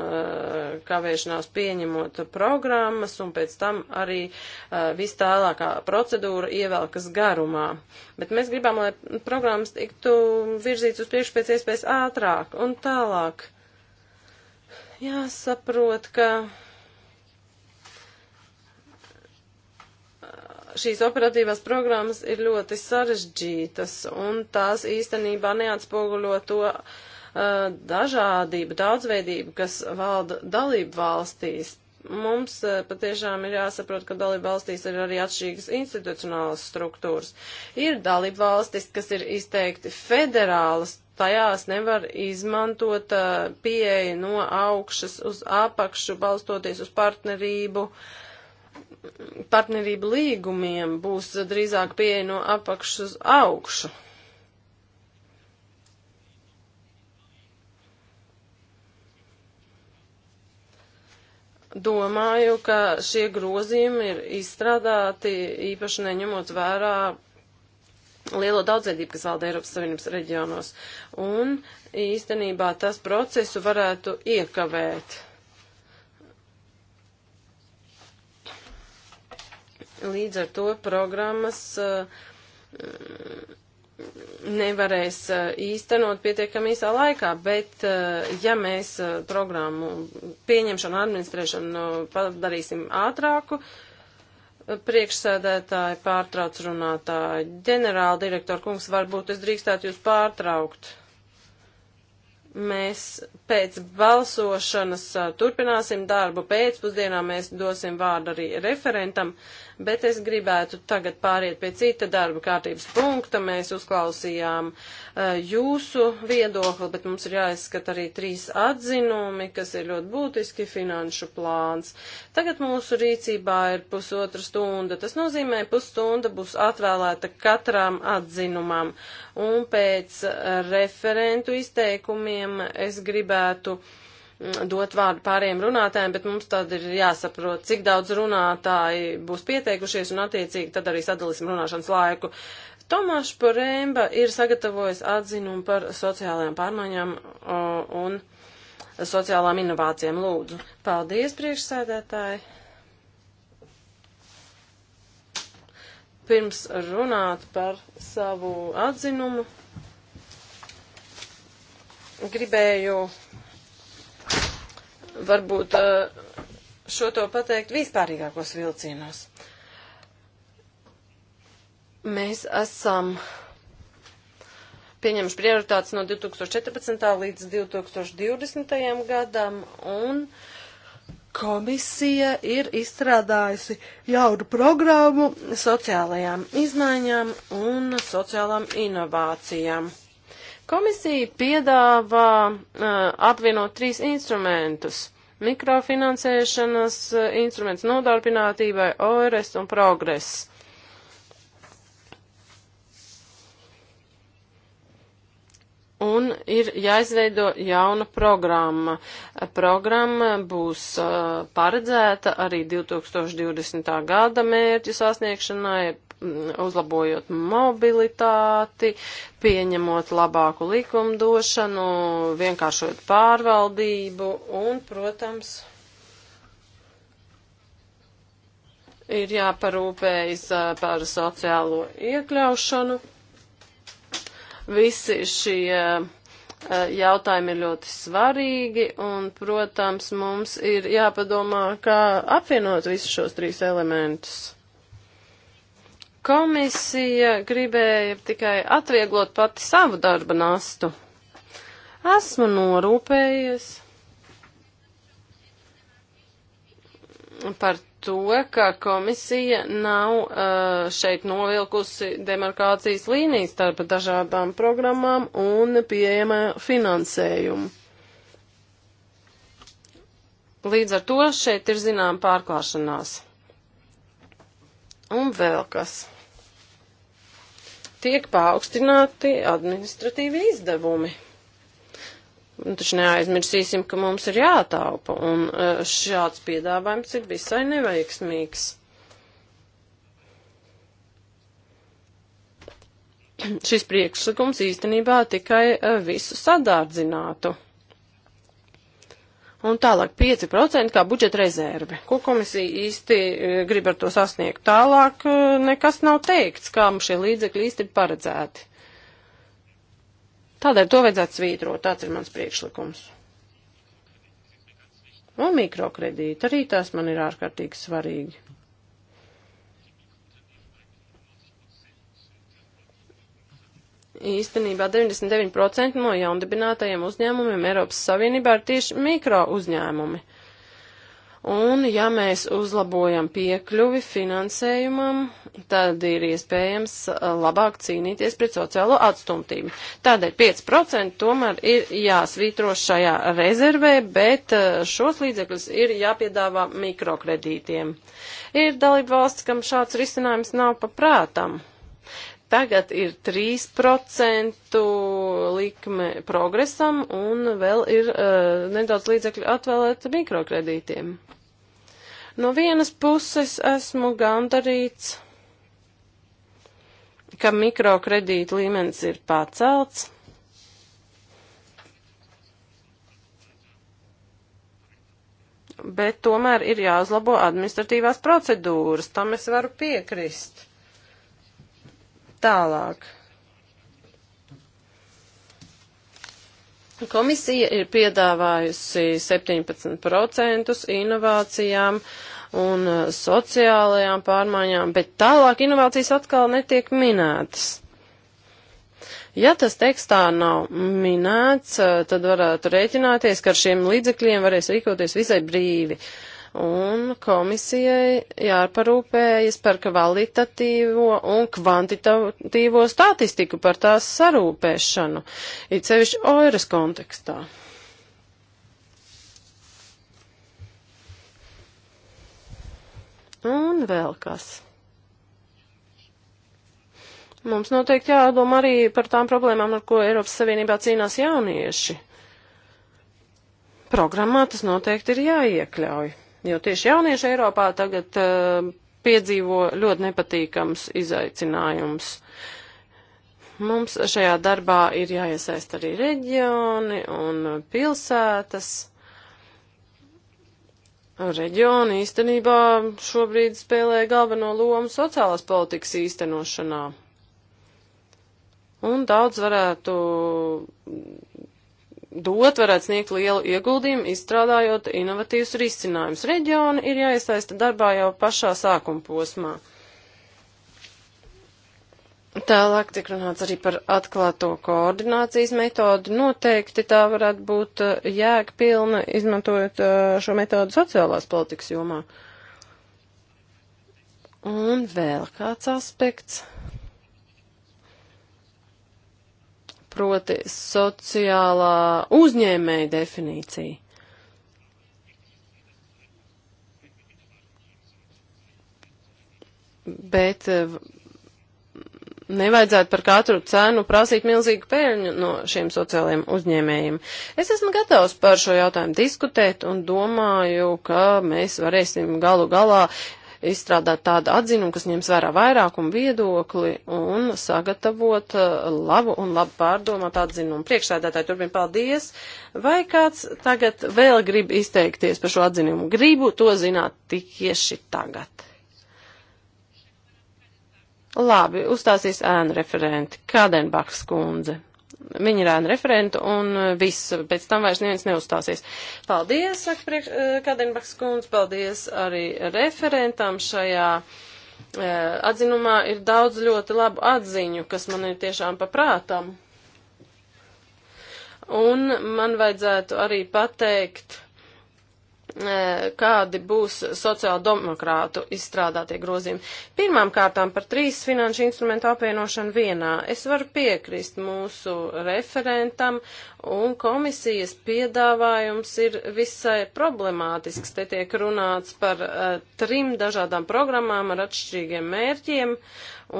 [SPEAKER 2] kavēšanās pieņemot programmas un pēc tam arī vis tālākā procedūra ievelkas garumā. Bet mēs gribam, lai programmas tiktu virzīts uz priekšu pēc iespējas ātrāk un tālāk. Jāsaprot, ka šīs operatīvās programmas ir ļoti sarežģītas un tās īstenībā neatspoguļo to uh, dažādību, daudzveidību, kas valda dalību valstīs mums e, patiešām ir jāsaprot, ka dalība valstīs ir arī atšķirīgas institucionālas struktūras. Ir dalība valstis, kas ir izteikti federālas, tajās nevar izmantot e, pieeja no augšas uz apakšu, balstoties uz partnerību. Partnerību līgumiem būs drīzāk pieeja no apakšas uz augšu. domāju, ka šie grozījumi ir izstrādāti īpaši neņemot vērā lielo daudzveidību, kas valda Eiropas Savienības reģionos. Un īstenībā tas procesu varētu iekavēt. Līdz ar to programmas uh, nevarēs uh, īstenot pietiekami īsā laikā, bet uh, ja mēs uh, programmu pieņemšanu, administrēšanu nu, padarīsim ātrāku, priekšsēdētāji pārtrauc runātāji, ģenerāla direktora kungs, varbūt es drīkstētu jūs pārtraukt. Mēs pēc balsošanas turpināsim darbu pēcpusdienā, mēs dosim vārdu arī referentam. Uh, Bet es gribētu tagad pāriet pie cita darba kārtības punkta. Mēs uzklausījām uh, jūsu viedokli, bet mums ir jāizskata arī trīs atzinumi, kas ir ļoti būtiski finanšu plāns. Tagad mūsu rīcībā ir pusotra stunda. Tas nozīmē, pusstunda būs atvēlēta katram atzinumam. Un pēc referentu izteikumiem es gribētu uh, dot vārdu pāriem runātājiem, bet mums tad ir jāsaprot, cik daudz runātāji būs pieteikušies un attiecīgi tad arī sadalīsim runāšanas laiku. Tomāš Porēmba ir sagatavojis atzinumu par sociālajām pārmaiņām un sociālām inovācijām. Lūdzu, paldies priekšsēdētāji! Pirms runāt par savu atzinumu, gribēju varbūt eh, šo to pateikt vispārīgākos vilcienos. Mēs esam pieņemšu prioritātes no 2014. līdz 2020. gadam, un
[SPEAKER 1] komisija ir izstrādājusi
[SPEAKER 2] jaunu programmu sociālajām izmaiņām un sociālām inovācijām. Komisija piedāvā uh, apvienot trīs instrumentus - mikrofinansēšanas uh, instruments nodarbinātībai, ORS un progress. Un ir jāizveido jauna programma. Programma būs uh, paredzēta arī 2020. gada mērķu sasniegšanai, Mm, uzlabojot mobilitāti, pieņemot labāku likumdošanu, vienkāršot pārvaldību un, protams, ir jāparūpējas par sociālo iekļaušanu. Visi šie jautājumi ir ļoti svarīgi, un, protams, mums ir jāpadomā, kā apvienot visus šos trīs elementus. Komisija gribēja tikai atvieglot pati savu darba nastu. Esmu norūpējies par to, ka komisija nav uh, šeit novilkusi demarkācijas līnijas starp dažādām programmām un pieejamā finansējumu. Līdz ar to šeit ir zinām pārklāšanās. Un vēl kas tiek paaugstināti administratīvi izdevumi. Un nu, taču neaizmirsīsim, ka mums ir jātaupa, un eh, šāds piedāvājums ir visai neveiksmīgs. Šis priekšlikums īstenībā tikai eh, visu sadārdzinātu. Un tālāk 5% kā budžeta rezerve. Ko komisija īsti e, grib ar to sasniegt? Tālāk e, nekas nav teikts, kā mums šie līdzekļi īsti ir paredzēti. Tādēļ to vajadzētu svītrot. Tāds ir mans priekšlikums. Un mikrokredīti arī tās man ir ārkārtīgi svarīgi. īstenībā 99% no jaundibinātajiem uzņēmumiem Eiropas Savienībā ir tieši mikro uzņēmumi. Un, ja mēs uzlabojam piekļuvi finansējumam, tad ir iespējams uh, labāk cīnīties pret sociālo atstumtību. Tādēļ 5% tomēr ir jāsvītro šajā rezervē, bet uh, šos līdzekļus ir jāpiedāvā mikrokredītiem. Ir dalība valsts, kam šāds risinājums nav paprātam. Tagad ir 3% likme progresam un vēl ir uh, nedaudz līdzekļu atvēlēt mikrokredītiem. No vienas puses esmu gandarīts, ka mikrokredīta līmenis ir pacelts. bet tomēr ir jāuzlabo administratīvās procedūras, tam es varu piekrist tālāk. Komisija ir piedāvājusi 17% inovācijām un uh, sociālajām pārmaiņām, bet tālāk inovācijas atkal netiek minētas. Ja tas tekstā nav minēts, uh, tad varētu rēķināties, ka ar šiem līdzekļiem varēs rīkoties visai brīvi. Uh, un komisijai jāparūpējas par kvalitatīvo un kvantitatīvo statistiku par tās sarūpēšanu, it sevišķi oiras kontekstā. Un vēl kas. Mums noteikti jādomā arī par tām problēmām, ar ko Eiropas Savienībā cīnās jaunieši. Programmā tas noteikti ir jāiekļauj jo tieši jaunieši Eiropā tagad uh, piedzīvo ļoti nepatīkams izaicinājums. Mums šajā darbā ir jāiesaist arī reģioni un pilsētas. Reģioni īstenībā šobrīd spēlē galveno lomu sociālās politikas īstenošanā. Un daudz varētu dot, varētu sniegt lielu ieguldījumu, izstrādājot inovatīvus risinājumus. Reģioni ir jāiesaista darbā jau pašā sākuma posmā. Tālāk tiek runāts arī par atklāto koordinācijas metodu. Noteikti tā varētu būt eh, jēgpilna, izmantojot eh, šo metodu sociālās politikas jomā. Un vēl kāds aspekts. proti sociālā uzņēmēja definīcija. Bet eh, nevajadzētu par katru cenu prasīt milzīgu pēļņu no šiem sociālajiem uzņēmējiem. Es esmu gatavs par šo jautājumu diskutēt un domāju, ka mēs varēsim galu galā uh, izstrādāt tādu atzinumu, kas ņems vērā vairākumu viedokli un sagatavot uh, labu un labi pārdomāt atzinumu. Priekšsēdētāji turpin paldies. Vai kāds tagad vēl grib izteikties par šo atzinumu? Gribu to zināt tieši tagad. Labi, uzstāsies ēnu referenti Kādenbaks kundze. Viņa ir ēna referenta un e, viss, pēc tam vairs neviens neuzstāsies. Paldies, saka priekš, e, Kadenbaks kundze, paldies arī referentam šajā e, atzinumā ir daudz ļoti labu atziņu, kas man ir tiešām paprātam. Un man vajadzētu arī pateikt, E, kādi būs sociāldemokrātu izstrādātie grozījumi. Pirmām kārtām par trīs finanšu instrumentu apvienošanu vienā. Es varu piekrist mūsu referentam, un komisijas piedāvājums ir visai problemātisks. Te tiek runāts par uh, trim dažādām programmām ar atšķirīgiem mērķiem,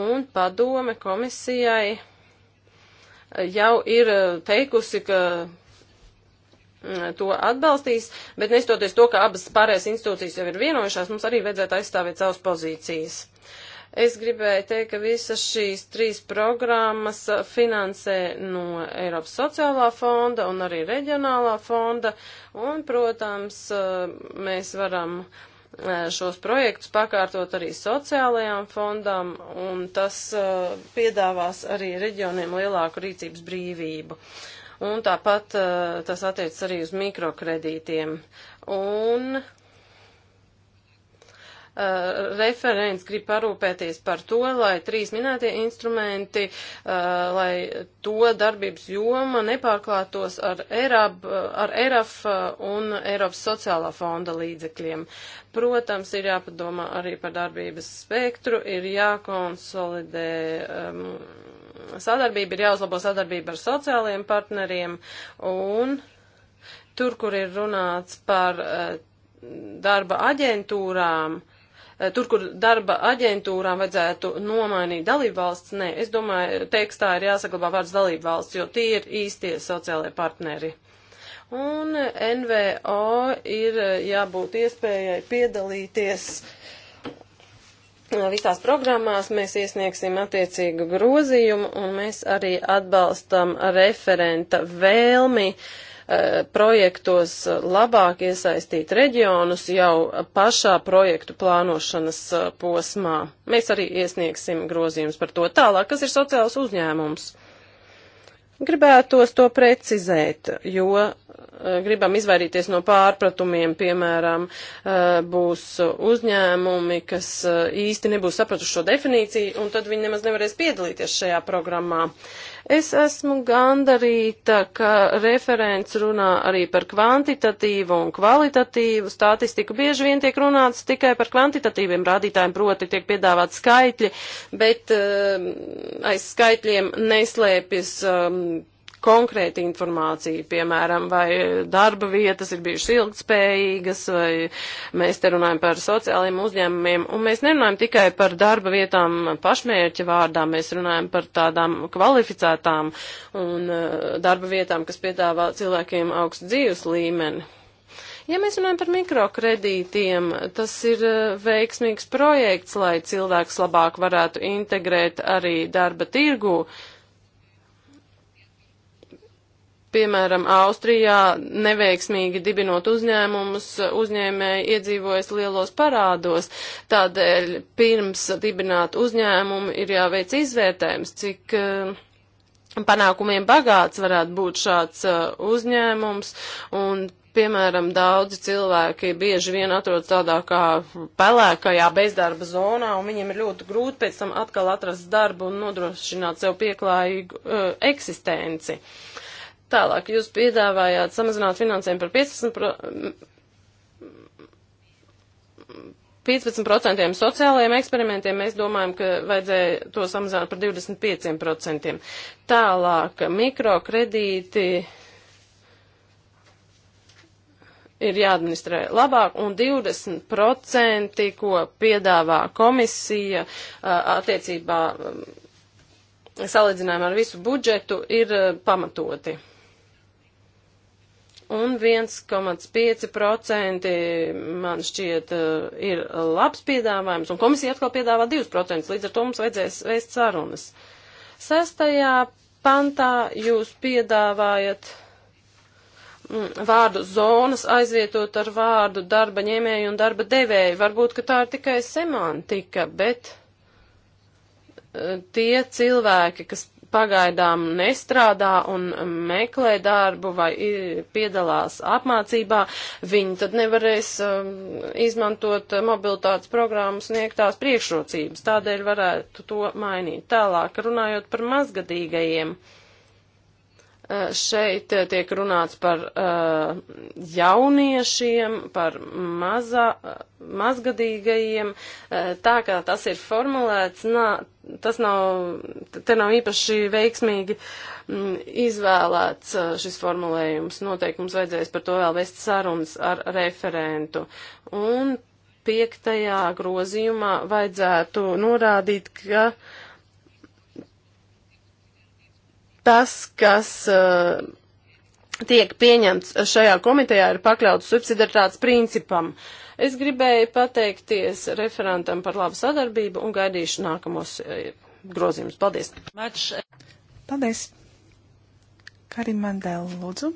[SPEAKER 2] un padome komisijai jau ir e, teikusi, ka to atbalstīs, bet nestoties to, ka abas pārējās institūcijas jau ir vienojušās, mums arī vajadzētu aizstāvēt savas pozīcijas. Es gribēju teikt, ka visas šīs trīs programmas finansē no Eiropas sociālā fonda un arī reģionālā fonda, un, protams, mēs varam eh, šos projektus pakārtot arī sociālajām fondām, un tas eh, piedāvās arī reģioniem lielāku rīcības brīvību. Uh, un tāpat uh, tas attiecas arī uz mikrokredītiem. Un Uh, referents grib parūpēties par to, lai trīs minētie instrumenti, uh, lai to darbības joma nepārklātos ar, ERAB, ar ERAF un Eiropas sociālā fonda līdzekļiem. Protams, ir jāpadomā arī par darbības spektru, ir jākonsolidē. Um, sadarbība, ir jāuzlabo sadarbība ar sociālajiem partneriem un tur, kur ir runāts par eh, darba aģentūrām, eh, tur, kur darba aģentūrām vajadzētu nomainīt dalībvalsts, nē, es domāju, tekstā ir jāsaglabā vārds dalībvalsts, jo tie ir īstie sociālajie partneri. Un NVO ir eh, jābūt iespējai piedalīties uh, visās programmās mēs iesniegsim attiecīgu grozījumu un mēs arī atbalstam referenta vēlmi eh, projektos labāk iesaistīt reģionus jau pašā projektu plānošanas eh, posmā. Mēs arī iesniegsim grozījums par to tālāk, kas ir sociāls uzņēmums. Gribētos to precizēt, jo Eh, gribam izvairīties no pārpratumiem, piemēram, eh, būs uzņēmumi, kas eh, īsti nebūs sapratuši šo definīciju, un tad viņi nemaz nevarēs piedalīties šajā programmā. Es esmu gandarīta, ka referents runā arī par kvantitatīvu un kvalitatīvu statistiku. Bieži vien tiek runāts tikai par kvantitatīviem rādītājiem, proti tiek piedāvāt skaitļi, bet uh, aiz skaitļiem neslēpjas. Um, konkrēta informācija, piemēram, vai darba vietas ir bijušas ilgtspējīgas, vai mēs te runājam par sociālajiem uzņēmumiem, un mēs nerunājam tikai par darba vietām pašmērķa vārdā, mēs runājam par tādām kvalificētām un eh, darba vietām, kas piedāvā cilvēkiem augstu dzīves līmeni. Ja mēs runājam par mikrokredītiem, tas ir eh, veiksmīgs projekts, lai cilvēks labāk varētu integrēt arī darba tirgu. Uh, piemēram, Austrijā neveiksmīgi dibinot uzņēmumus, uzņēmēji iedzīvojas lielos parādos. Tādēļ pirms dibināt uzņēmumu ir jāveic izvērtējums, cik uh, panākumiem bagāts varētu būt šāds uh, uzņēmums, un, piemēram, daudzi cilvēki bieži vien atrodas tādā kā pelēkajā bezdarba zonā, un viņiem ir ļoti grūti pēc tam atkal atrast darbu un nodrošināt sev pieklājīgu uh, eksistenci. Uh, Tālāk jūs piedāvājāt samazināt finansējumu par 15%, pro... 15 sociālajiem eksperimentiem. Mēs domājam, ka vajadzēja to samazināt par 25%. Tālāk mikrokredīti ir jāadministrē labāk, un 20%, ko piedāvā komisija attiecībā salīdzinājumā ar visu budžetu, ir pamatoti un 1,5% man šķiet eh, ir labs piedāvājums, un komisija atkal piedāvā 2%, līdz ar to mums vajadzēs veist sarunas. Sestajā pantā jūs piedāvājat mm, vārdu zonas aizvietot ar vārdu darba ņēmēju un darba devēju. Varbūt, ka tā ir tikai semantika, bet eh, tie cilvēki, kas pagaidām nestrādā un meklē darbu vai piedalās apmācībā, viņi tad nevarēs um, izmantot mobilitātes programmu sniegtās priekšrocības. Tādēļ varētu to mainīt. Tālāk runājot par mazgadīgajiem. Eh, šeit eh, tiek runāts par uh, jauniešiem, par maza, mazgadīgajiem. Uh, tā kā tas ir formulēts, nā, tas nav, te nav īpaši veiksmīgi m, mm, izvēlēts uh, šis formulējums. Noteikti mums vajadzēs par to vēl vest sarunas ar referentu. Un piektajā grozījumā vajadzētu norādīt, ka uh, Tas, kas uh, tiek pieņemts šajā komitejā, ir pakļauts subsidiaritātes principam. Es gribēju pateikties referentam par labu sadarbību un gaidīšu nākamos uh, grozījumus. Paldies!
[SPEAKER 1] Mač.
[SPEAKER 3] Paldies! Karim Mandēl, lūdzu.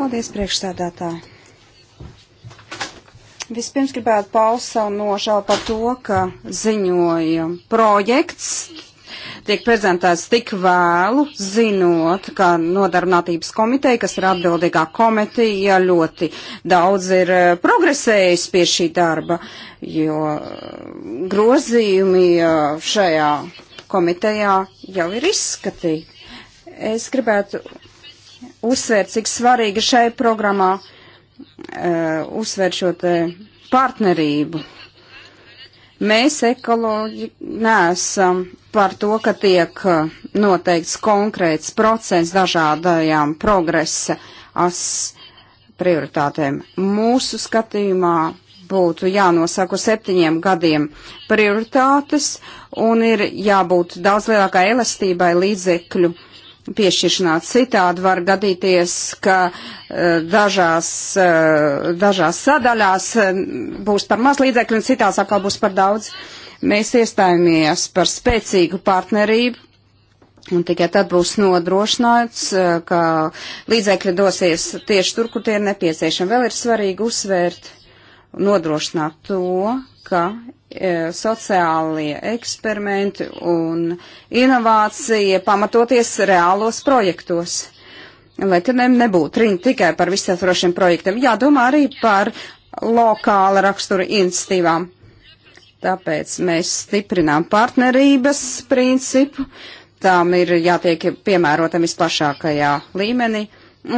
[SPEAKER 3] Paldies, priekšsēdētāji! Vispirms gribētu paust savu nožēlu par to, ka ziņojam projekts tiek prezentēts tik vēlu, zinot, ka nodarbinātības komiteja, kas ir atbildīgā komiteja, ļoti daudz ir eh, progresējis pie šī darba, jo eh, grozījumi eh, šajā komitejā jau ir izskatīti. Es gribētu uzsvērt, cik svarīgi šai programmā uh, uzsvērt šo te partnerību. Mēs ekoloģi neesam par to, ka tiek uh, noteikts konkrēts procents dažādajām progresa as prioritātēm. Mūsu skatījumā būtu jānosaka septiņiem gadiem prioritātes un ir jābūt daudz lielākai elastībai līdzekļu piešķiršanā. Citādi var gadīties, ka uh, dažās, uh, dažās sadaļās būs par maz līdzekļu un citās atkal būs par daudz. Uh, Mēs iestājāmies par spēcīgu partnerību, un tikai tad būs nodrošināts, eh, ka līdzekļi dosies tieši tur, kur tie ir nepieciešami. Vēl ir svarīgi uzsvērt, nodrošināt to, ka e, sociālie eksperimenti un inovācija pamatoties reālos projektos. Lai te nebūtu runa tikai par visaptrošiem projektiem, jādomā arī par lokāla rakstura institīvām Tāpēc mēs stiprinām partnerības principu, tām ir jātiek piemērotam visplašākajā līmenī,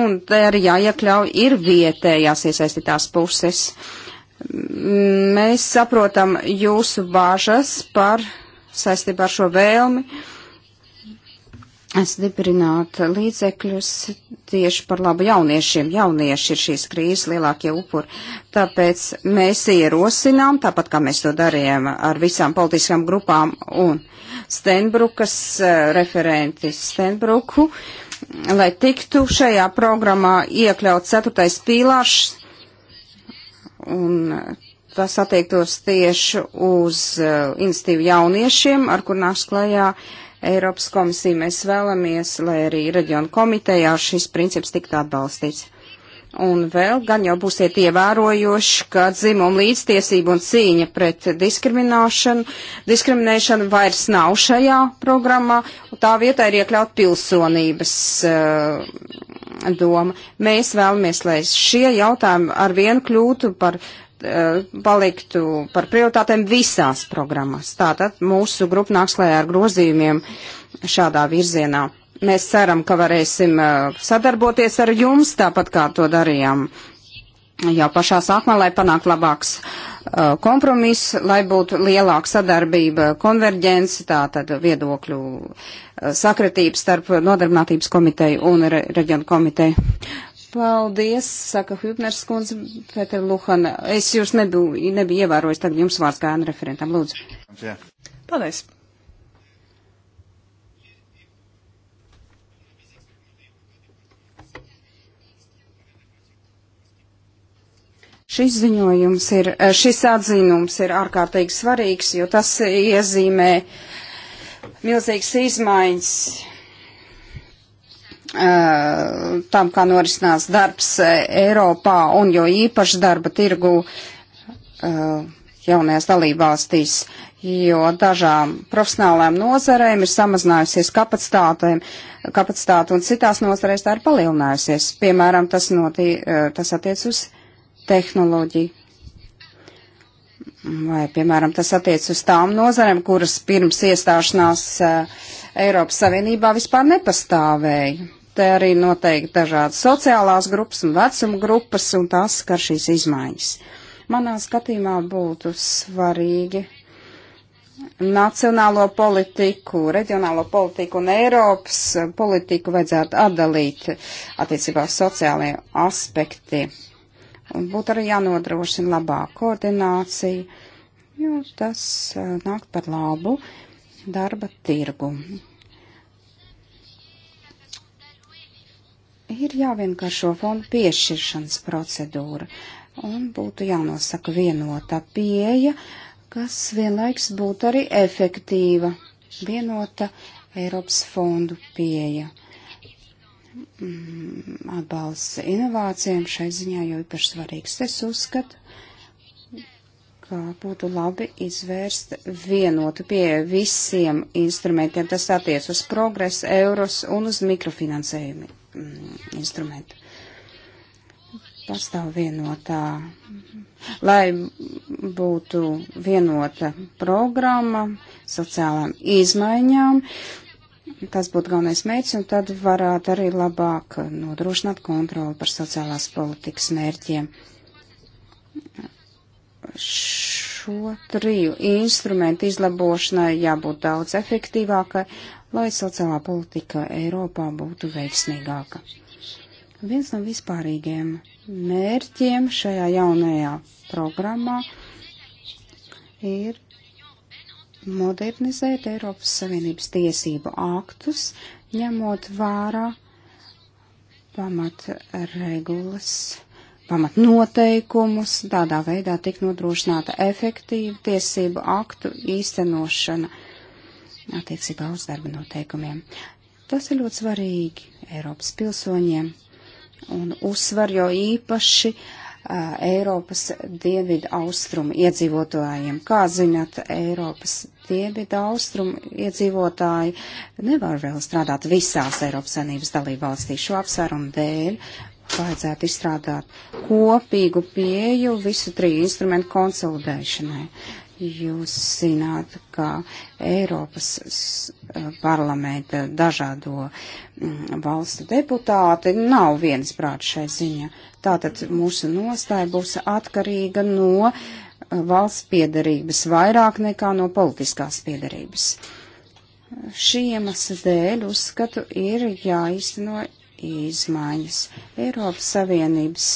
[SPEAKER 3] un te arī jāiekļauj ir vietējās iesaistītās puses. Mēs saprotam jūsu bāžas par saistībā ar šo vēlmi stiprināt līdzekļus tieši par labu jauniešiem. Jaunieši ir šīs krīzes lielākie upuri. Tāpēc mēs ierosinām, tāpat kā mēs to darījām ar visām politiskām grupām un Stenbrukas eh, referenti Stenbruku, lai tiktu šajā programmā iekļaut ceturtais pīlārs. Un tas attiektos tieši uz uh, institīvu jauniešiem, ar kur nāks klajā uh, Eiropas komisiju. Mēs vēlamies, lai arī reģionu komitejā šis princips tiktu atbalstīts. Un vēl gan jau būsiet ievērojoši, ka dzimuma līdztiesība un cīņa pret diskrimināšanu, diskriminēšanu vairs nav šajā programmā, un tā vietā ir iekļaut pilsonības uh, doma. Mēs vēlamies, lai šie jautājumi ar vienu kļūtu par Eh, paliktu par prioritātēm visās programmās. Tātad mūsu grupa nāks klējā ar grozījumiem šādā virzienā. Mēs ceram, ka varēsim eh, sadarboties ar jums, tāpat kā to darījām jau pašā sākumā, lai panāktu labāks uh, kompromiss, lai būtu lielāka sadarbība, konverģence, tātad viedokļu uh, sakritība starp nodarbinātības komiteju un re reģionu komiteju. Paldies, saka Hübners kundze, Pēter Luhana. Es jūs nebiju, nebiju ievērojis, tagad jums vārds kā referentam, lūdzu. Paldies. Šis ziņojums ir, šis atzinums ir ārkārtīgi svarīgs, jo tas iezīmē milzīgas izmaiņas Eh, tam, kā norisinās darbs eh, Eiropā un jo īpaši darba tirgu eh, jaunajās dalībvalstīs, jo dažām profesionālām nozarēm ir samazinājusies kapacitātēm, kapacitāte un citās nozarēs tā ir palielinājusies. Piemēram, tas, notī, tas attiec uz tehnoloģiju. Vai, piemēram, tas attiec uz tām nozarēm, kuras pirms iestāšanās Eiropas Savienībā vispār nepastāvēja te arī noteikti dažādas sociālās grupas un vecuma grupas, un tās skar šīs izmaiņas. Manā skatījumā būtu svarīgi nacionālo politiku, reģionālo politiku un Eiropas politiku vajadzētu atdalīt attiecībā uz sociālajiem aspektiem. Un būtu arī jānodrošina labā koordinācija, jo tas eh, nāk par labu darba tirgumu Ir jāvienkāršo fondu piešķiršanas procedūra un būtu jānosaka vienota pieeja, kas vienlaiks būtu arī efektīva, vienota Eiropas fondu pieeja. Mm, atbalsts inovācijām šai ziņā jau īpaši svarīgs. Es uzskatu, ka būtu labi izvērst vienotu pie visiem instrumentiem. Tas attiec uz progresu, euros un uz mikrofinansējumiem. Mm, instrumentu. Pastāv vienotā, lai būtu vienota programma sociālām izmaiņām, tas būtu galvenais mērķis, un tad varētu arī labāk nodrošināt kontroli par sociālās politikas mērķiem. Šo triju instrumentu izlabošanai jābūt daudz efektīvākai, lai sociālā politika Eiropā būtu veiksmīgāka. Viens no vispārīgiem mērķiem šajā jaunajā programmā ir modernizēt Eiropas Savienības tiesību aktus, ņemot vērā pamat regulas pamatnoteikumus, tādā veidā tik nodrošināta efektīva tiesību aktu īstenošana attiecībā uz darba noteikumiem. Tas ir ļoti svarīgi Eiropas pilsoņiem un uzsver jau īpaši uh, Eiropas dienvidu austrumu iedzīvotājiem. Kā zinat, Eiropas dienvidu austrumu iedzīvotāji nevar vēl strādāt visās Eiropas Sanības dalībvalstīs šo apsvērumu dēļ. Vajadzētu izstrādāt kopīgu pieju visu trīs instrumentu konsolidēšanai. Uh, Jūs zināt, ka Eiropas eh, parlamenta dažādo mm, valstu deputāti nav viens prāts šai ziņā. Tātad mūsu nostāja būs atkarīga no eh, valsts piedarības vairāk nekā no politiskās piedarības. Šī iemesla dēļ uzskatu ir jāizteno izmaiņas Eiropas Savienības.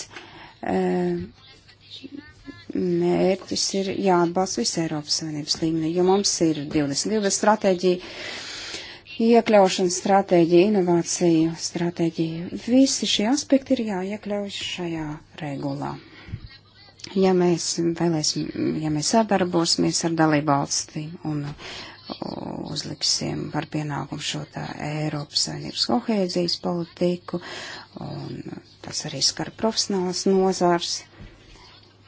[SPEAKER 3] Eh, mērķis ir jāatbalsta visai Eiropas Savienības līmenī, jo mums ir 2020 stratēģija, iekļaušanas stratēģija, inovāciju stratēģija. Visi šie aspekti ir jāiekļauj šajā regulā. Ja mēs vēlēsim, ja mēs sadarbosimies ar dalībvalstīm un uzliksim par pienākumu šo tā Eiropas Savienības kohēzijas politiku, un tas arī skar profesionālas nozars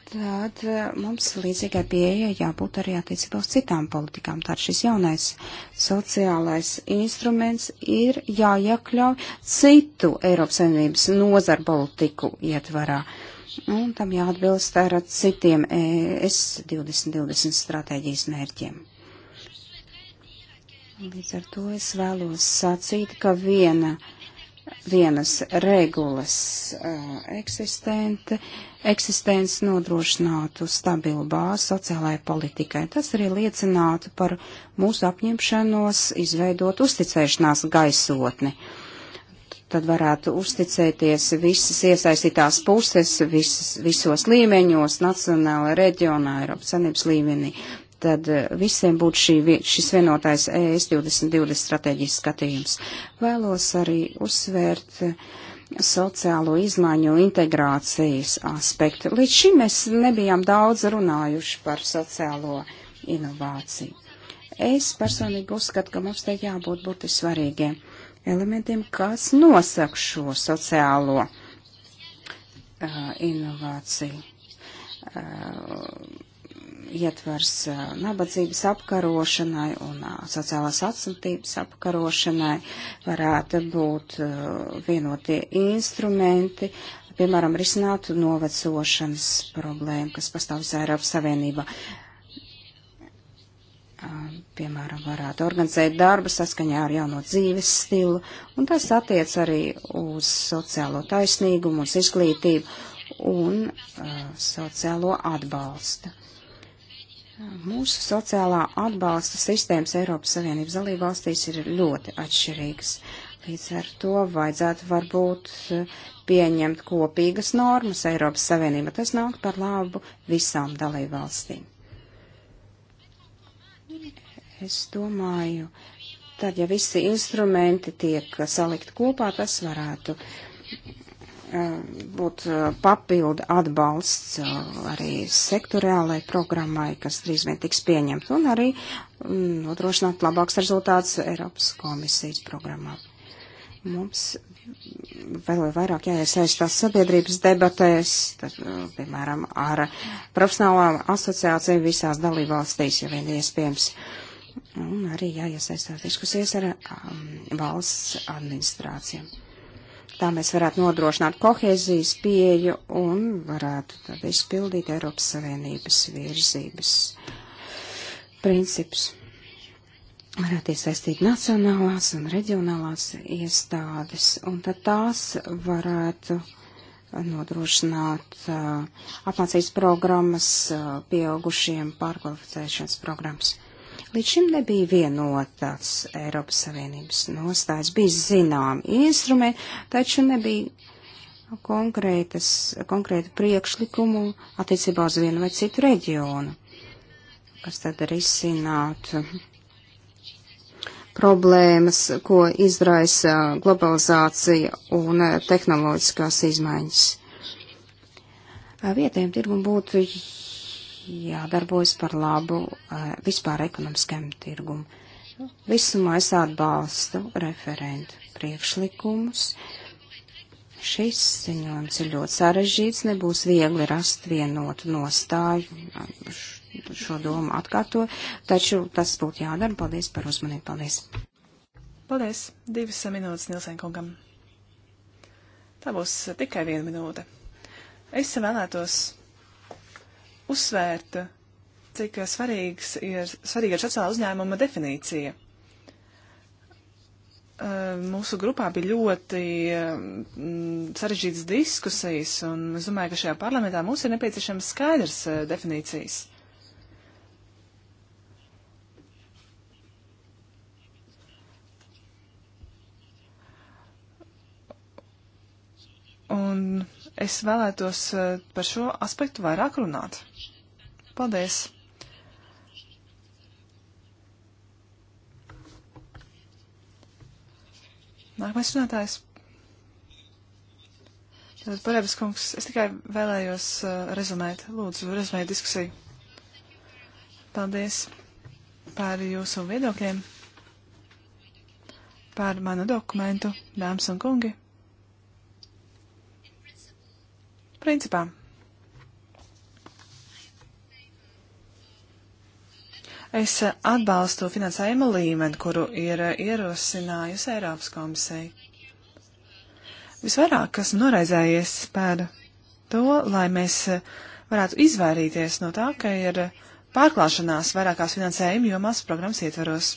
[SPEAKER 3] Tad eh, mums līdzīgai pieeja jābūt arī attiecībā uz citām politikām. Tātad šis jaunais sociālais instruments ir jāiekļauj citu Eiropas Savienības nozaru politiku ietvarā. Un tam jāatbilst ar citiem e ES 2020 stratēģijas mērķiem. Līdz ar to es vēlos sacīt, ka viena vienas regulas uh, eksistente, eksistence nodrošinātu stabilu bāzi sociālajai politikai. Tas arī liecinātu par mūsu apņemšanos izveidot uzticēšanās gaisotni. Tad varētu uzticēties visas iesaistītās puses, visas, visos līmeņos, nacionāla, reģionā, Eiropas Sanības līmenī tad eh, visiem būtu šī, šis vienotais e ES 2020 stratēģijas skatījums. Vēlos arī uzsvērt eh, sociālo izmaiņu integrācijas aspektu. Līdz šim mēs nebijām daudz runājuši par sociālo inovāciju. Es personīgi uzskatu, ka mums te jābūt būtu svarīgiem elementiem, kas nosaka šo sociālo uh, inovāciju. Uh, ietvers nabadzības apkarošanai un sociālās atsantības apkarošanai varētu būt vienotie instrumenti, piemēram, risināt novecošanas problēmu, kas pastāv visā Eiropas Savienībā. Piemēram, varētu organizēt darbu saskaņā ar jauno dzīves stilu, un tas attiec arī uz sociālo taisnīgumu, uz izglītību un uh, sociālo atbalstu. Mūsu sociālā atbalsta sistēmas Eiropas Savienības dalībvalstīs ir ļoti atšķirīgas. Līdz ar to vajadzētu varbūt eh, pieņemt kopīgas normas Eiropas Savienībā. Tas nāk par labu visām dalībvalstīm. Es domāju, tad, ja visi instrumenti tiek salikt kopā, tas varētu Eh, būtu eh, papildu atbalsts eh, arī sektoriālai programmai, kas drīz vien tiks pieņemta, un arī mm, nodrošināt labāks rezultāts Eiropas komisijas programmā. Mums vēl vairāk jāiesaistās sabiedrības debatēs, tad, piemēram, ar profesionālām asociācijām visās dalībvalstīs, ja vien iespējams. Un arī jāiesaistās diskusijas ar um, valsts administrācijām. Tā mēs varētu nodrošināt kohēzijas pieju un varētu tad izpildīt Eiropas Savienības virzības principus. Varētu iesaistīt nacionālās un reģionālās iestādes, un tad tās varētu nodrošināt uh, apmācības programmas, uh, pieaugušiem pārkvalificēšanas programmas. Līdz šim nebija vienotas Eiropas Savienības nostājas, bija zinām instrumenti, taču nebija konkrētas, konkrēta priekšlikumu attiecībā uz vienu vai citu reģionu, kas tad risinātu problēmas, ko izraisa globalizācija un tehnoloģiskās izmaiņas. Vietējiem tirgum būtu jādarbojas par labu eh, vispār ekonomiskajam tirgumam. Visumā es atbalstu referentu priekšlikumus. Šis ziņojums ir ļoti sarežģīts, nebūs viegli rast vienotu nostāju, eh, šo domu atkārto, taču tas būtu jādara. Paldies par uzmanību, paldies.
[SPEAKER 1] Paldies, divas minūtes Nilsenkungam. Tā būs tikai viena minūte. Es vēlētos uzsvērt, cik svarīgs ir, svarīga ir sociāla uzņēmuma definīcija. Eh, mūsu grupā bija ļoti mm, sarežģītas diskusijas, un es domāju, ka šajā parlamentā mums ir nepieciešams skaidrs eh, definīcijas. Un es vēlētos eh, par šo aspektu vairāk runāt. Paldies! Nākamais runātājs. Tad Parebas kungs, es tikai vēlējos uh, rezumēt. Lūdzu, rezumēt diskusiju. Paldies par jūsu viedokļiem, par manu dokumentu, dāmas un kungi. Principā. Es atbalstu finansējuma līmeni, kuru ir ierosinājusi Eiropas komisija. Visvairāk esmu noraizējies par to, lai mēs varētu izvairīties no tā, ka ir pārklāšanās vairākās finansējuma jomās programmas ietveros.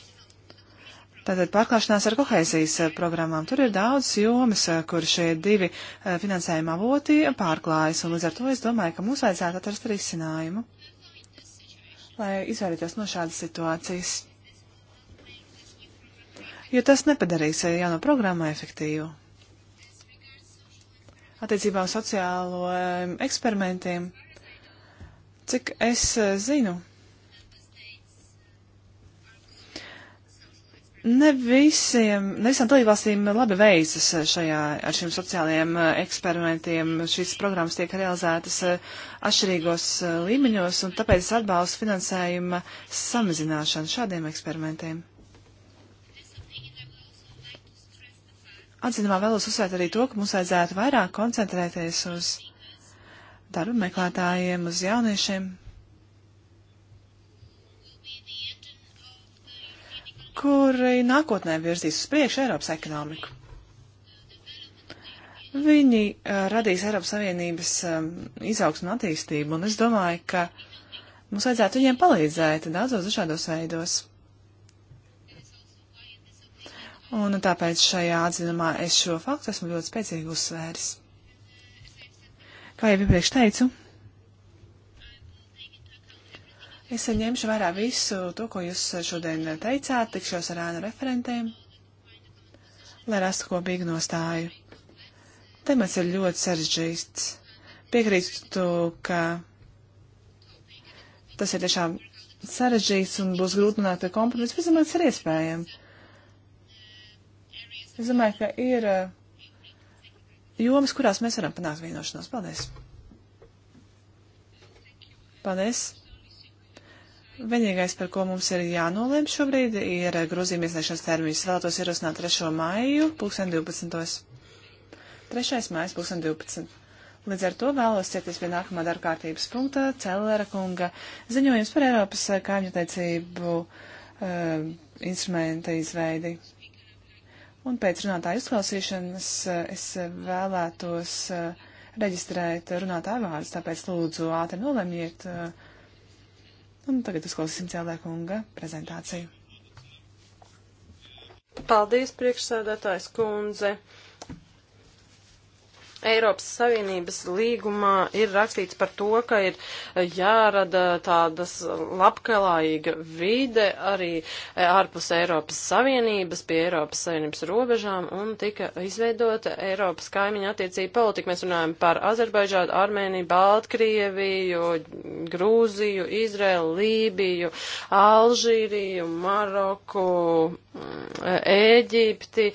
[SPEAKER 1] Tātad pārklāšanās ar kohēzijas programmām. Tur ir daudz jomas, kur šie divi eh, finansējuma avoti pārklājas, un līdz ar to es domāju, ka mums vajadzētu atrast risinājumu lai izvairītos no šādas situācijas. Jo tas nepadarīs jauno programmu efektīvu. Attiecībā uz sociālo eksperimentiem, cik es zinu, Ne visiem, ne visām dalībvalstīm labi veicas eh, šajā, ar šiem sociālajiem eh, eksperimentiem. Šīs programmas tiek realizētas eh, atšķirīgos līmeņos, un tāpēc es atbalstu finansējuma samazināšanu šādiem eksperimentiem. Atzinumā vēlos uzsvērt arī to, ka mums vajadzētu vairāk koncentrēties uz darba meklētājiem, uz jauniešiem, kuri nākotnē virzīs uz priekšu Eiropas ekonomiku. Viņi uh, radīs Eiropas Savienības um, izaugsmu un attīstību, un es domāju, ka mums vajadzētu viņiem palīdzēt daudzos dažādos veidos. Un tāpēc šajā atzinumā es šo faktu esmu ļoti spēcīgi uzsvēris. Kā jau iepriekš teicu, Es ņemšu vērā visu to, ko jūs šodien teicāt, tikšos ar ānu referentiem, lai rastu kopīgu nostāju. Temats ir ļoti sarežģīts. Piekrītu, ka tas ir tiešām sarežģīts un būs grūti nonākt pie kompromisa, bet es domāju, tas ir iespējams. Es domāju, ka ir uh, jomas, kurās mēs varam panākt vienošanos. Paldies! Paldies! Vienīgais, par ko mums ir jānolēm šobrīd, ir grozījuma iesniegšanas termiņš. Vēlētos ierosināt 3. māju, 2012. 3. mājas, 2012. Līdz ar to vēlos cieties pie nākamā darba kārtības punkta - Cellera kunga ziņojums par Eiropas eh, kaimiņu teicību uh, eh, instrumenta izveidi. Un pēc runātāja uzklausīšanas eh, es vēlētos uh, reģistrēt runātāju vārdus, tāpēc lūdzu ātri nolemiet. Uh, Un tagad uzklausīsim cilvēkunga prezentāciju.
[SPEAKER 2] Paldies, priekšsēdētājs kundze. Eiropas Savienības līgumā ir rakstīts par to, ka ir jārada tādas labkalājīga vide arī ārpus Eiropas Savienības, pie Eiropas Savienības robežām, un tika izveidota Eiropas kaimiņa attiecība politika. Mēs runājam par Azerbaidžānu, Armēniju, Baltkrieviju, Grūziju, Izraelu, Lībiju, Alžīriju, Maroku, Ēģipti,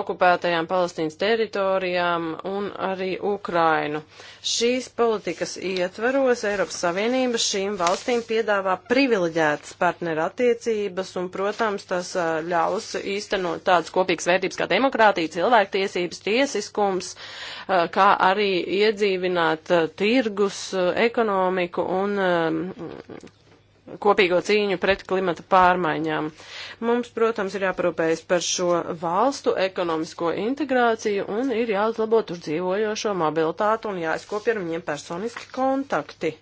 [SPEAKER 2] okupētajām Palestīnas teritorijām un un arī Ukrainu. Šīs politikas ietveros Eiropas Savienība šīm valstīm piedāvā privileģētas partnerattiecības un, protams, tas ļaus īstenot tādas kopīgas vērtības kā demokrātija, cilvēktiesības, tiesiskums, kā arī iedzīvināt tirgus, ekonomiku un kopīgo cīņu pret klimata pārmaiņām. Mums, protams, ir jāparūpējas par šo valstu ekonomisko integrāciju un ir jāuzlabo tur dzīvojošo mobilitātu un jāizkopja ar viņiem personiski kontakti.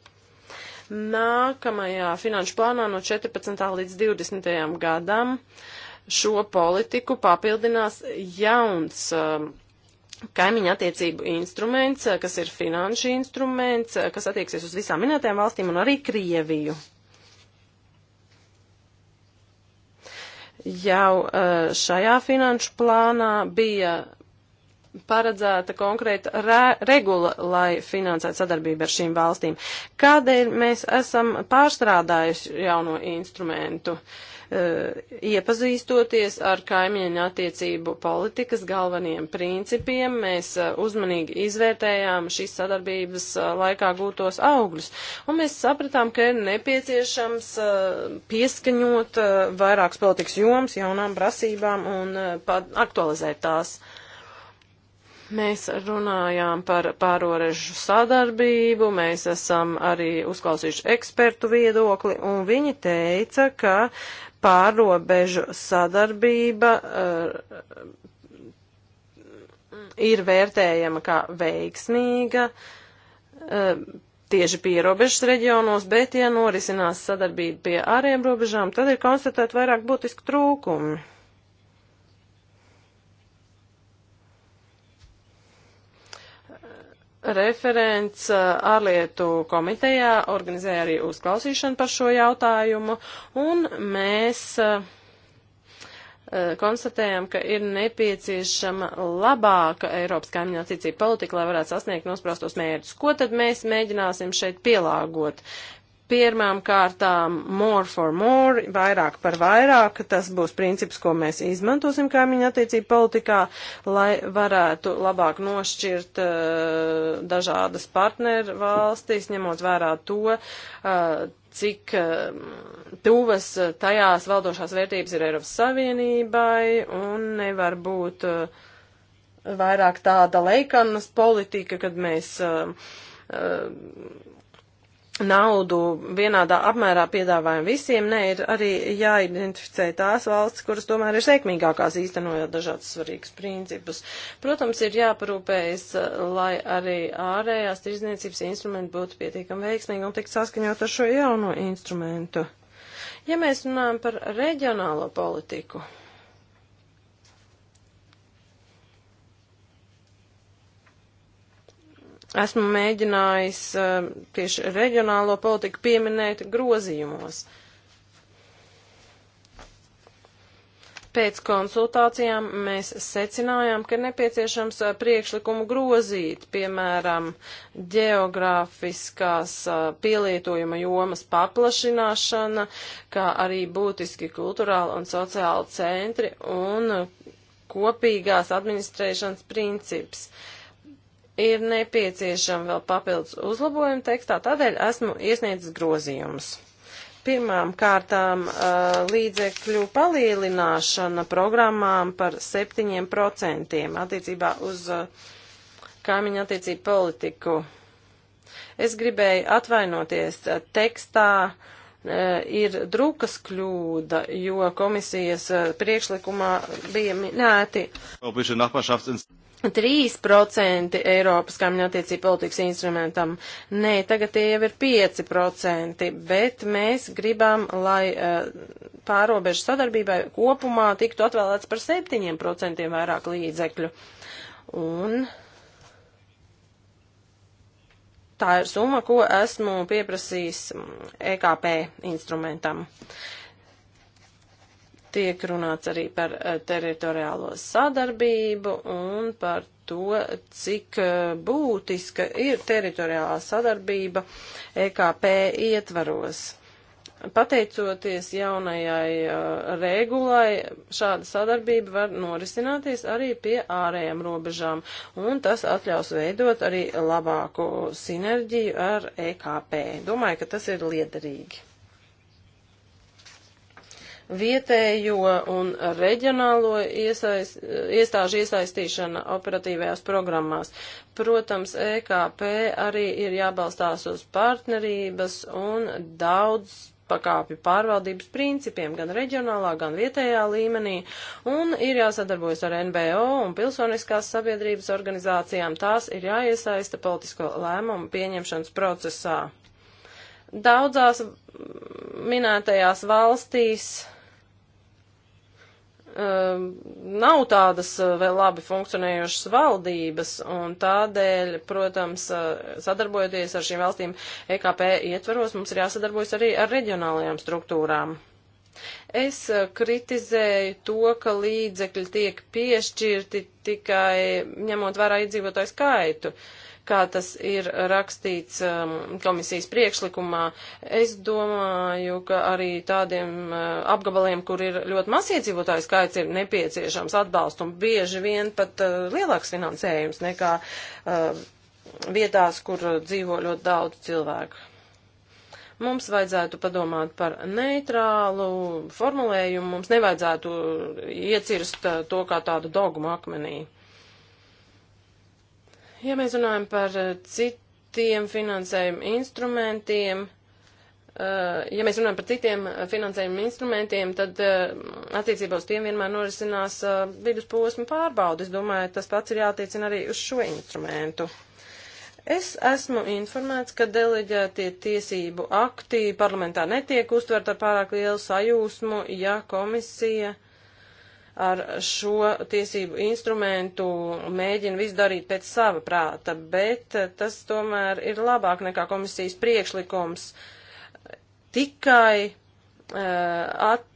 [SPEAKER 2] Nākamajā finanšu plānā no 14. līdz 20. gadam šo politiku papildinās jauns uh, kaimiņa attiecību instruments, kas ir finanšu instruments, kas attieksies uz visām minētajām valstīm un arī Krieviju. Jau e, šajā finanšu plānā bija paredzēta konkrēta re regula, lai finansētu sadarbību ar šīm valstīm. Kādēļ mēs esam pārstrādājuši jauno instrumentu? Uh, Uh, iepazīstoties ar kaimiņu attiecību politikas galveniem principiem, mēs uh, uzmanīgi izvērtējām šīs sadarbības uh, laikā gūtos augļus. Un mēs sapratām, ka ir nepieciešams pieskaņot vairākas politikas jomas jaunām prasībām un aktualizēt tās. Mēs runājām par pārorežu sadarbību, mēs esam arī uzklausījuši ekspertu viedokli, un viņi teica, ka pārobežu sadarbība eh, ir vērtējama kā veiksmīga eh, tieši pierobežas reģionos, bet, ja norisinās sadarbība pie āriem robežām, tad ir konstatēt vairāk būtisku trūkumu. referents uh, ārlietu komitejā organizēja arī uzklausīšanu par šo jautājumu, un mēs uh, uh, konstatējam, ka ir nepieciešama labāka Eiropas kaimiņā ticība politika, lai varētu sasniegt nosprostos mērķus. Ko tad mēs mēģināsim šeit pielāgot? Pirmām kārtām more for more, vairāk par vairāk, tas būs princips, ko mēs izmantosim kaimiņu attiecību politikā, lai varētu labāk nošķirt uh, dažādas partneru valstis, ņemot vērā to, uh, cik eh, tuvas tajās valdošās vērtības ir Eiropas Savienībai un nevar būt vairāk tāda leikanas politika, kad mēs uh, uh, naudu vienādā apmērā piedāvājam visiem, ne, ir arī jāidentificē tās valsts, kuras tomēr ir sekmīgākās īstenojot dažādas svarīgas principus. Protams, ir jāparūpējas, lai arī ārējās tirzniecības instrumenti būtu pietiekami veiksmīgi un tikt saskaņot ar šo jauno instrumentu. Ja mēs runājam par reģionālo politiku, esmu mēģinājis uh, tieši reģionālo politiku pieminēt grozījumos. Pēc konsultācijām mēs secinājām, ka nepieciešams eh, priekšlikumu grozīt, piemēram, geogrāfiskās eh, pielietojuma jomas paplašināšana, kā arī būtiski kulturāli un sociāli centri un kopīgās administrēšanas princips. Uh, ir nepieciešama vēl papildus uzlabojuma tekstā, tādēļ esmu iesniedzis grozījumus. Pirmām kārtām uh, līdzekļu palielināšana programmām par 7% attiecībā uz uh, kaimiņu attiecību politiku. Es gribēju atvainoties uh, tekstā, ir drukas kļūda, jo komisijas priekšlikumā bija minēti. 3% Eiropas kaimiņattiecību politikas instrumentam. Nē, tagad tie jau ir 5%, bet mēs gribam, lai uh, pārobežu sadarbībai kopumā tiktu atvēlēts par 7% vairāk līdzekļu. Un tā ir summa, ko esmu pieprasījis mm, EKP instrumentam. Uh, Tiek runāts arī par eh, teritoriālo sadarbību un par to, cik eh, būtiska ir teritoriālā sadarbība EKP ietvaros. Pateicoties jaunajai uh, regulai, šāda sadarbība var norisināties arī pie ārējām robežām, un tas atļaus veidot arī labāku sinerģiju ar EKP. Domāju, ka tas ir liederīgi vietējo un reģionālo iesaist, iestāžu iesaistīšana operatīvajās programmās. Protams, EKP arī ir jābalstās uz partnerības un daudz pakāpju pārvaldības principiem gan reģionālā, gan vietējā līmenī, un ir jāsadarbojas ar NBO un pilsoniskās sabiedrības organizācijām. Tās ir jāiesaista politisko lēmumu pieņemšanas procesā. Daudzās minētajās valstīs Um, nav tādas uh, vēl labi funkcionējošas valdības, un tādēļ, protams, uh, sadarbojoties ar šīm valstīm EKP ietveros, mums ir jāsadarbojas arī ar reģionālajām struktūrām. Es uh, kritizēju to, ka līdzekļi tiek piešķirti tikai ņemot vērā iedzīvotāju skaitu. Uh, kā tas ir rakstīts um, komisijas priekšlikumā. Es domāju, ka arī tādiem uh, apgabaliem, kur ir ļoti maz iedzīvotāju skaits, ir nepieciešams atbalsts un bieži vien pat uh, lielāks finansējums nekā uh, vietās, kur uh, dzīvo ļoti daudz cilvēku. Mums vajadzētu padomāt par neitrālu formulējumu, mums nevajadzētu uh, iecirst uh, to kā tādu dogmu akmenī. Eh, eh, ja mēs runājam par citiem finansējuma instrumentiem, ja mēs runājam par citiem finansējuma instrumentiem, tad eh, attiecībā uz tiem vienmēr norisinās vidusposma pārbauda. Es domāju, tas pats ir jātiecina arī uz šo instrumentu. Es esmu informēts, ka deleģētie tiesību akti parlamentā netiek uztverta ar pārāk lielu sajūsmu, ja komisija uh, ar šo tiesību instrumentu mēģina visu darīt pēc sava prāta, bet eh, tas tomēr ir labāk nekā komisijas priekšlikums tikai uh, at.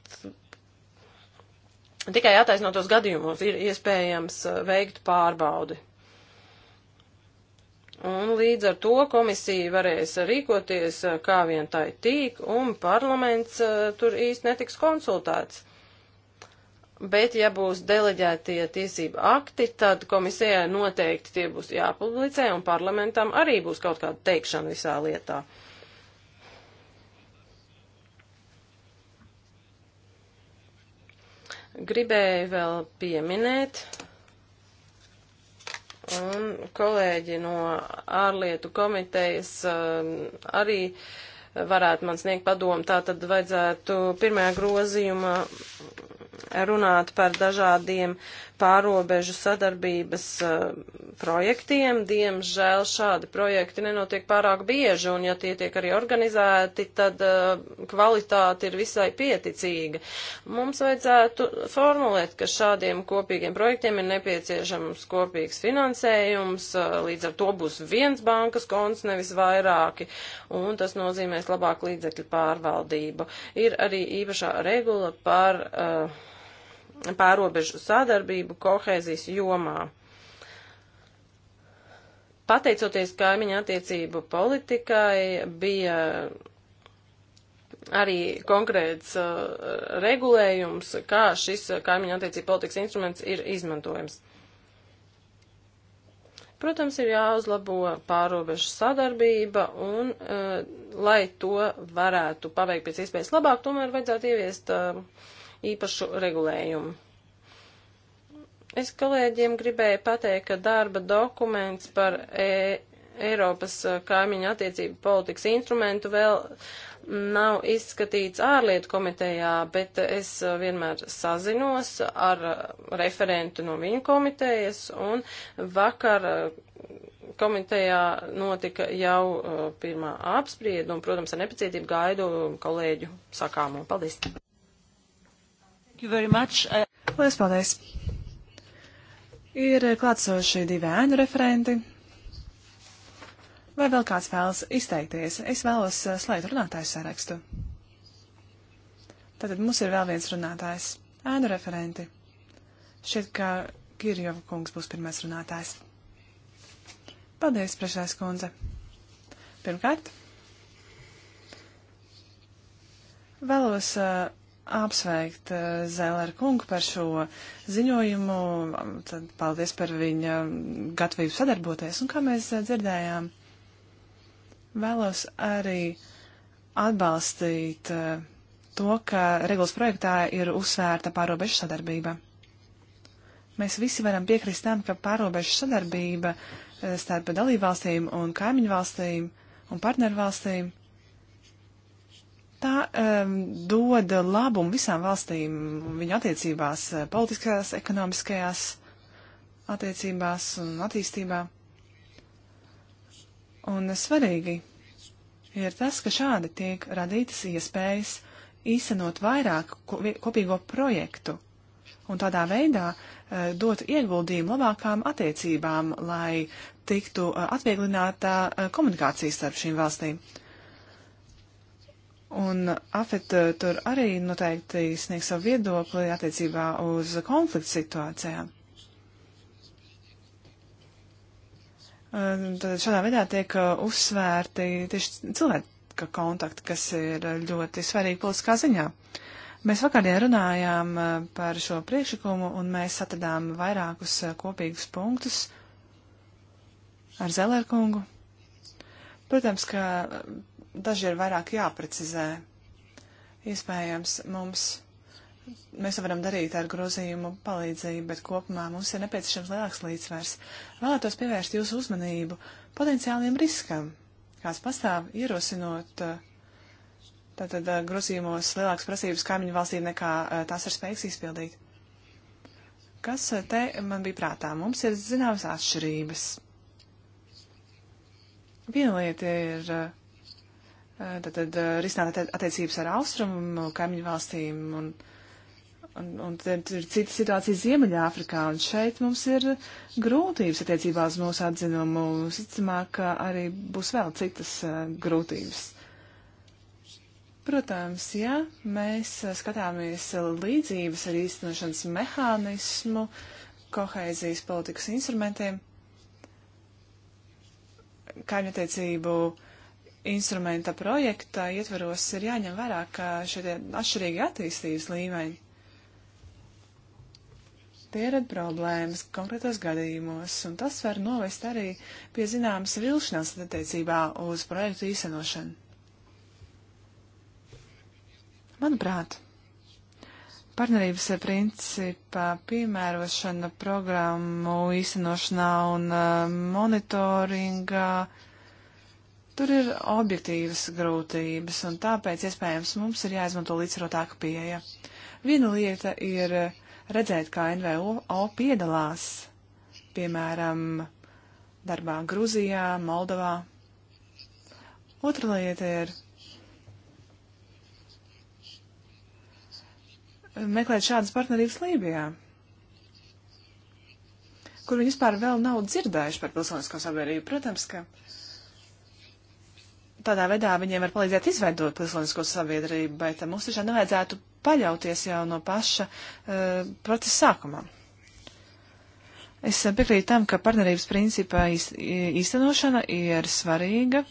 [SPEAKER 2] Tikai attaisnotos gadījumos ir iespējams eh, veikt pārbaudi. Un līdz ar to komisija varēs rīkoties, kā vien tai tīk, un parlaments uh, tur īsti netiks konsultēts bet ja būs deleģētie tiesība akti, tad komisijai noteikti tie būs jāpublicē un parlamentam arī būs kaut kāda teikšana visā lietā. gribēju vēl pieminēt, un kolēģi no ārlietu komitejas um, arī varētu man sniegt padomu, tā tad vajadzētu pirmajā grozījumā runāt par dažādiem pārobežu sadarbības uh, projektiem. Diemžēl šādi projekti nenotiek pārāk bieži, un ja tie tiek arī organizēti, tad uh, kvalitāte ir visai pieticīga. Mums vajadzētu formulēt, ka šādiem kopīgiem projektiem ir nepieciešams kopīgs finansējums, uh, līdz ar to būs viens bankas konts, nevis vairāki, un tas nozīmēs labāku līdzekļu pārvaldību. Ir arī īpašā regula par uh, pārobežu sadarbību kohēzijas jomā. Pateicoties kaimiņa attiecību politikai, bija arī konkrēts uh, regulējums, kā šis kaimiņa attiecību politikas instruments ir izmantojams. Protams, ir jāuzlabo pārobežu sadarbība un, uh, lai to varētu paveikt pēc iespējas labāk, tomēr vajadzētu ieviest uh, īpašu regulējumu. Es kolēģiem gribēju pateikt, ka darba dokuments par e Eiropas uh, kaimiņu attiecību politikas instrumentu vēl nav izskatīts ārlietu komitejā, bet es uh, vienmēr sazinos ar uh, referentu no viņu komitejas un vakar komitejā notika jau pirmā apsprieda un, protams, ar nepacietību gaidu kolēģu sakāmo. Paldies!
[SPEAKER 1] Uh, Lielas paldies! Ir klātsoši divi ēnu referenti. Vai vēl kāds vēlas izteikties? Es vēlos uh, slēgt runātāju sarakstu. Tātad mums ir vēl viens runātājs. Ēnu referenti. Šķiet, ka Kirjova kungs būs pirmais runātājs. Paldies, priekšsēdētājas kundze. Pirmkārt, vēlos uh, apsveikt eh, Zēlēru kungu par šo ziņojumu. Tad paldies par viņa gatavību sadarboties. Un kā mēs eh, dzirdējām, vēlos arī atbalstīt eh, to, ka regulas projektā ir uzsvērta pārobežu sadarbība. Mēs visi varam piekrist tam, ka pārobežu sadarbība starp dalībvalstīm un kaimiņu valstīm un partnervalstīm Tā um, dod labumu visām valstīm viņu attiecībās, eh, politiskajās, ekonomiskajās attiecībās un attīstībā. Un svarīgi ir tas, ka šādi tiek radītas iespējas īstenot vairāk kopīgo projektu un tādā veidā e, dot ieguldījumu labākām attiecībām, lai tiktu e, eh, atvieglinātā e, komunikācija starp šīm valstīm. Un AFET eh, tur arī noteikti sniegs savu viedokli attiecībā uz konflikta situācijām. Tad šādā veidā tiek eh, uzsvērti tieši cilvēka kontakti, kas ir ļoti svarīgi politiskā ziņā. Mēs vakardien runājām eh, par šo priekšlikumu un mēs atradām vairākus kopīgus punktus ar Zelerkungu. Protams, ka daži ir vairāk jāprecizē. Iespējams, mums, mēs to varam darīt ar grozījumu palīdzību, bet kopumā mums ir nepieciešams lielāks līdzsvars. Vēlētos pievērst jūsu uzmanību potenciāliem riskam, kāds pastāv ierosinot eh, tātad eh, grozījumos lielākas prasības kaimiņu valstīm nekā eh, tās ir spējīgs izpildīt. Kas te man bija prātā? Mums ir zināmas atšķirības. Viena lieta ir uh, Eh, tad eh, risināt attiecības ar austrumu eh, kaimiņu valstīm un, un, un tad ir cita situācija Ziemeļāfrikā, un šeit mums ir grūtības attiecībā uz mūsu atzinumu. Sicamāk, ka arī būs vēl citas uh, grūtības. Protams, ja mēs skatāmies līdzības ar īstenošanas mehānismu, kohēzijas politikas instrumentiem, kaimiņattiecību uh, instrumenta projekta ietvaros ir jāņem vērā, ka šie atšķirīgi attīstības līmeņi tie rada problēmas konkrētos gadījumos, un tas var novest arī pie zināmas vilšanās attiecībā uz projektu īstenošanu. Manuprāt, partnerības principā piemērošana programmu īstenošanā un eh, monitoringā uh, Tur ir objektīvas grūtības, un tāpēc iespējams mums ir jāizmanto līdzsvarotāka pieeja. Viena lieta ir redzēt, kā NVO piedalās, piemēram, darbā Gruzijā, Moldovā. Otra lieta ir meklēt šādas partnerības Lībijā, kur viņi vispār vēl nav dzirdējuši par pilsonisko sabiedrību. Protams, ka tādā veidā viņiem var palīdzēt izveidot pilsonisko sabiedrību, bet mums tiešām nevajadzētu paļauties jau no paša uh, procesa sākumā. Es piekrītu tam, ka partnerības principa īstenošana ir svarīga,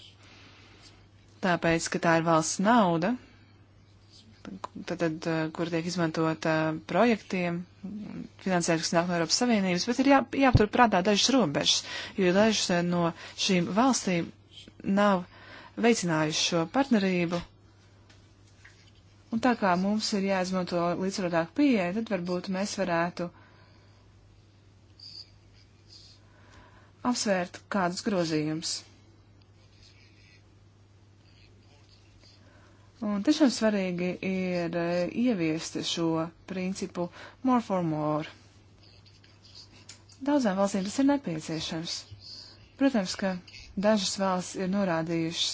[SPEAKER 1] tāpēc, ka tā ir valsts nauda, tad, tad eh, kur tiek izmantota eh, projektiem, finansējums, kas nāk no Eiropas Savienības, bet ir jā, jāaptur prātā dažas robežas, jo dažas no šīm valstīm nav uh, veicinājuši šo partnerību. Un tā kā mums ir jāizmanto līdzsvarotāk pieeja, tad varbūt mēs varētu apsvērt kādus grozījumus. Un tiešām svarīgi ir e, ieviest šo principu more for more. Daudzām valstīm tas ir nepieciešams. Protams, ka dažas valsts ir norādījušas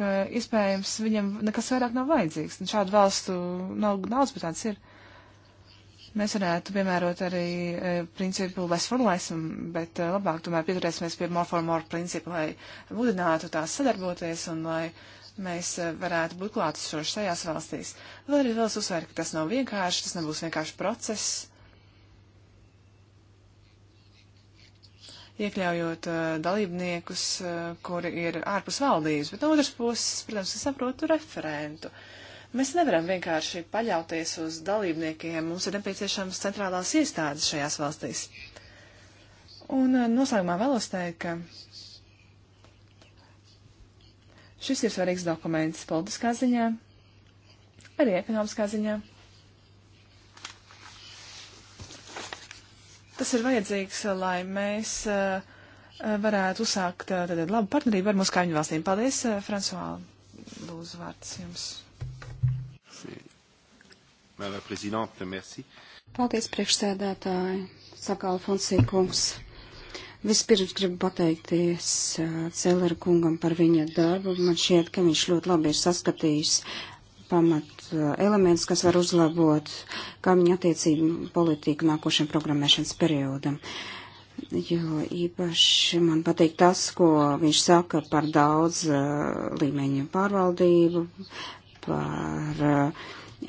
[SPEAKER 1] ka iespējams viņam nekas vairāk nav vajadzīgs. Un šādu valstu nav daudz, bet tāds ir. Mēs varētu piemērot arī e, principu less for less, bet e, labāk tomēr pieturēsimies pie more for more principu, lai mudinātu tās sadarboties un lai mēs e, varētu būt klātesoši tajās valstīs. Vēl arī vēlas uzsvērt, ka tas nav vienkārši, tas nebūs vienkārši process iekļaujot uh, dalībniekus, uh, kuri ir ārpus valdības, bet no otras puses, protams, es saprotu referentu. Mēs nevaram vienkārši paļauties uz dalībniekiem, mums ir nepieciešams centrālās iestādes šajās valstīs. Un uh, noslēgumā vēlos teikt, ka šis ir svarīgs dokuments politiskā ziņā, arī ekonomiskā ziņā. Tas ir vajadzīgs, eh, lai mēs eh, eh, varētu uzsākt tad, labu partnerību ar mūsu kaimiņu valstīm. Paldies, Fransuā. Lūdzu, vārds jums.
[SPEAKER 3] Paldies, priekšsēdētāji, saka Alfonsija kungs. Vispirms gribu pateikties Celera kungam par viņa darbu. Man šķiet, ka viņš ļoti labi ir saskatījis pamat eh, elements, kas var uzlabot kaimiņu attiecību politiku nākošiem programmēšanas periodam. Jo īpaši man patīk tas, ko viņš saka par daudz eh, līmeņu pārvaldību, par uh,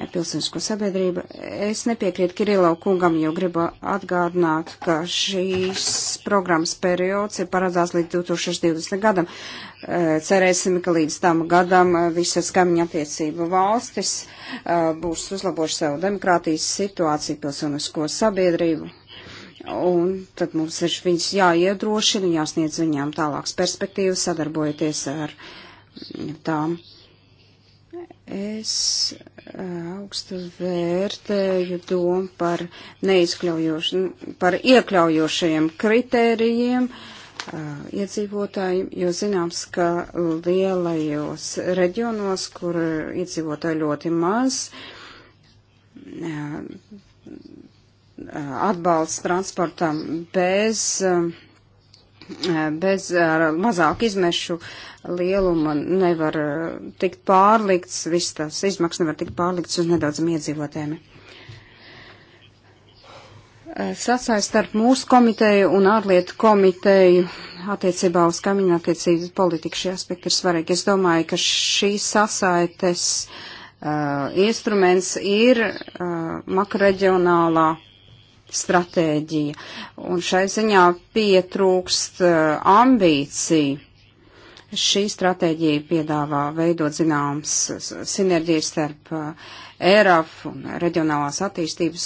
[SPEAKER 3] pilsonisko sabiedrību. Es nepiekrītu Kirilau kungam, jo gribu atgādināt, ka šīs programmas periods ir paredzēts līdz 2020. gadam. E, cerēsim, ka līdz tam gadam e, visas kaimiņa attiecību valstis e, būs uzlabojuši savu demokrātijas situāciju, pilsonisko sabiedrību. Un tad mums ir viņus jāiedrošina, jāsniedz viņām tālāks perspektīvas, sadarbojoties ar tām. Es augstu vērtēju domu par neizkļaujošiem, par iekļaujošajiem kritērijiem iedzīvotājiem, jo zināms, ka lielajos reģionos, kur iedzīvotāji ļoti maz, atbalsts transportam bez, bez mazāku izmešu uh, lieluma nevar eh, tikt pārlikts, viss tās izmaksas nevar tikt pārlikts uz nedaudzam iedzīvotēm. Eh, Sacājas starp mūsu komiteju un ārlietu komiteju attiecībā uz kaimiņu attiecību politiku šie aspekti ir svarīgi. Es domāju, ka šīs sasaites uh, instruments ir uh, makroreģionālā stratēģija. Un šai ziņā pietrūkst uh, ambīciju Šī stratēģija piedāvā veidot zināms sinerģijas starp ERAF eh, un Reģionālās attīstības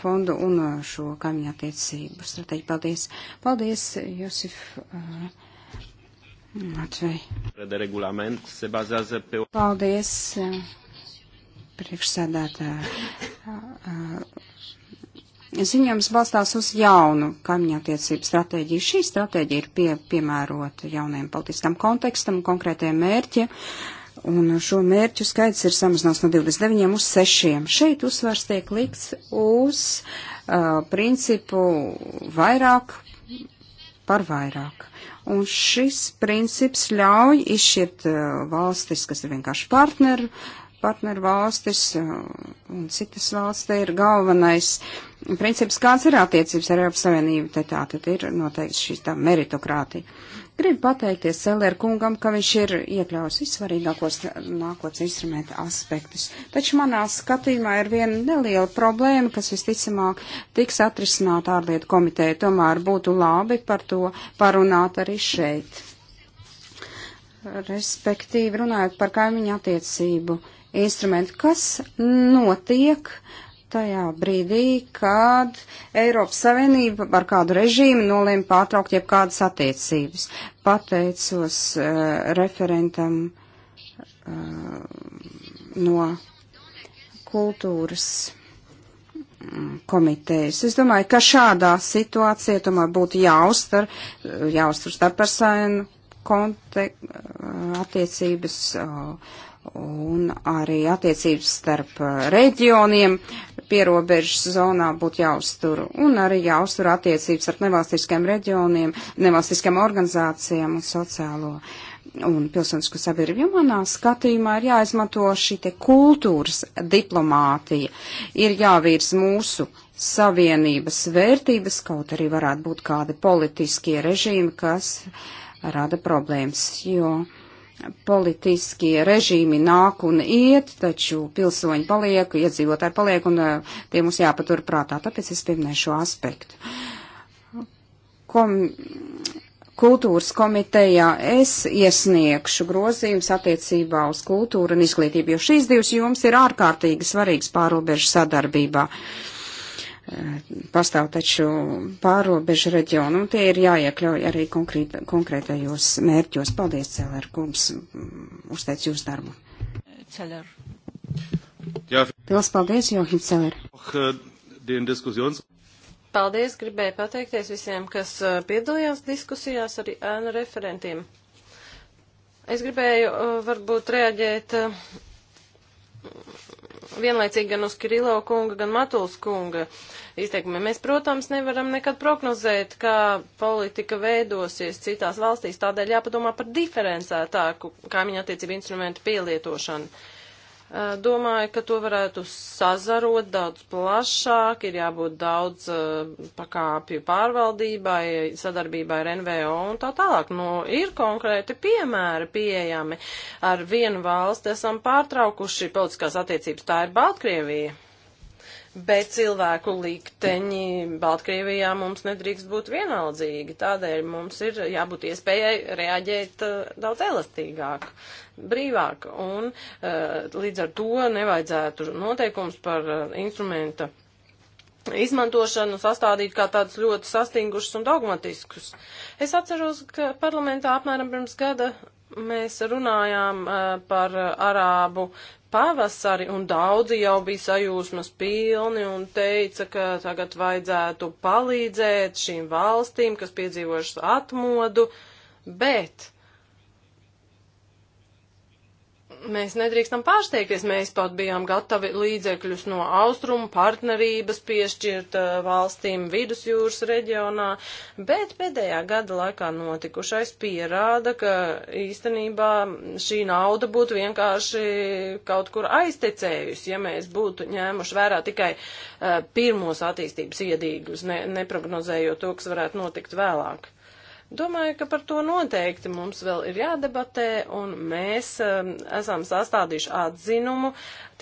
[SPEAKER 3] fondu un eh, šo kaimiņu attiecību stratēģiju. Paldies! Paldies, Josif! Eh, Matvei. Paldies, priekšsēdētāji ziņojums balstās uz jaunu kaimiņattiecību stratēģiju. Šī stratēģija ir pie, piemērota jaunajam politiskam kontekstam, konkrētajiem mērķiem, un šo mērķu skaits ir samazināts no 29 uz 6. Šeit uzsvars tiek likts uz uh, principu vairāk par vairāk. Un šis princips ļauj izšķirt uh, valstis, kas ir vienkārši partneri, uh, partneru valstis uh, un citas valsts, te ir galvenais princips, kāds ir attiecības ar Eiropas Savienību, te tā tad ir noteikti šī tā meritokrātija. Gribu pateikties Celer kungam, ka viņš ir iekļaus vissvarīgākos nākotnes instrumenta aspektus. Taču manā skatījumā ir viena neliela problēma, kas visticamāk tiks atrisināt ārlietu komiteja. Tomēr būtu labi par to parunāt arī šeit. Respektīvi runājot par kaimiņu attiecību instrumentu. Kas notiek tajā brīdī, kad Eiropas Savienība ar kādu režīmu nolēma pārtraukt jebkādas attiecības? Pateicos uh, referentam uh, no kultūras mm, komitejas. Es domāju, ka šādā situācijā tomēr būtu jāuztver, eh, jāuztver starppersonu attiecības, un arī attiecības starp uh, reģioniem pierobežas zonā būtu jāuztur, un arī jāuztur attiecības starp nevalstiskiem reģioniem, nevalstiskiem organizācijām un sociālo un pilsonisko sabiedrību. Jo manā skatījumā ir jāizmanto šī te kultūras diplomātija, ir jāvirs mūsu savienības vērtības, kaut arī varētu būt kādi politiskie režīmi, kas rada problēmas, jo politiskie režīmi nāk un iet, taču pilsoņi paliek, iedzīvotāji paliek, un eh, tie mums jāpatur prātā. Tāpēc es pieminēju šo aspektu. Kom, kultūras komitejā es iesniegšu grozījumus attiecībā uz kultūru un izglītību, jo šīs divas jomas ir ārkārtīgi svarīgas pārobežu sadarbībā. Uh, pastāv taču pārobežu reģionu, un tie ir jāiekļauj arī konkrēt, konkrētajos mērķos. Paldies, Celer, kungs, uzteic jūsu darbu. Celer. Jā. Pils paldies, Johim Celer.
[SPEAKER 2] Eh, paldies, gribēju pateikties visiem, kas eh, piedalījās diskusijās arī ēnu referentiem. Es gribēju eh, varbūt reaģēt vienlaicīgi gan uz Kirilo kunga, gan Matuls kunga izteikumiem. Mēs, protams, nevaram nekad prognozēt, kā politika veidosies citās valstīs, tādēļ jāpadomā par diferencētāku kaimiņu attiecību instrumentu pielietošanu. Uh, Eh, domāju, ka to varētu sazarot daudz plašāk, ir jābūt daudz uh, pakāpju pārvaldībai, sadarbībai ar NVO un tā tālāk. Nu, ir konkrēti piemēri pieejami. Ar vienu valsti esam pārtraukuši politiskās attiecības, tā ir Baltkrievija. Bet cilvēku likteņi Baltkrievijā mums nedrīkst būt vienaldzīgi, tādēļ mums ir jābūt iespējai reaģēt uh, daudz elastīgāk brīvāk, un eh, līdz ar to nevajadzētu noteikums par eh, instrumenta izmantošanu sastādīt kā tādus ļoti sastingušus un dogmatiskus. Es atceros, ka parlamentā apmēram pirms gada mēs runājām eh, par arābu pavasari, un daudzi jau bija sajūsmas pilni un teica, ka tagad vajadzētu palīdzēt šīm valstīm, kas piedzīvojušas atmodu, bet mēs nedrīkstam pārsteigties. Mēs pat bijām gatavi līdzekļus no austrumu partnerības piešķirt eh, valstīm vidusjūras reģionā, bet pēdējā gada laikā notikušais pierāda, ka īstenībā šī nauda būtu vienkārši kaut kur aiztecējusi, ja mēs būtu ņēmuši vērā tikai uh, pirmos attīstības iedīgus, ne, neprognozējot to, kas varētu notikt vēlāk. Domāju, ka par to noteikti mums vēl ir jādebatē, un mēs um, esam sastādījuši atzinumu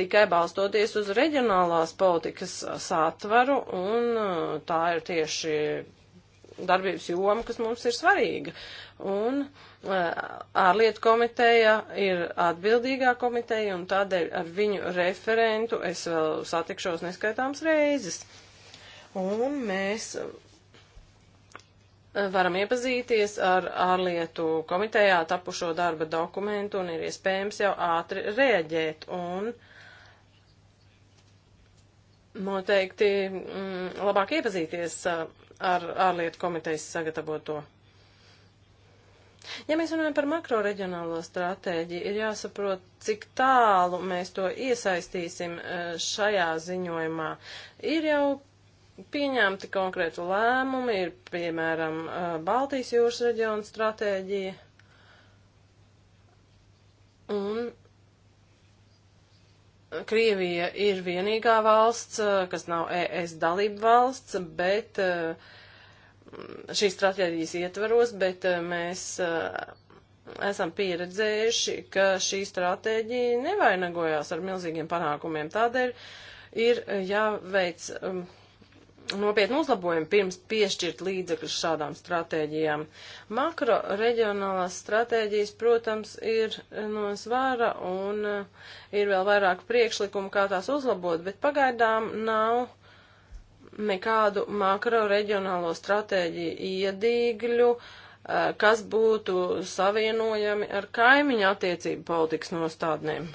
[SPEAKER 2] tikai balstoties uz reģionālās politikas satvaru, un uh, tā ir tieši darbības joma, kas mums ir svarīga. Un uh, ārlietu komiteja ir atbildīgā komiteja, un tādēļ ar viņu referentu es vēl satikšos neskaitāms reizes. Un mēs varam iepazīties ar ārlietu komitejā tapušo darba dokumentu un ir iespējams jau ātri reaģēt un noteikti mm, labāk iepazīties uh, ar ārlietu komitejas sagatavoto. Ja mēs runājam par makroreģionālo stratēģiju, ir jāsaprot, cik tālu mēs to iesaistīsim uh, šajā ziņojumā. Ir jau pieņemti konkrētu lēmumi, ir piemēram Baltijas jūras reģiona stratēģija. Un Krievija ir vienīgā valsts, kas nav ES dalība valsts, bet šīs stratēģijas ietvaros, bet mēs esam pieredzējuši, ka šī stratēģija nevainagojās ar milzīgiem panākumiem. Tādēļ ir jāveic um, nopietni uzlabojumi pirms piešķirt līdzekļus šādām stratēģijām. Makro reģionālās stratēģijas, protams, ir no svāra un eh, ir vēl vairāk priekšlikumu, kā tās uzlabot, bet pagaidām nav nekādu makro reģionālo stratēģiju iedīgļu, eh, kas būtu savienojami ar kaimiņu attiecību politikas nostādnēm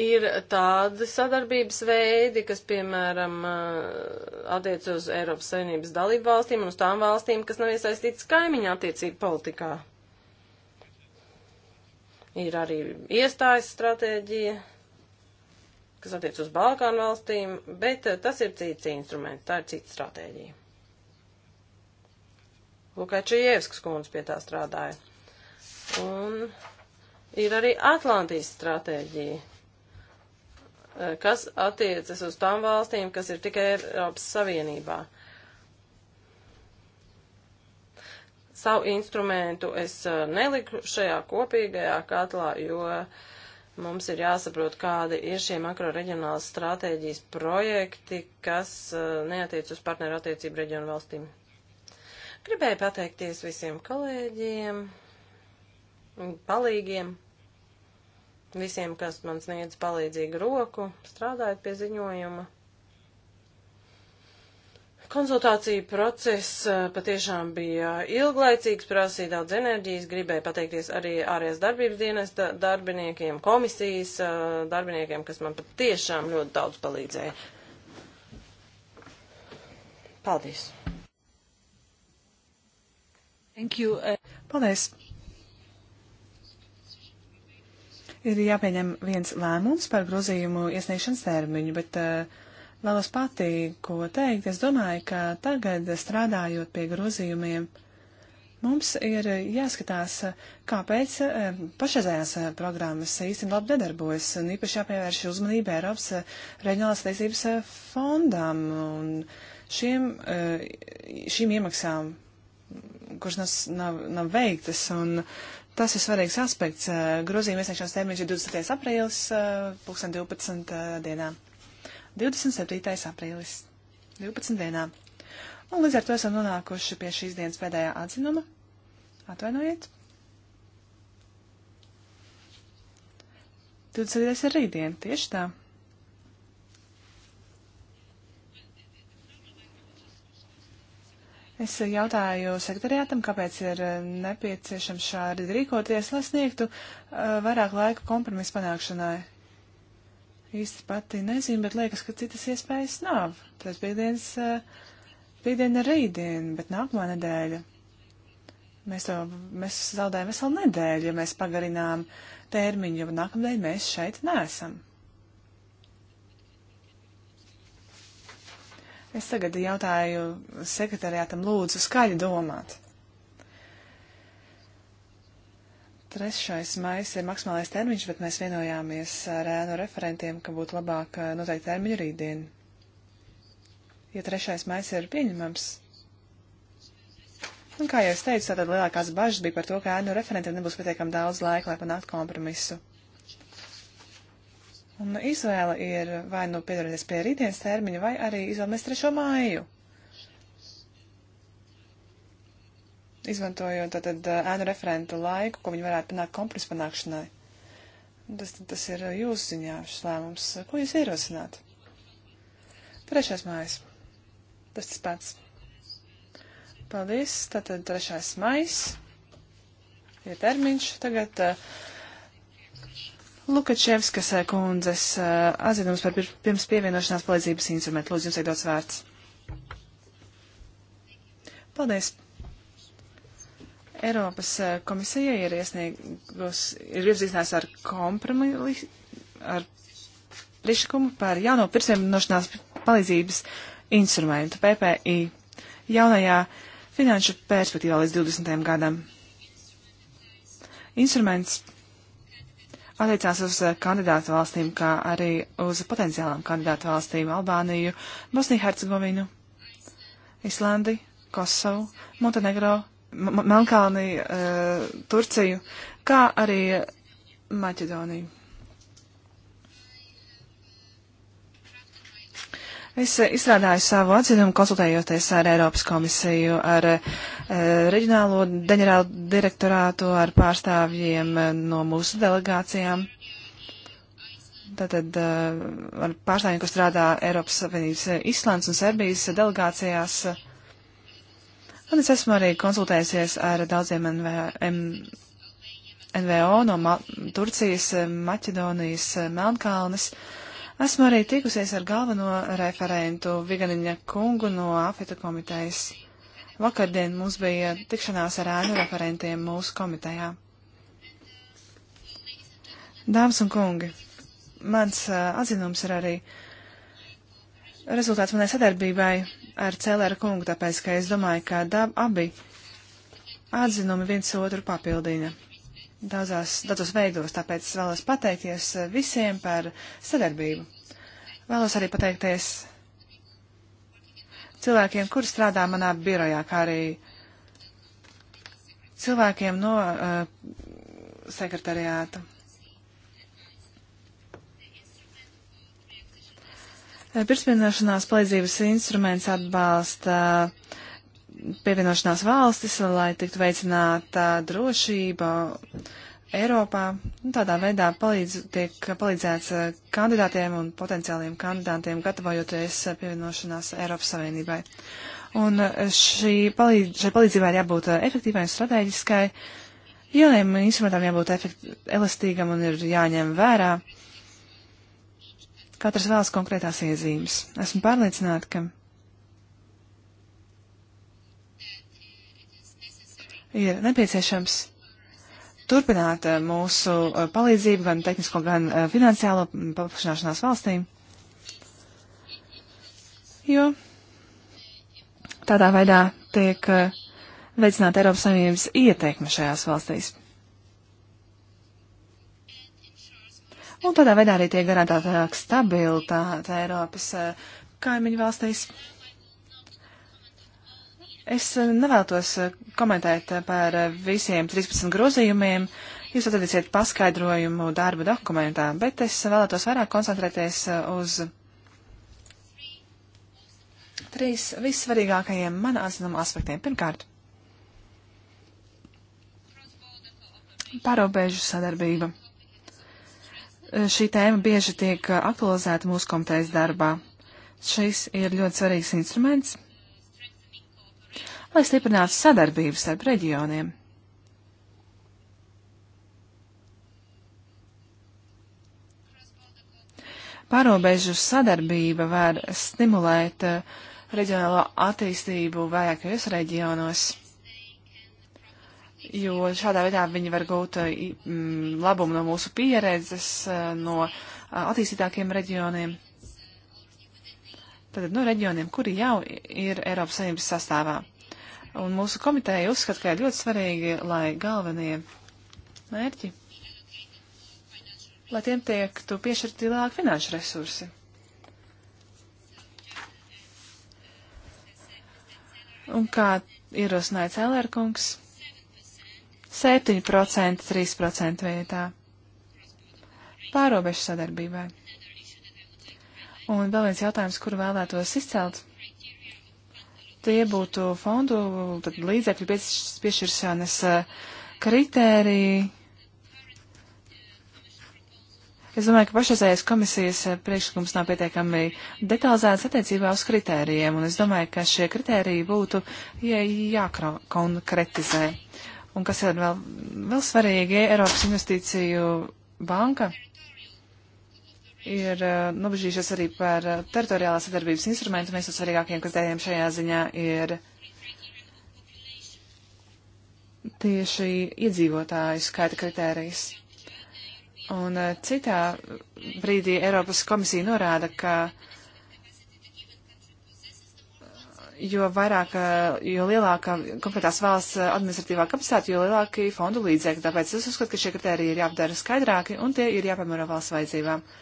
[SPEAKER 2] ir tādi sadarbības veidi, kas, piemēram, eh, attiec uz Eiropas Savienības dalību valstīm un uz tām valstīm, kas nav iesaistītas kaimiņa attiecību politikā. Ir arī iestājas stratēģija, kas attiec uz Balkānu valstīm, bet eh, tas ir cits instruments, tā ir cita stratēģija. Lukačievskas kundze pie tā strādāja. Un ir arī Atlantijas stratēģija Eh, kas attiecas uz tām valstīm, kas ir tikai Eiropas Savienībā. Savu instrumentu es eh, neliku šajā kopīgajā katlā, jo mums ir jāsaprot, kādi ir šie makroreģionālas stratēģijas projekti, kas eh, neatiec uz partneru attiecību reģionu valstīm. Gribēju pateikties visiem kolēģiem, palīgiem visiem, kas man sniedz palīdzīgu roku, strādājot pie ziņojuma. Konsultācija process eh, patiešām bija ilglaicīgs, prasīja daudz enerģijas, gribēja pateikties arī ārējās darbības dienesta darbiniekiem, komisijas eh, darbiniekiem, kas man patiešām ļoti daudz palīdzēja.
[SPEAKER 1] Paldies! Thank you. Paldies! ir jāpieņem viens lēmums par grozījumu iesniegšanas termiņu, bet uh, vēlos pati ko teikt. Es domāju, ka tagad eh, strādājot pie grozījumiem, mums ir eh, jāskatās, kāpēc uh, pašreizējās uh, programmas īstenībā labi nedarbojas, un īpaši jāpievērš uzmanība Eiropas reģionālās tiesības fondām un šiem, šīm iemaksām, kuras nav, nav, nav veiktas. Un, uh, Tas ir svarīgs aspekts. Eh, grozījuma iesniegšanas termiņš ir 27. aprīlis, 2012. Eh, eh, dienā. 27. aprīlis, 12. dienā. Un līdz ar to esam nonākuši pie šīs dienas pēdējā atzinuma. Atvainojiet. 20. ir rītdien, tieši tā. Es jautāju sekretariātam, kāpēc ir eh, nepieciešams šādi rīkoties, lai sniegtu uh, vairāk laika kompromisu panākšanai. Īsti pati nezinu, bet liekas, ka citas iespējas nav. Tas bija dienas, uh, bija diena rītdien, bet nākamā nedēļa. Mēs to, mēs zaudējam veselu nedēļu, ja mēs pagarinām termiņu, jo nākamdēļ mēs šeit nesam. Es tagad jautāju sekretariātam lūdzu skaļi domāt. Trešais maijs ir maksimālais termiņš, bet mēs vienojāmies ar ēnu referentiem, ka būtu labāk eh, noteikt termiņu rītdien. Ja trešais maijs ir pieņemams, un kā jau es teicu, tātad lielākās bažas bija par to, ka ēnu referentiem nebūs pietiekam daudz laika, lai panāktu kompromisu. Un izvēle ir vai nu pieturēties pie rītdienas termiņa, vai arī izvēlamies 3. māju. Izmantojot tātad ēnu referentu laiku, ko viņi varētu panākt kompromisu panākšanai. Tas, tas ir jūsu ziņā šis lēmums. Ko jūs ierosināt? Trešais mājas. Tas tas pats. Paldies. Tātad trešais mājas ir termiņš. Tagad uh, Lukačevskas eh, kundzes eh, atzinums par pirms pievienošanās palīdzības instrumentu. Lūdzu, jums ir dots vārds. Paldies! Eiropas eh, komisija ir iesniegus, ir iepazīstinās ar kompromisu, ar priekšlikumu par jauno pirmsvienošanās palīdzības instrumentu PPI jaunajā finanšu perspektīvā līdz 20. gadam. Instruments attiecās uz eh, kandidātu valstīm, kā arī uz potenciālām kandidātu valstīm - Albāniju, Bosniju-Hercegovinu, Islandi, Kosovu, Montenegro, M Melkalni, e, eh, Turciju, kā arī Maķedoniju. Es eh, izstrādāju savu atzinumu, konsultējoties ar Eiropas komisiju, ar e, reģionālo ģenerālu direktorātu, ar pārstāvjiem eh, no mūsu delegācijām. Tātad ar pārstāvjiem, kas strādā Eiropas Savienības Islands un Serbijas delegācijās. Un es esmu arī konsultējusies ar daudziem NV, NVO no Ma Turcijas, Maķedonijas, Melnkalnes. Uh, Esmu arī tikusies ar galveno referentu Viganiņa kungu no Afita komitejas. Vakardien mums bija tikšanās ar ēnu referentiem mūsu komitejā. Dāmas un kungi, mans atzinums ir arī rezultāts manai sadarbībai ar Cēlēra kungu, tāpēc, ka es domāju, ka dab abi atzinumi viens otru papildina daudzās, daudzos veidos, tāpēc es vēlos pateikties eh, visiem par sadarbību. Vēlos arī pateikties cilvēkiem, kur strādā manā birojā, kā arī cilvēkiem no uh, sekretariāta. Eh, Pirmspiedošanās palīdzības instruments atbalsta pievienošanās valstis, lai tiktu veicināta drošība Eiropā. Un tādā veidā palīdz, tiek palīdzēts eh, kandidātiem un potenciāliem kandidātiem gatavojoties eh, pievienošanās Eiropas Savienībai. Un eh, šī palīdz, šai palīdzībai ir jābūt efektīvai un strateģiskai. Ieliem instrumentam jābūt efekt, elastīgam un ir jāņem vērā katrs vēlas konkrētās iezīmes. Esmu pārliecināta, ka ir nepieciešams turpināt eh, mūsu eh, palīdzību gan tehnisko, gan eh, finansiālo paplašināšanās valstīm, jo tādā veidā tiek veicināta Eiropas Savienības ieteikme šajās valstīs. Un tādā veidā arī tiek garantēta stabilitāte Eiropas kaimiņu valstīs. Es eh, nevēlos eh, komentēt eh, par visiem 13 grozījumiem. Jūs atradīsiet paskaidrojumu darba dokumentā, bet es vēlētos vairāk koncentrēties uz trīs vissvarīgākajiem man atzinuma aspektiem. Pirmkārt, pārobežu sadarbība. Šī tēma bieži tiek aktualizēta mūsu komitejas darbā. Šis ir ļoti svarīgs instruments lai stiprinātu sadarbību starp reģioniem. Pārobežu sadarbība var stimulēt uh, reģionālo attīstību vairākajos reģionos, jo šādā veidā viņi var gūt uh, mm, labumu no mūsu pieredzes, uh, no attīstītākiem reģioniem. Tātad no reģioniem, kuri jau ir Eiropas Savienības sastāvā. Un mūsu komiteja uzskata, ka ir ļoti svarīgi, lai galvenie mērķi, lai tiem tiektu piešķirti lielāki finanšu resursi. Un kā ierosināja Cēlērkungs, 7% 3% vietā pārobežu sadarbībai. Un vēl viens jautājums, kuru vēlētos izcelt tie būtu fondu līdzekļu piešķiršanas eh, kritēriji. Es domāju, ka pašreizējais komisijas eh, priekšlikums nav pietiekami detalizēts attiecībā uz kritērijiem, un es domāju, ka šie kritēriji būtu jākonkretizē. Un kas ir vēl, vēl svarīgi, Eiropas investīciju banka ir eh, nobežījušies arī par eh, teritoriālās sadarbības instrumentu. Viens no svarīgākajiem kritērijiem šajā ziņā ir tieši iedzīvotāju skaita kritērijas. Un eh, citā brīdī Eiropas komisija norāda, ka jo vairāk, jo lielāka konkrētās valsts administratīvā kapacitāte, jo lielāki fondu līdzekļi. Tāpēc es uzskatu, ka šie kriteriji ir jāapdara skaidrāki un tie ir jāpamēro valsts vajadzībām. Uh,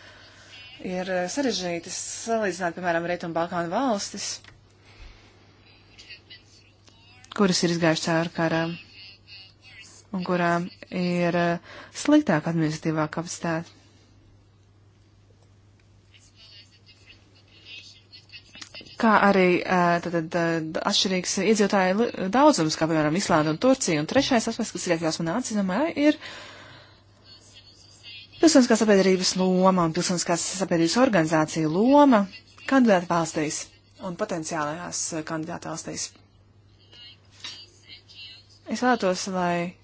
[SPEAKER 1] ir eh, sarežģīti salīdzināt, piemēram, Rietumu Balkānu valstis, kuras ir izgājušas cauri karām un kurām ir eh, sliktāka administratīvā kapacitāte. Kā arī tātad, eh, atšķirīgs iedzīvotāju daudzums, kā piemēram Islanda un Turcija, un trešais aspekts, kas ir iekļauts manā atzinumā, ir uh, Pilsoniskās sabiedrības loma un pilsoniskās sabiedrības organizācija loma kandidātu valstīs un potenciālajās eh, kandidātu valstīs. Es vēlētos, lai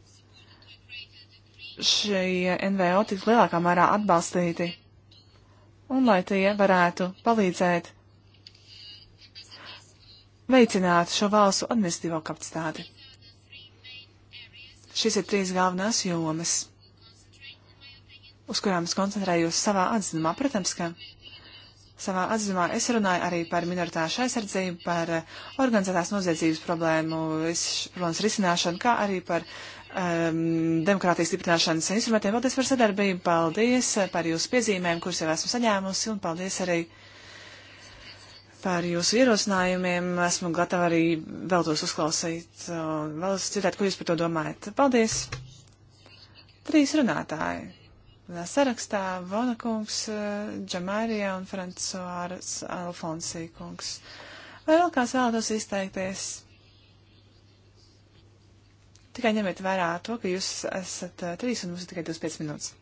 [SPEAKER 1] šie NVO tiktu lielākā mērā atbalstīti un lai tie varētu palīdzēt veicināt šo valstu administratīvo kapacitāti. Šis ir trīs galvenās jomas uz kurām es koncentrējos savā atzinumā. Protams, ka savā atzinumā es runāju arī par minoritāšu aizsardzību, par eh, organizētās noziedzības problēmu, problēmas risināšanu, kā arī par um, demokrātijas stiprināšanas instrumentiem. Paldies par sadarbību, paldies eh, par jūsu piezīmēm, kuras jau esmu saņēmusi, un paldies arī par jūsu ierosinājumiem. Esmu gatava arī vēl tos uzklausīt eh, un vēl citēt, ko jūs par to domājat. Paldies! Trīs runātāji sarakstā Vonakungs, eh, Džamārija un Francoārs Alfonsīkungs. Vai vēl kāds vēlētos izteikties? Tikai ņemiet vērā to, ka jūs esat eh, trīs un mums ir tikai 25 minūtes.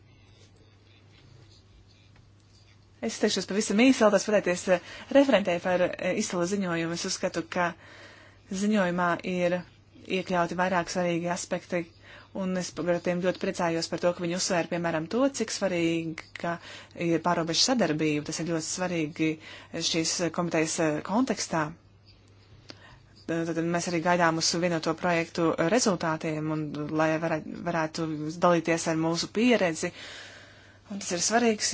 [SPEAKER 1] Es teikšos pavisam īsi, vēlētos pateikties eh, referentē par izcilu ziņojumu. Es uzskatu, ka ziņojumā ir iekļauti vairāk svarīgi aspekti, uh, Un es par tiem ļoti priecājos par to, ka viņi uzsvēra, piemēram, to, cik svarīga ir pārobežu sadarbība. Tas ir ļoti svarīgi šīs komitejas eh, kontekstā. Tad mēs arī gaidām uz vienoto projektu rezultātiem, un lai varētu, varētu dalīties ar mūsu pieredzi. Un tas ir svarīgs.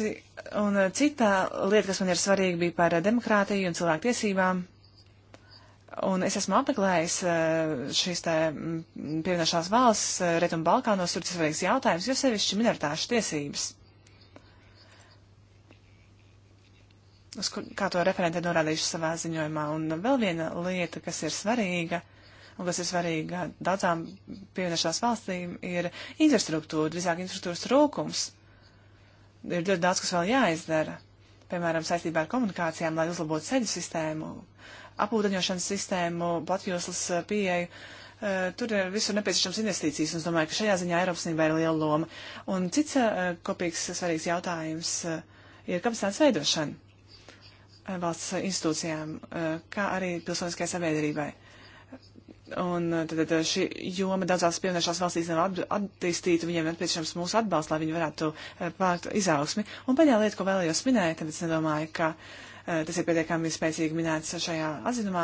[SPEAKER 1] Un cita lieta, kas man ir svarīga, bija par demokrātiju un cilvēku tiesībām. Un es esmu apmeklējis eh, šīs tā mm, pievienošās valsts eh, Rietumu Balkānos, tur tas svarīgs jautājums, jo sevišķi minoritāšu tiesības. Uz kur, kā to referente norādījuši savā ziņojumā. Un vēl viena lieta, kas ir svarīga, un kas ir svarīga daudzām pievienošās valstīm, ir infrastruktūra, drīzāk infrastruktūras trūkums. Ir ļoti daudz, kas vēl jāizdara piemēram, saistībā ar komunikācijām, lai uzlabotu ceļu sistēmu, apūdeņošanas sistēmu, platjoslas eh, pieeju. Eh, tur ir visur nepieciešams investīcijas, un es domāju, ka šajā ziņā Eiropas Unībā ir liela loma. Un cits eh, kopīgs svarīgs jautājums ir kapacitātes veidošana valsts institūcijām, kā arī pilsoniskajai sabiedrībai. Un tad šī joma daudzās pievienošās valstīs nav attīstīta, viņiem ir nepieciešams mūsu atbalsts, lai viņi varētu panākt izaugsmi. Un pēdējā lieta, ko vēlējos minēt, tāpēc nedomāju, ka uh, Eh, tas ir pietiekami spēcīgi minēts šajā atzinumā,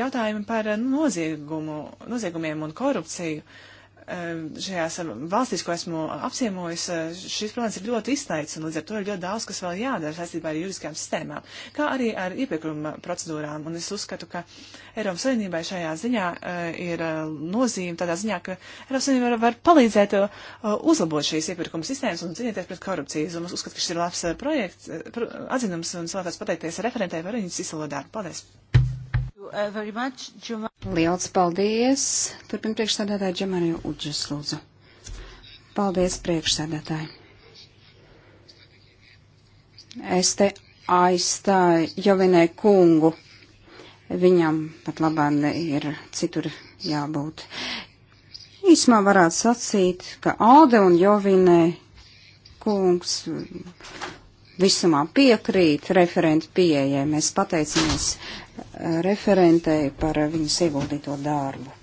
[SPEAKER 1] jautājumi par noziegumu, noziegumiem un korupciju. Uh, šajās valstīs, ko esmu apciemojis, eh, šis problēmas ir ļoti izteicis, un līdz ar to ir ļoti daudz, kas vēl jādara saistībā ar juridiskajām sistēmām, kā arī ar iepirkuma procedūrām. Un es uzskatu, ka Eiropas Savienībai šajā ziņā eh, ir eh, nozīme tādā ziņā, ka Eiropas Savienība var, var palīdzēt uzlabot šīs iepirkuma sistēmas un cīnīties pret korupciju. Un es uzskatu, ka šis ir labs projekts, atzinums, un es vēlētos pateikties referentē par viņas izsalo darbu. Paldies!
[SPEAKER 3] Uh, Liels paldies! Turpin priekšsādātāju Džemariju Uģis lūdzu. Paldies priekšsādātāju. Es te aizstāju Jovinē kungu. Viņam pat labāk ir citur jābūt. Īsumā varētu sacīt, ka Alde un Jovinē kungs visumā piekrīt referentu pieejai. Mēs pateicamies referentei par viņas ieguldīto darbu.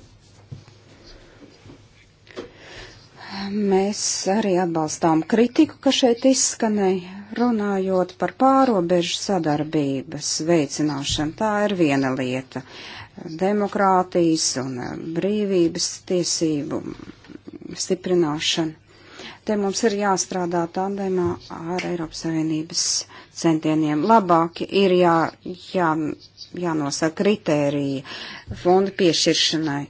[SPEAKER 3] Mēs arī atbalstām kritiku, kas šeit izskanēja, runājot par pārobežu sadarbības veicināšanu. Tā ir viena lieta - demokrātijas un brīvības tiesību stiprināšana. Te mums ir jāstrādā tandēmā ar Eiropas Savienības centieniem. Labāk ir jā, jā jānosaka kritērija fonda piešķiršanai.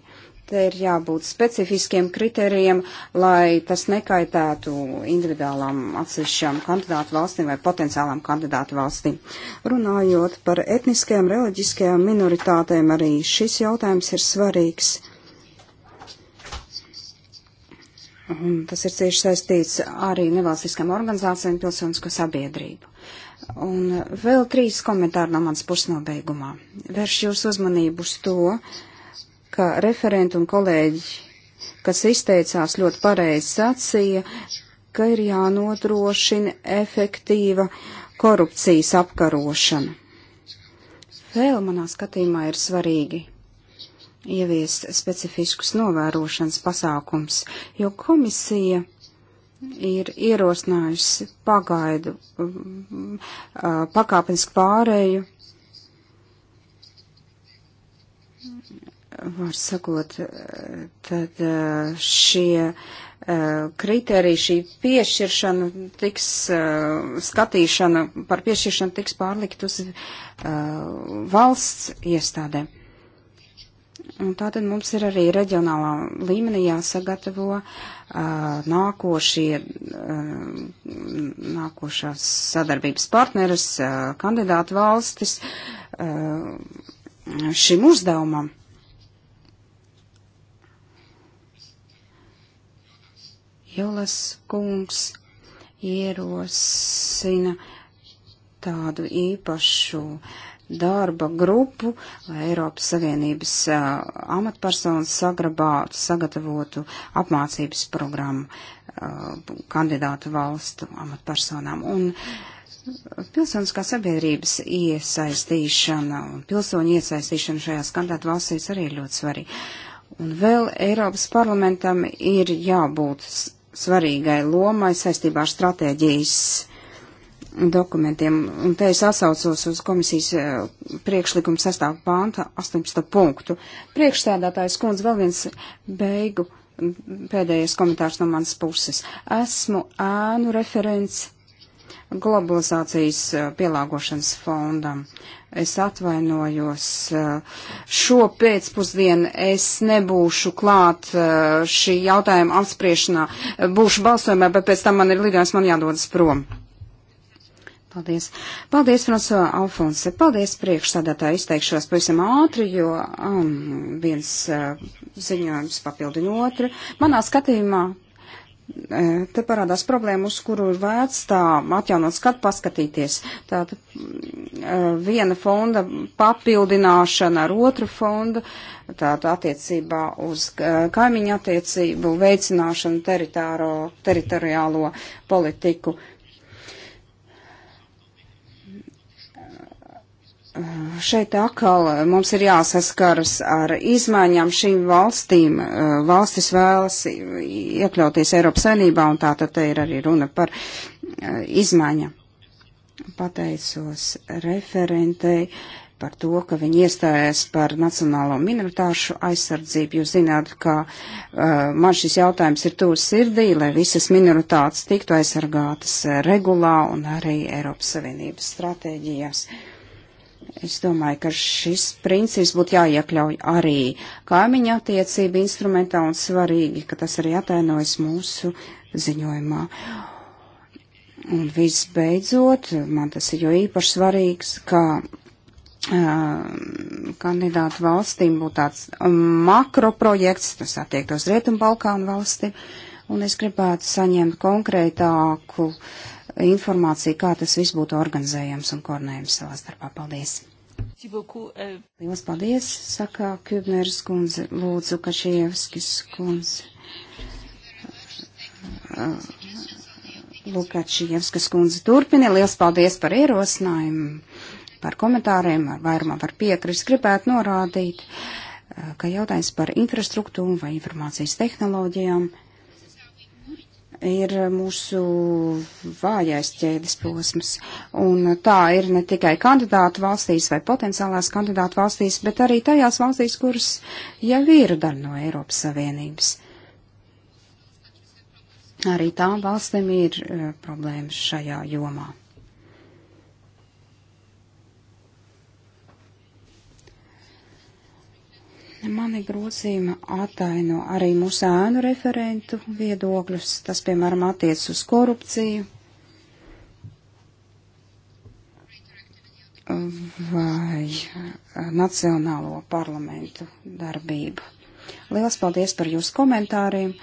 [SPEAKER 3] Te ir jābūt specifiskiem kritērijiem, lai tas nekaitētu individuālām atsevišķām kandidātu valstīm vai potenciālām kandidātu valstīm. Runājot par etniskajām, reliģiskajām minoritātēm, arī šis jautājums ir svarīgs. Un tas ir cieši saistīts arī nevalstiskām organizācijām, pilsonisko sabiedrību. Un vēl trīs komentāri no manas puses nobeigumā. Vērš jūs uzmanību uz to, ka referenti un kolēģi, kas izteicās ļoti pareizi sacīja, ka ir jānodrošina efektīva korupcijas apkarošana. Vēl manā skatījumā ir svarīgi ieviest specifiskus novērošanas pasākums, jo komisija ir ierosinājusi pagaidu uh, pakāpenisku pārēju, var sakot, uh, tad uh, šie kriteriji, šī piešķiršana tiks, skatīšana par piešķiršanu tiks pārlikt uz valsts iestādēm. Un tātad mums ir arī reģionālā līmenī jāsagatavo uh, nākošie, uh, nākošās sadarbības partneres, uh, kandidātu valstis uh, šim uzdevumam. Jolas kungs ierosina tādu īpašu uh, darba grupu, lai Eiropas Savienības uh, amatpersonas sagrabātu, sagatavotu apmācības programmu uh, kandidātu valstu amatpersonām. Un pilsoniskā sabiedrības iesaistīšana un pilsoņu iesaistīšana šajās kandidātu valstīs arī ir ļoti svarīga. Un vēl Eiropas parlamentam ir jābūt svarīgai lomai saistībā ar stratēģijas dokumentiem. Un te es atsaucos uz komisijas eh, priekšlikumu sastāvu pānta 18. punktu. Priekšstādātājs kundze vēl viens beigu pēdējais komentārs no manas puses. Esmu ēnu referents globalizācijas eh, pielāgošanas fondam. Es atvainojos. Eh, šo pēcpusdienu es nebūšu klāt šī jautājuma apspriešanā. Būšu balsojumā, bet pēc tam man ir lidojums, man jādodas prom. Paldies. Paldies, Franso Alfonse. Paldies priekšsādātā izteikšos pavisam ātri, jo um, viens uh, ziņojums papildina otru. Manā skatījumā uh, te parādās problēma, uz kuru ir vērts tā atjaunot skatu paskatīties. Tātad uh, viena fonda papildināšana ar otru fondu, tātad attiecībā uz uh, kaimiņu attiecību, veicināšanu teritoriālo politiku. Uh, Šeit atkal eh, mums ir jāsaskaras ar izmaiņām šīm valstīm. Eh, valstis vēlas iekļauties Eiropas saimnībā, un tā tad te ir arī runa par eh, izmaiņām. Pateicos referentei par to, ka viņi iestājās par nacionālo minoritāšu aizsardzību. Jūs zināt, ka uh, man šis jautājums ir tūs sirdī, lai visas minoritātes tiktu aizsargātas regulā un arī Eiropas Savienības stratēģijās. Uh, Es domāju, ka šis princips būtu jāiekļauj arī kaimiņa attiecību instrumentā un svarīgi, ka tas arī atainojas mūsu ziņojumā. Un visbeidzot, man tas ir jo īpaši svarīgs, ka kandidātu valstīm būtu tāds makroprojekts, tas attiektos Rietumbalkānu valstīm, un es gribētu saņemt konkrētāku informāciju, kā tas viss būtu organizējams un koordinējams savā starpā. Paldies!
[SPEAKER 2] Euh,
[SPEAKER 3] Lielas paldies, saka Kjubneris kundze, lūdzu, Kašievskis kundze. Lukačievskas kundze turpina. Lielas paldies par ierosinājumu, par komentāriem, ar vairumā par piekrist. Gribētu norādīt, ka jautājums par infrastruktūru vai informācijas tehnoloģijām ir mūsu vājais ķēdes posms. Un tā ir ne tikai kandidātu valstīs vai potenciālās kandidātu valstīs, bet arī tajās valstīs, kuras jau ir daļa no Eiropas Savienības. Arī tām valstīm ir uh, problēmas šajā jomā. Mani grozījuma ataino arī mūsu ēnu referentu viedokļus. Tas, piemēram, attiec uz korupciju vai eh, nacionālo parlamentu darbību. Lielas paldies par jūsu komentāriem.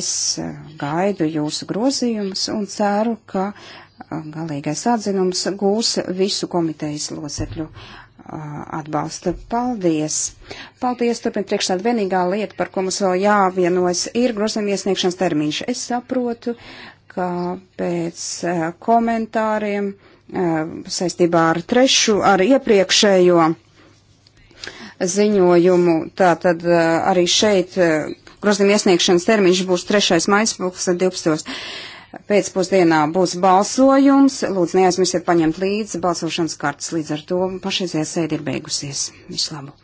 [SPEAKER 3] Es eh, gaidu jūsu grozījumus un ceru, ka eh, galīgais atzinums gūs visu komitejas locekļu atbalsta. Paldies! Paldies, turpin priekšstādā vienīgā lieta, par ko mums vēl jāvienojas, ir grozījuma iesniegšanas termiņš. Es saprotu, ka pēc komentāriem saistībā ar trešu, ar iepriekšējo ziņojumu, tātad arī šeit grozījuma iesniegšanas termiņš būs 3. maijas 2012. Pēcpusdienā būs balsojums. Lūdzu, neaizmirstiet paņemt līdzi balsošanas kartes. Līdz ar to pašreizējā sēde ir beigusies. Visu labu!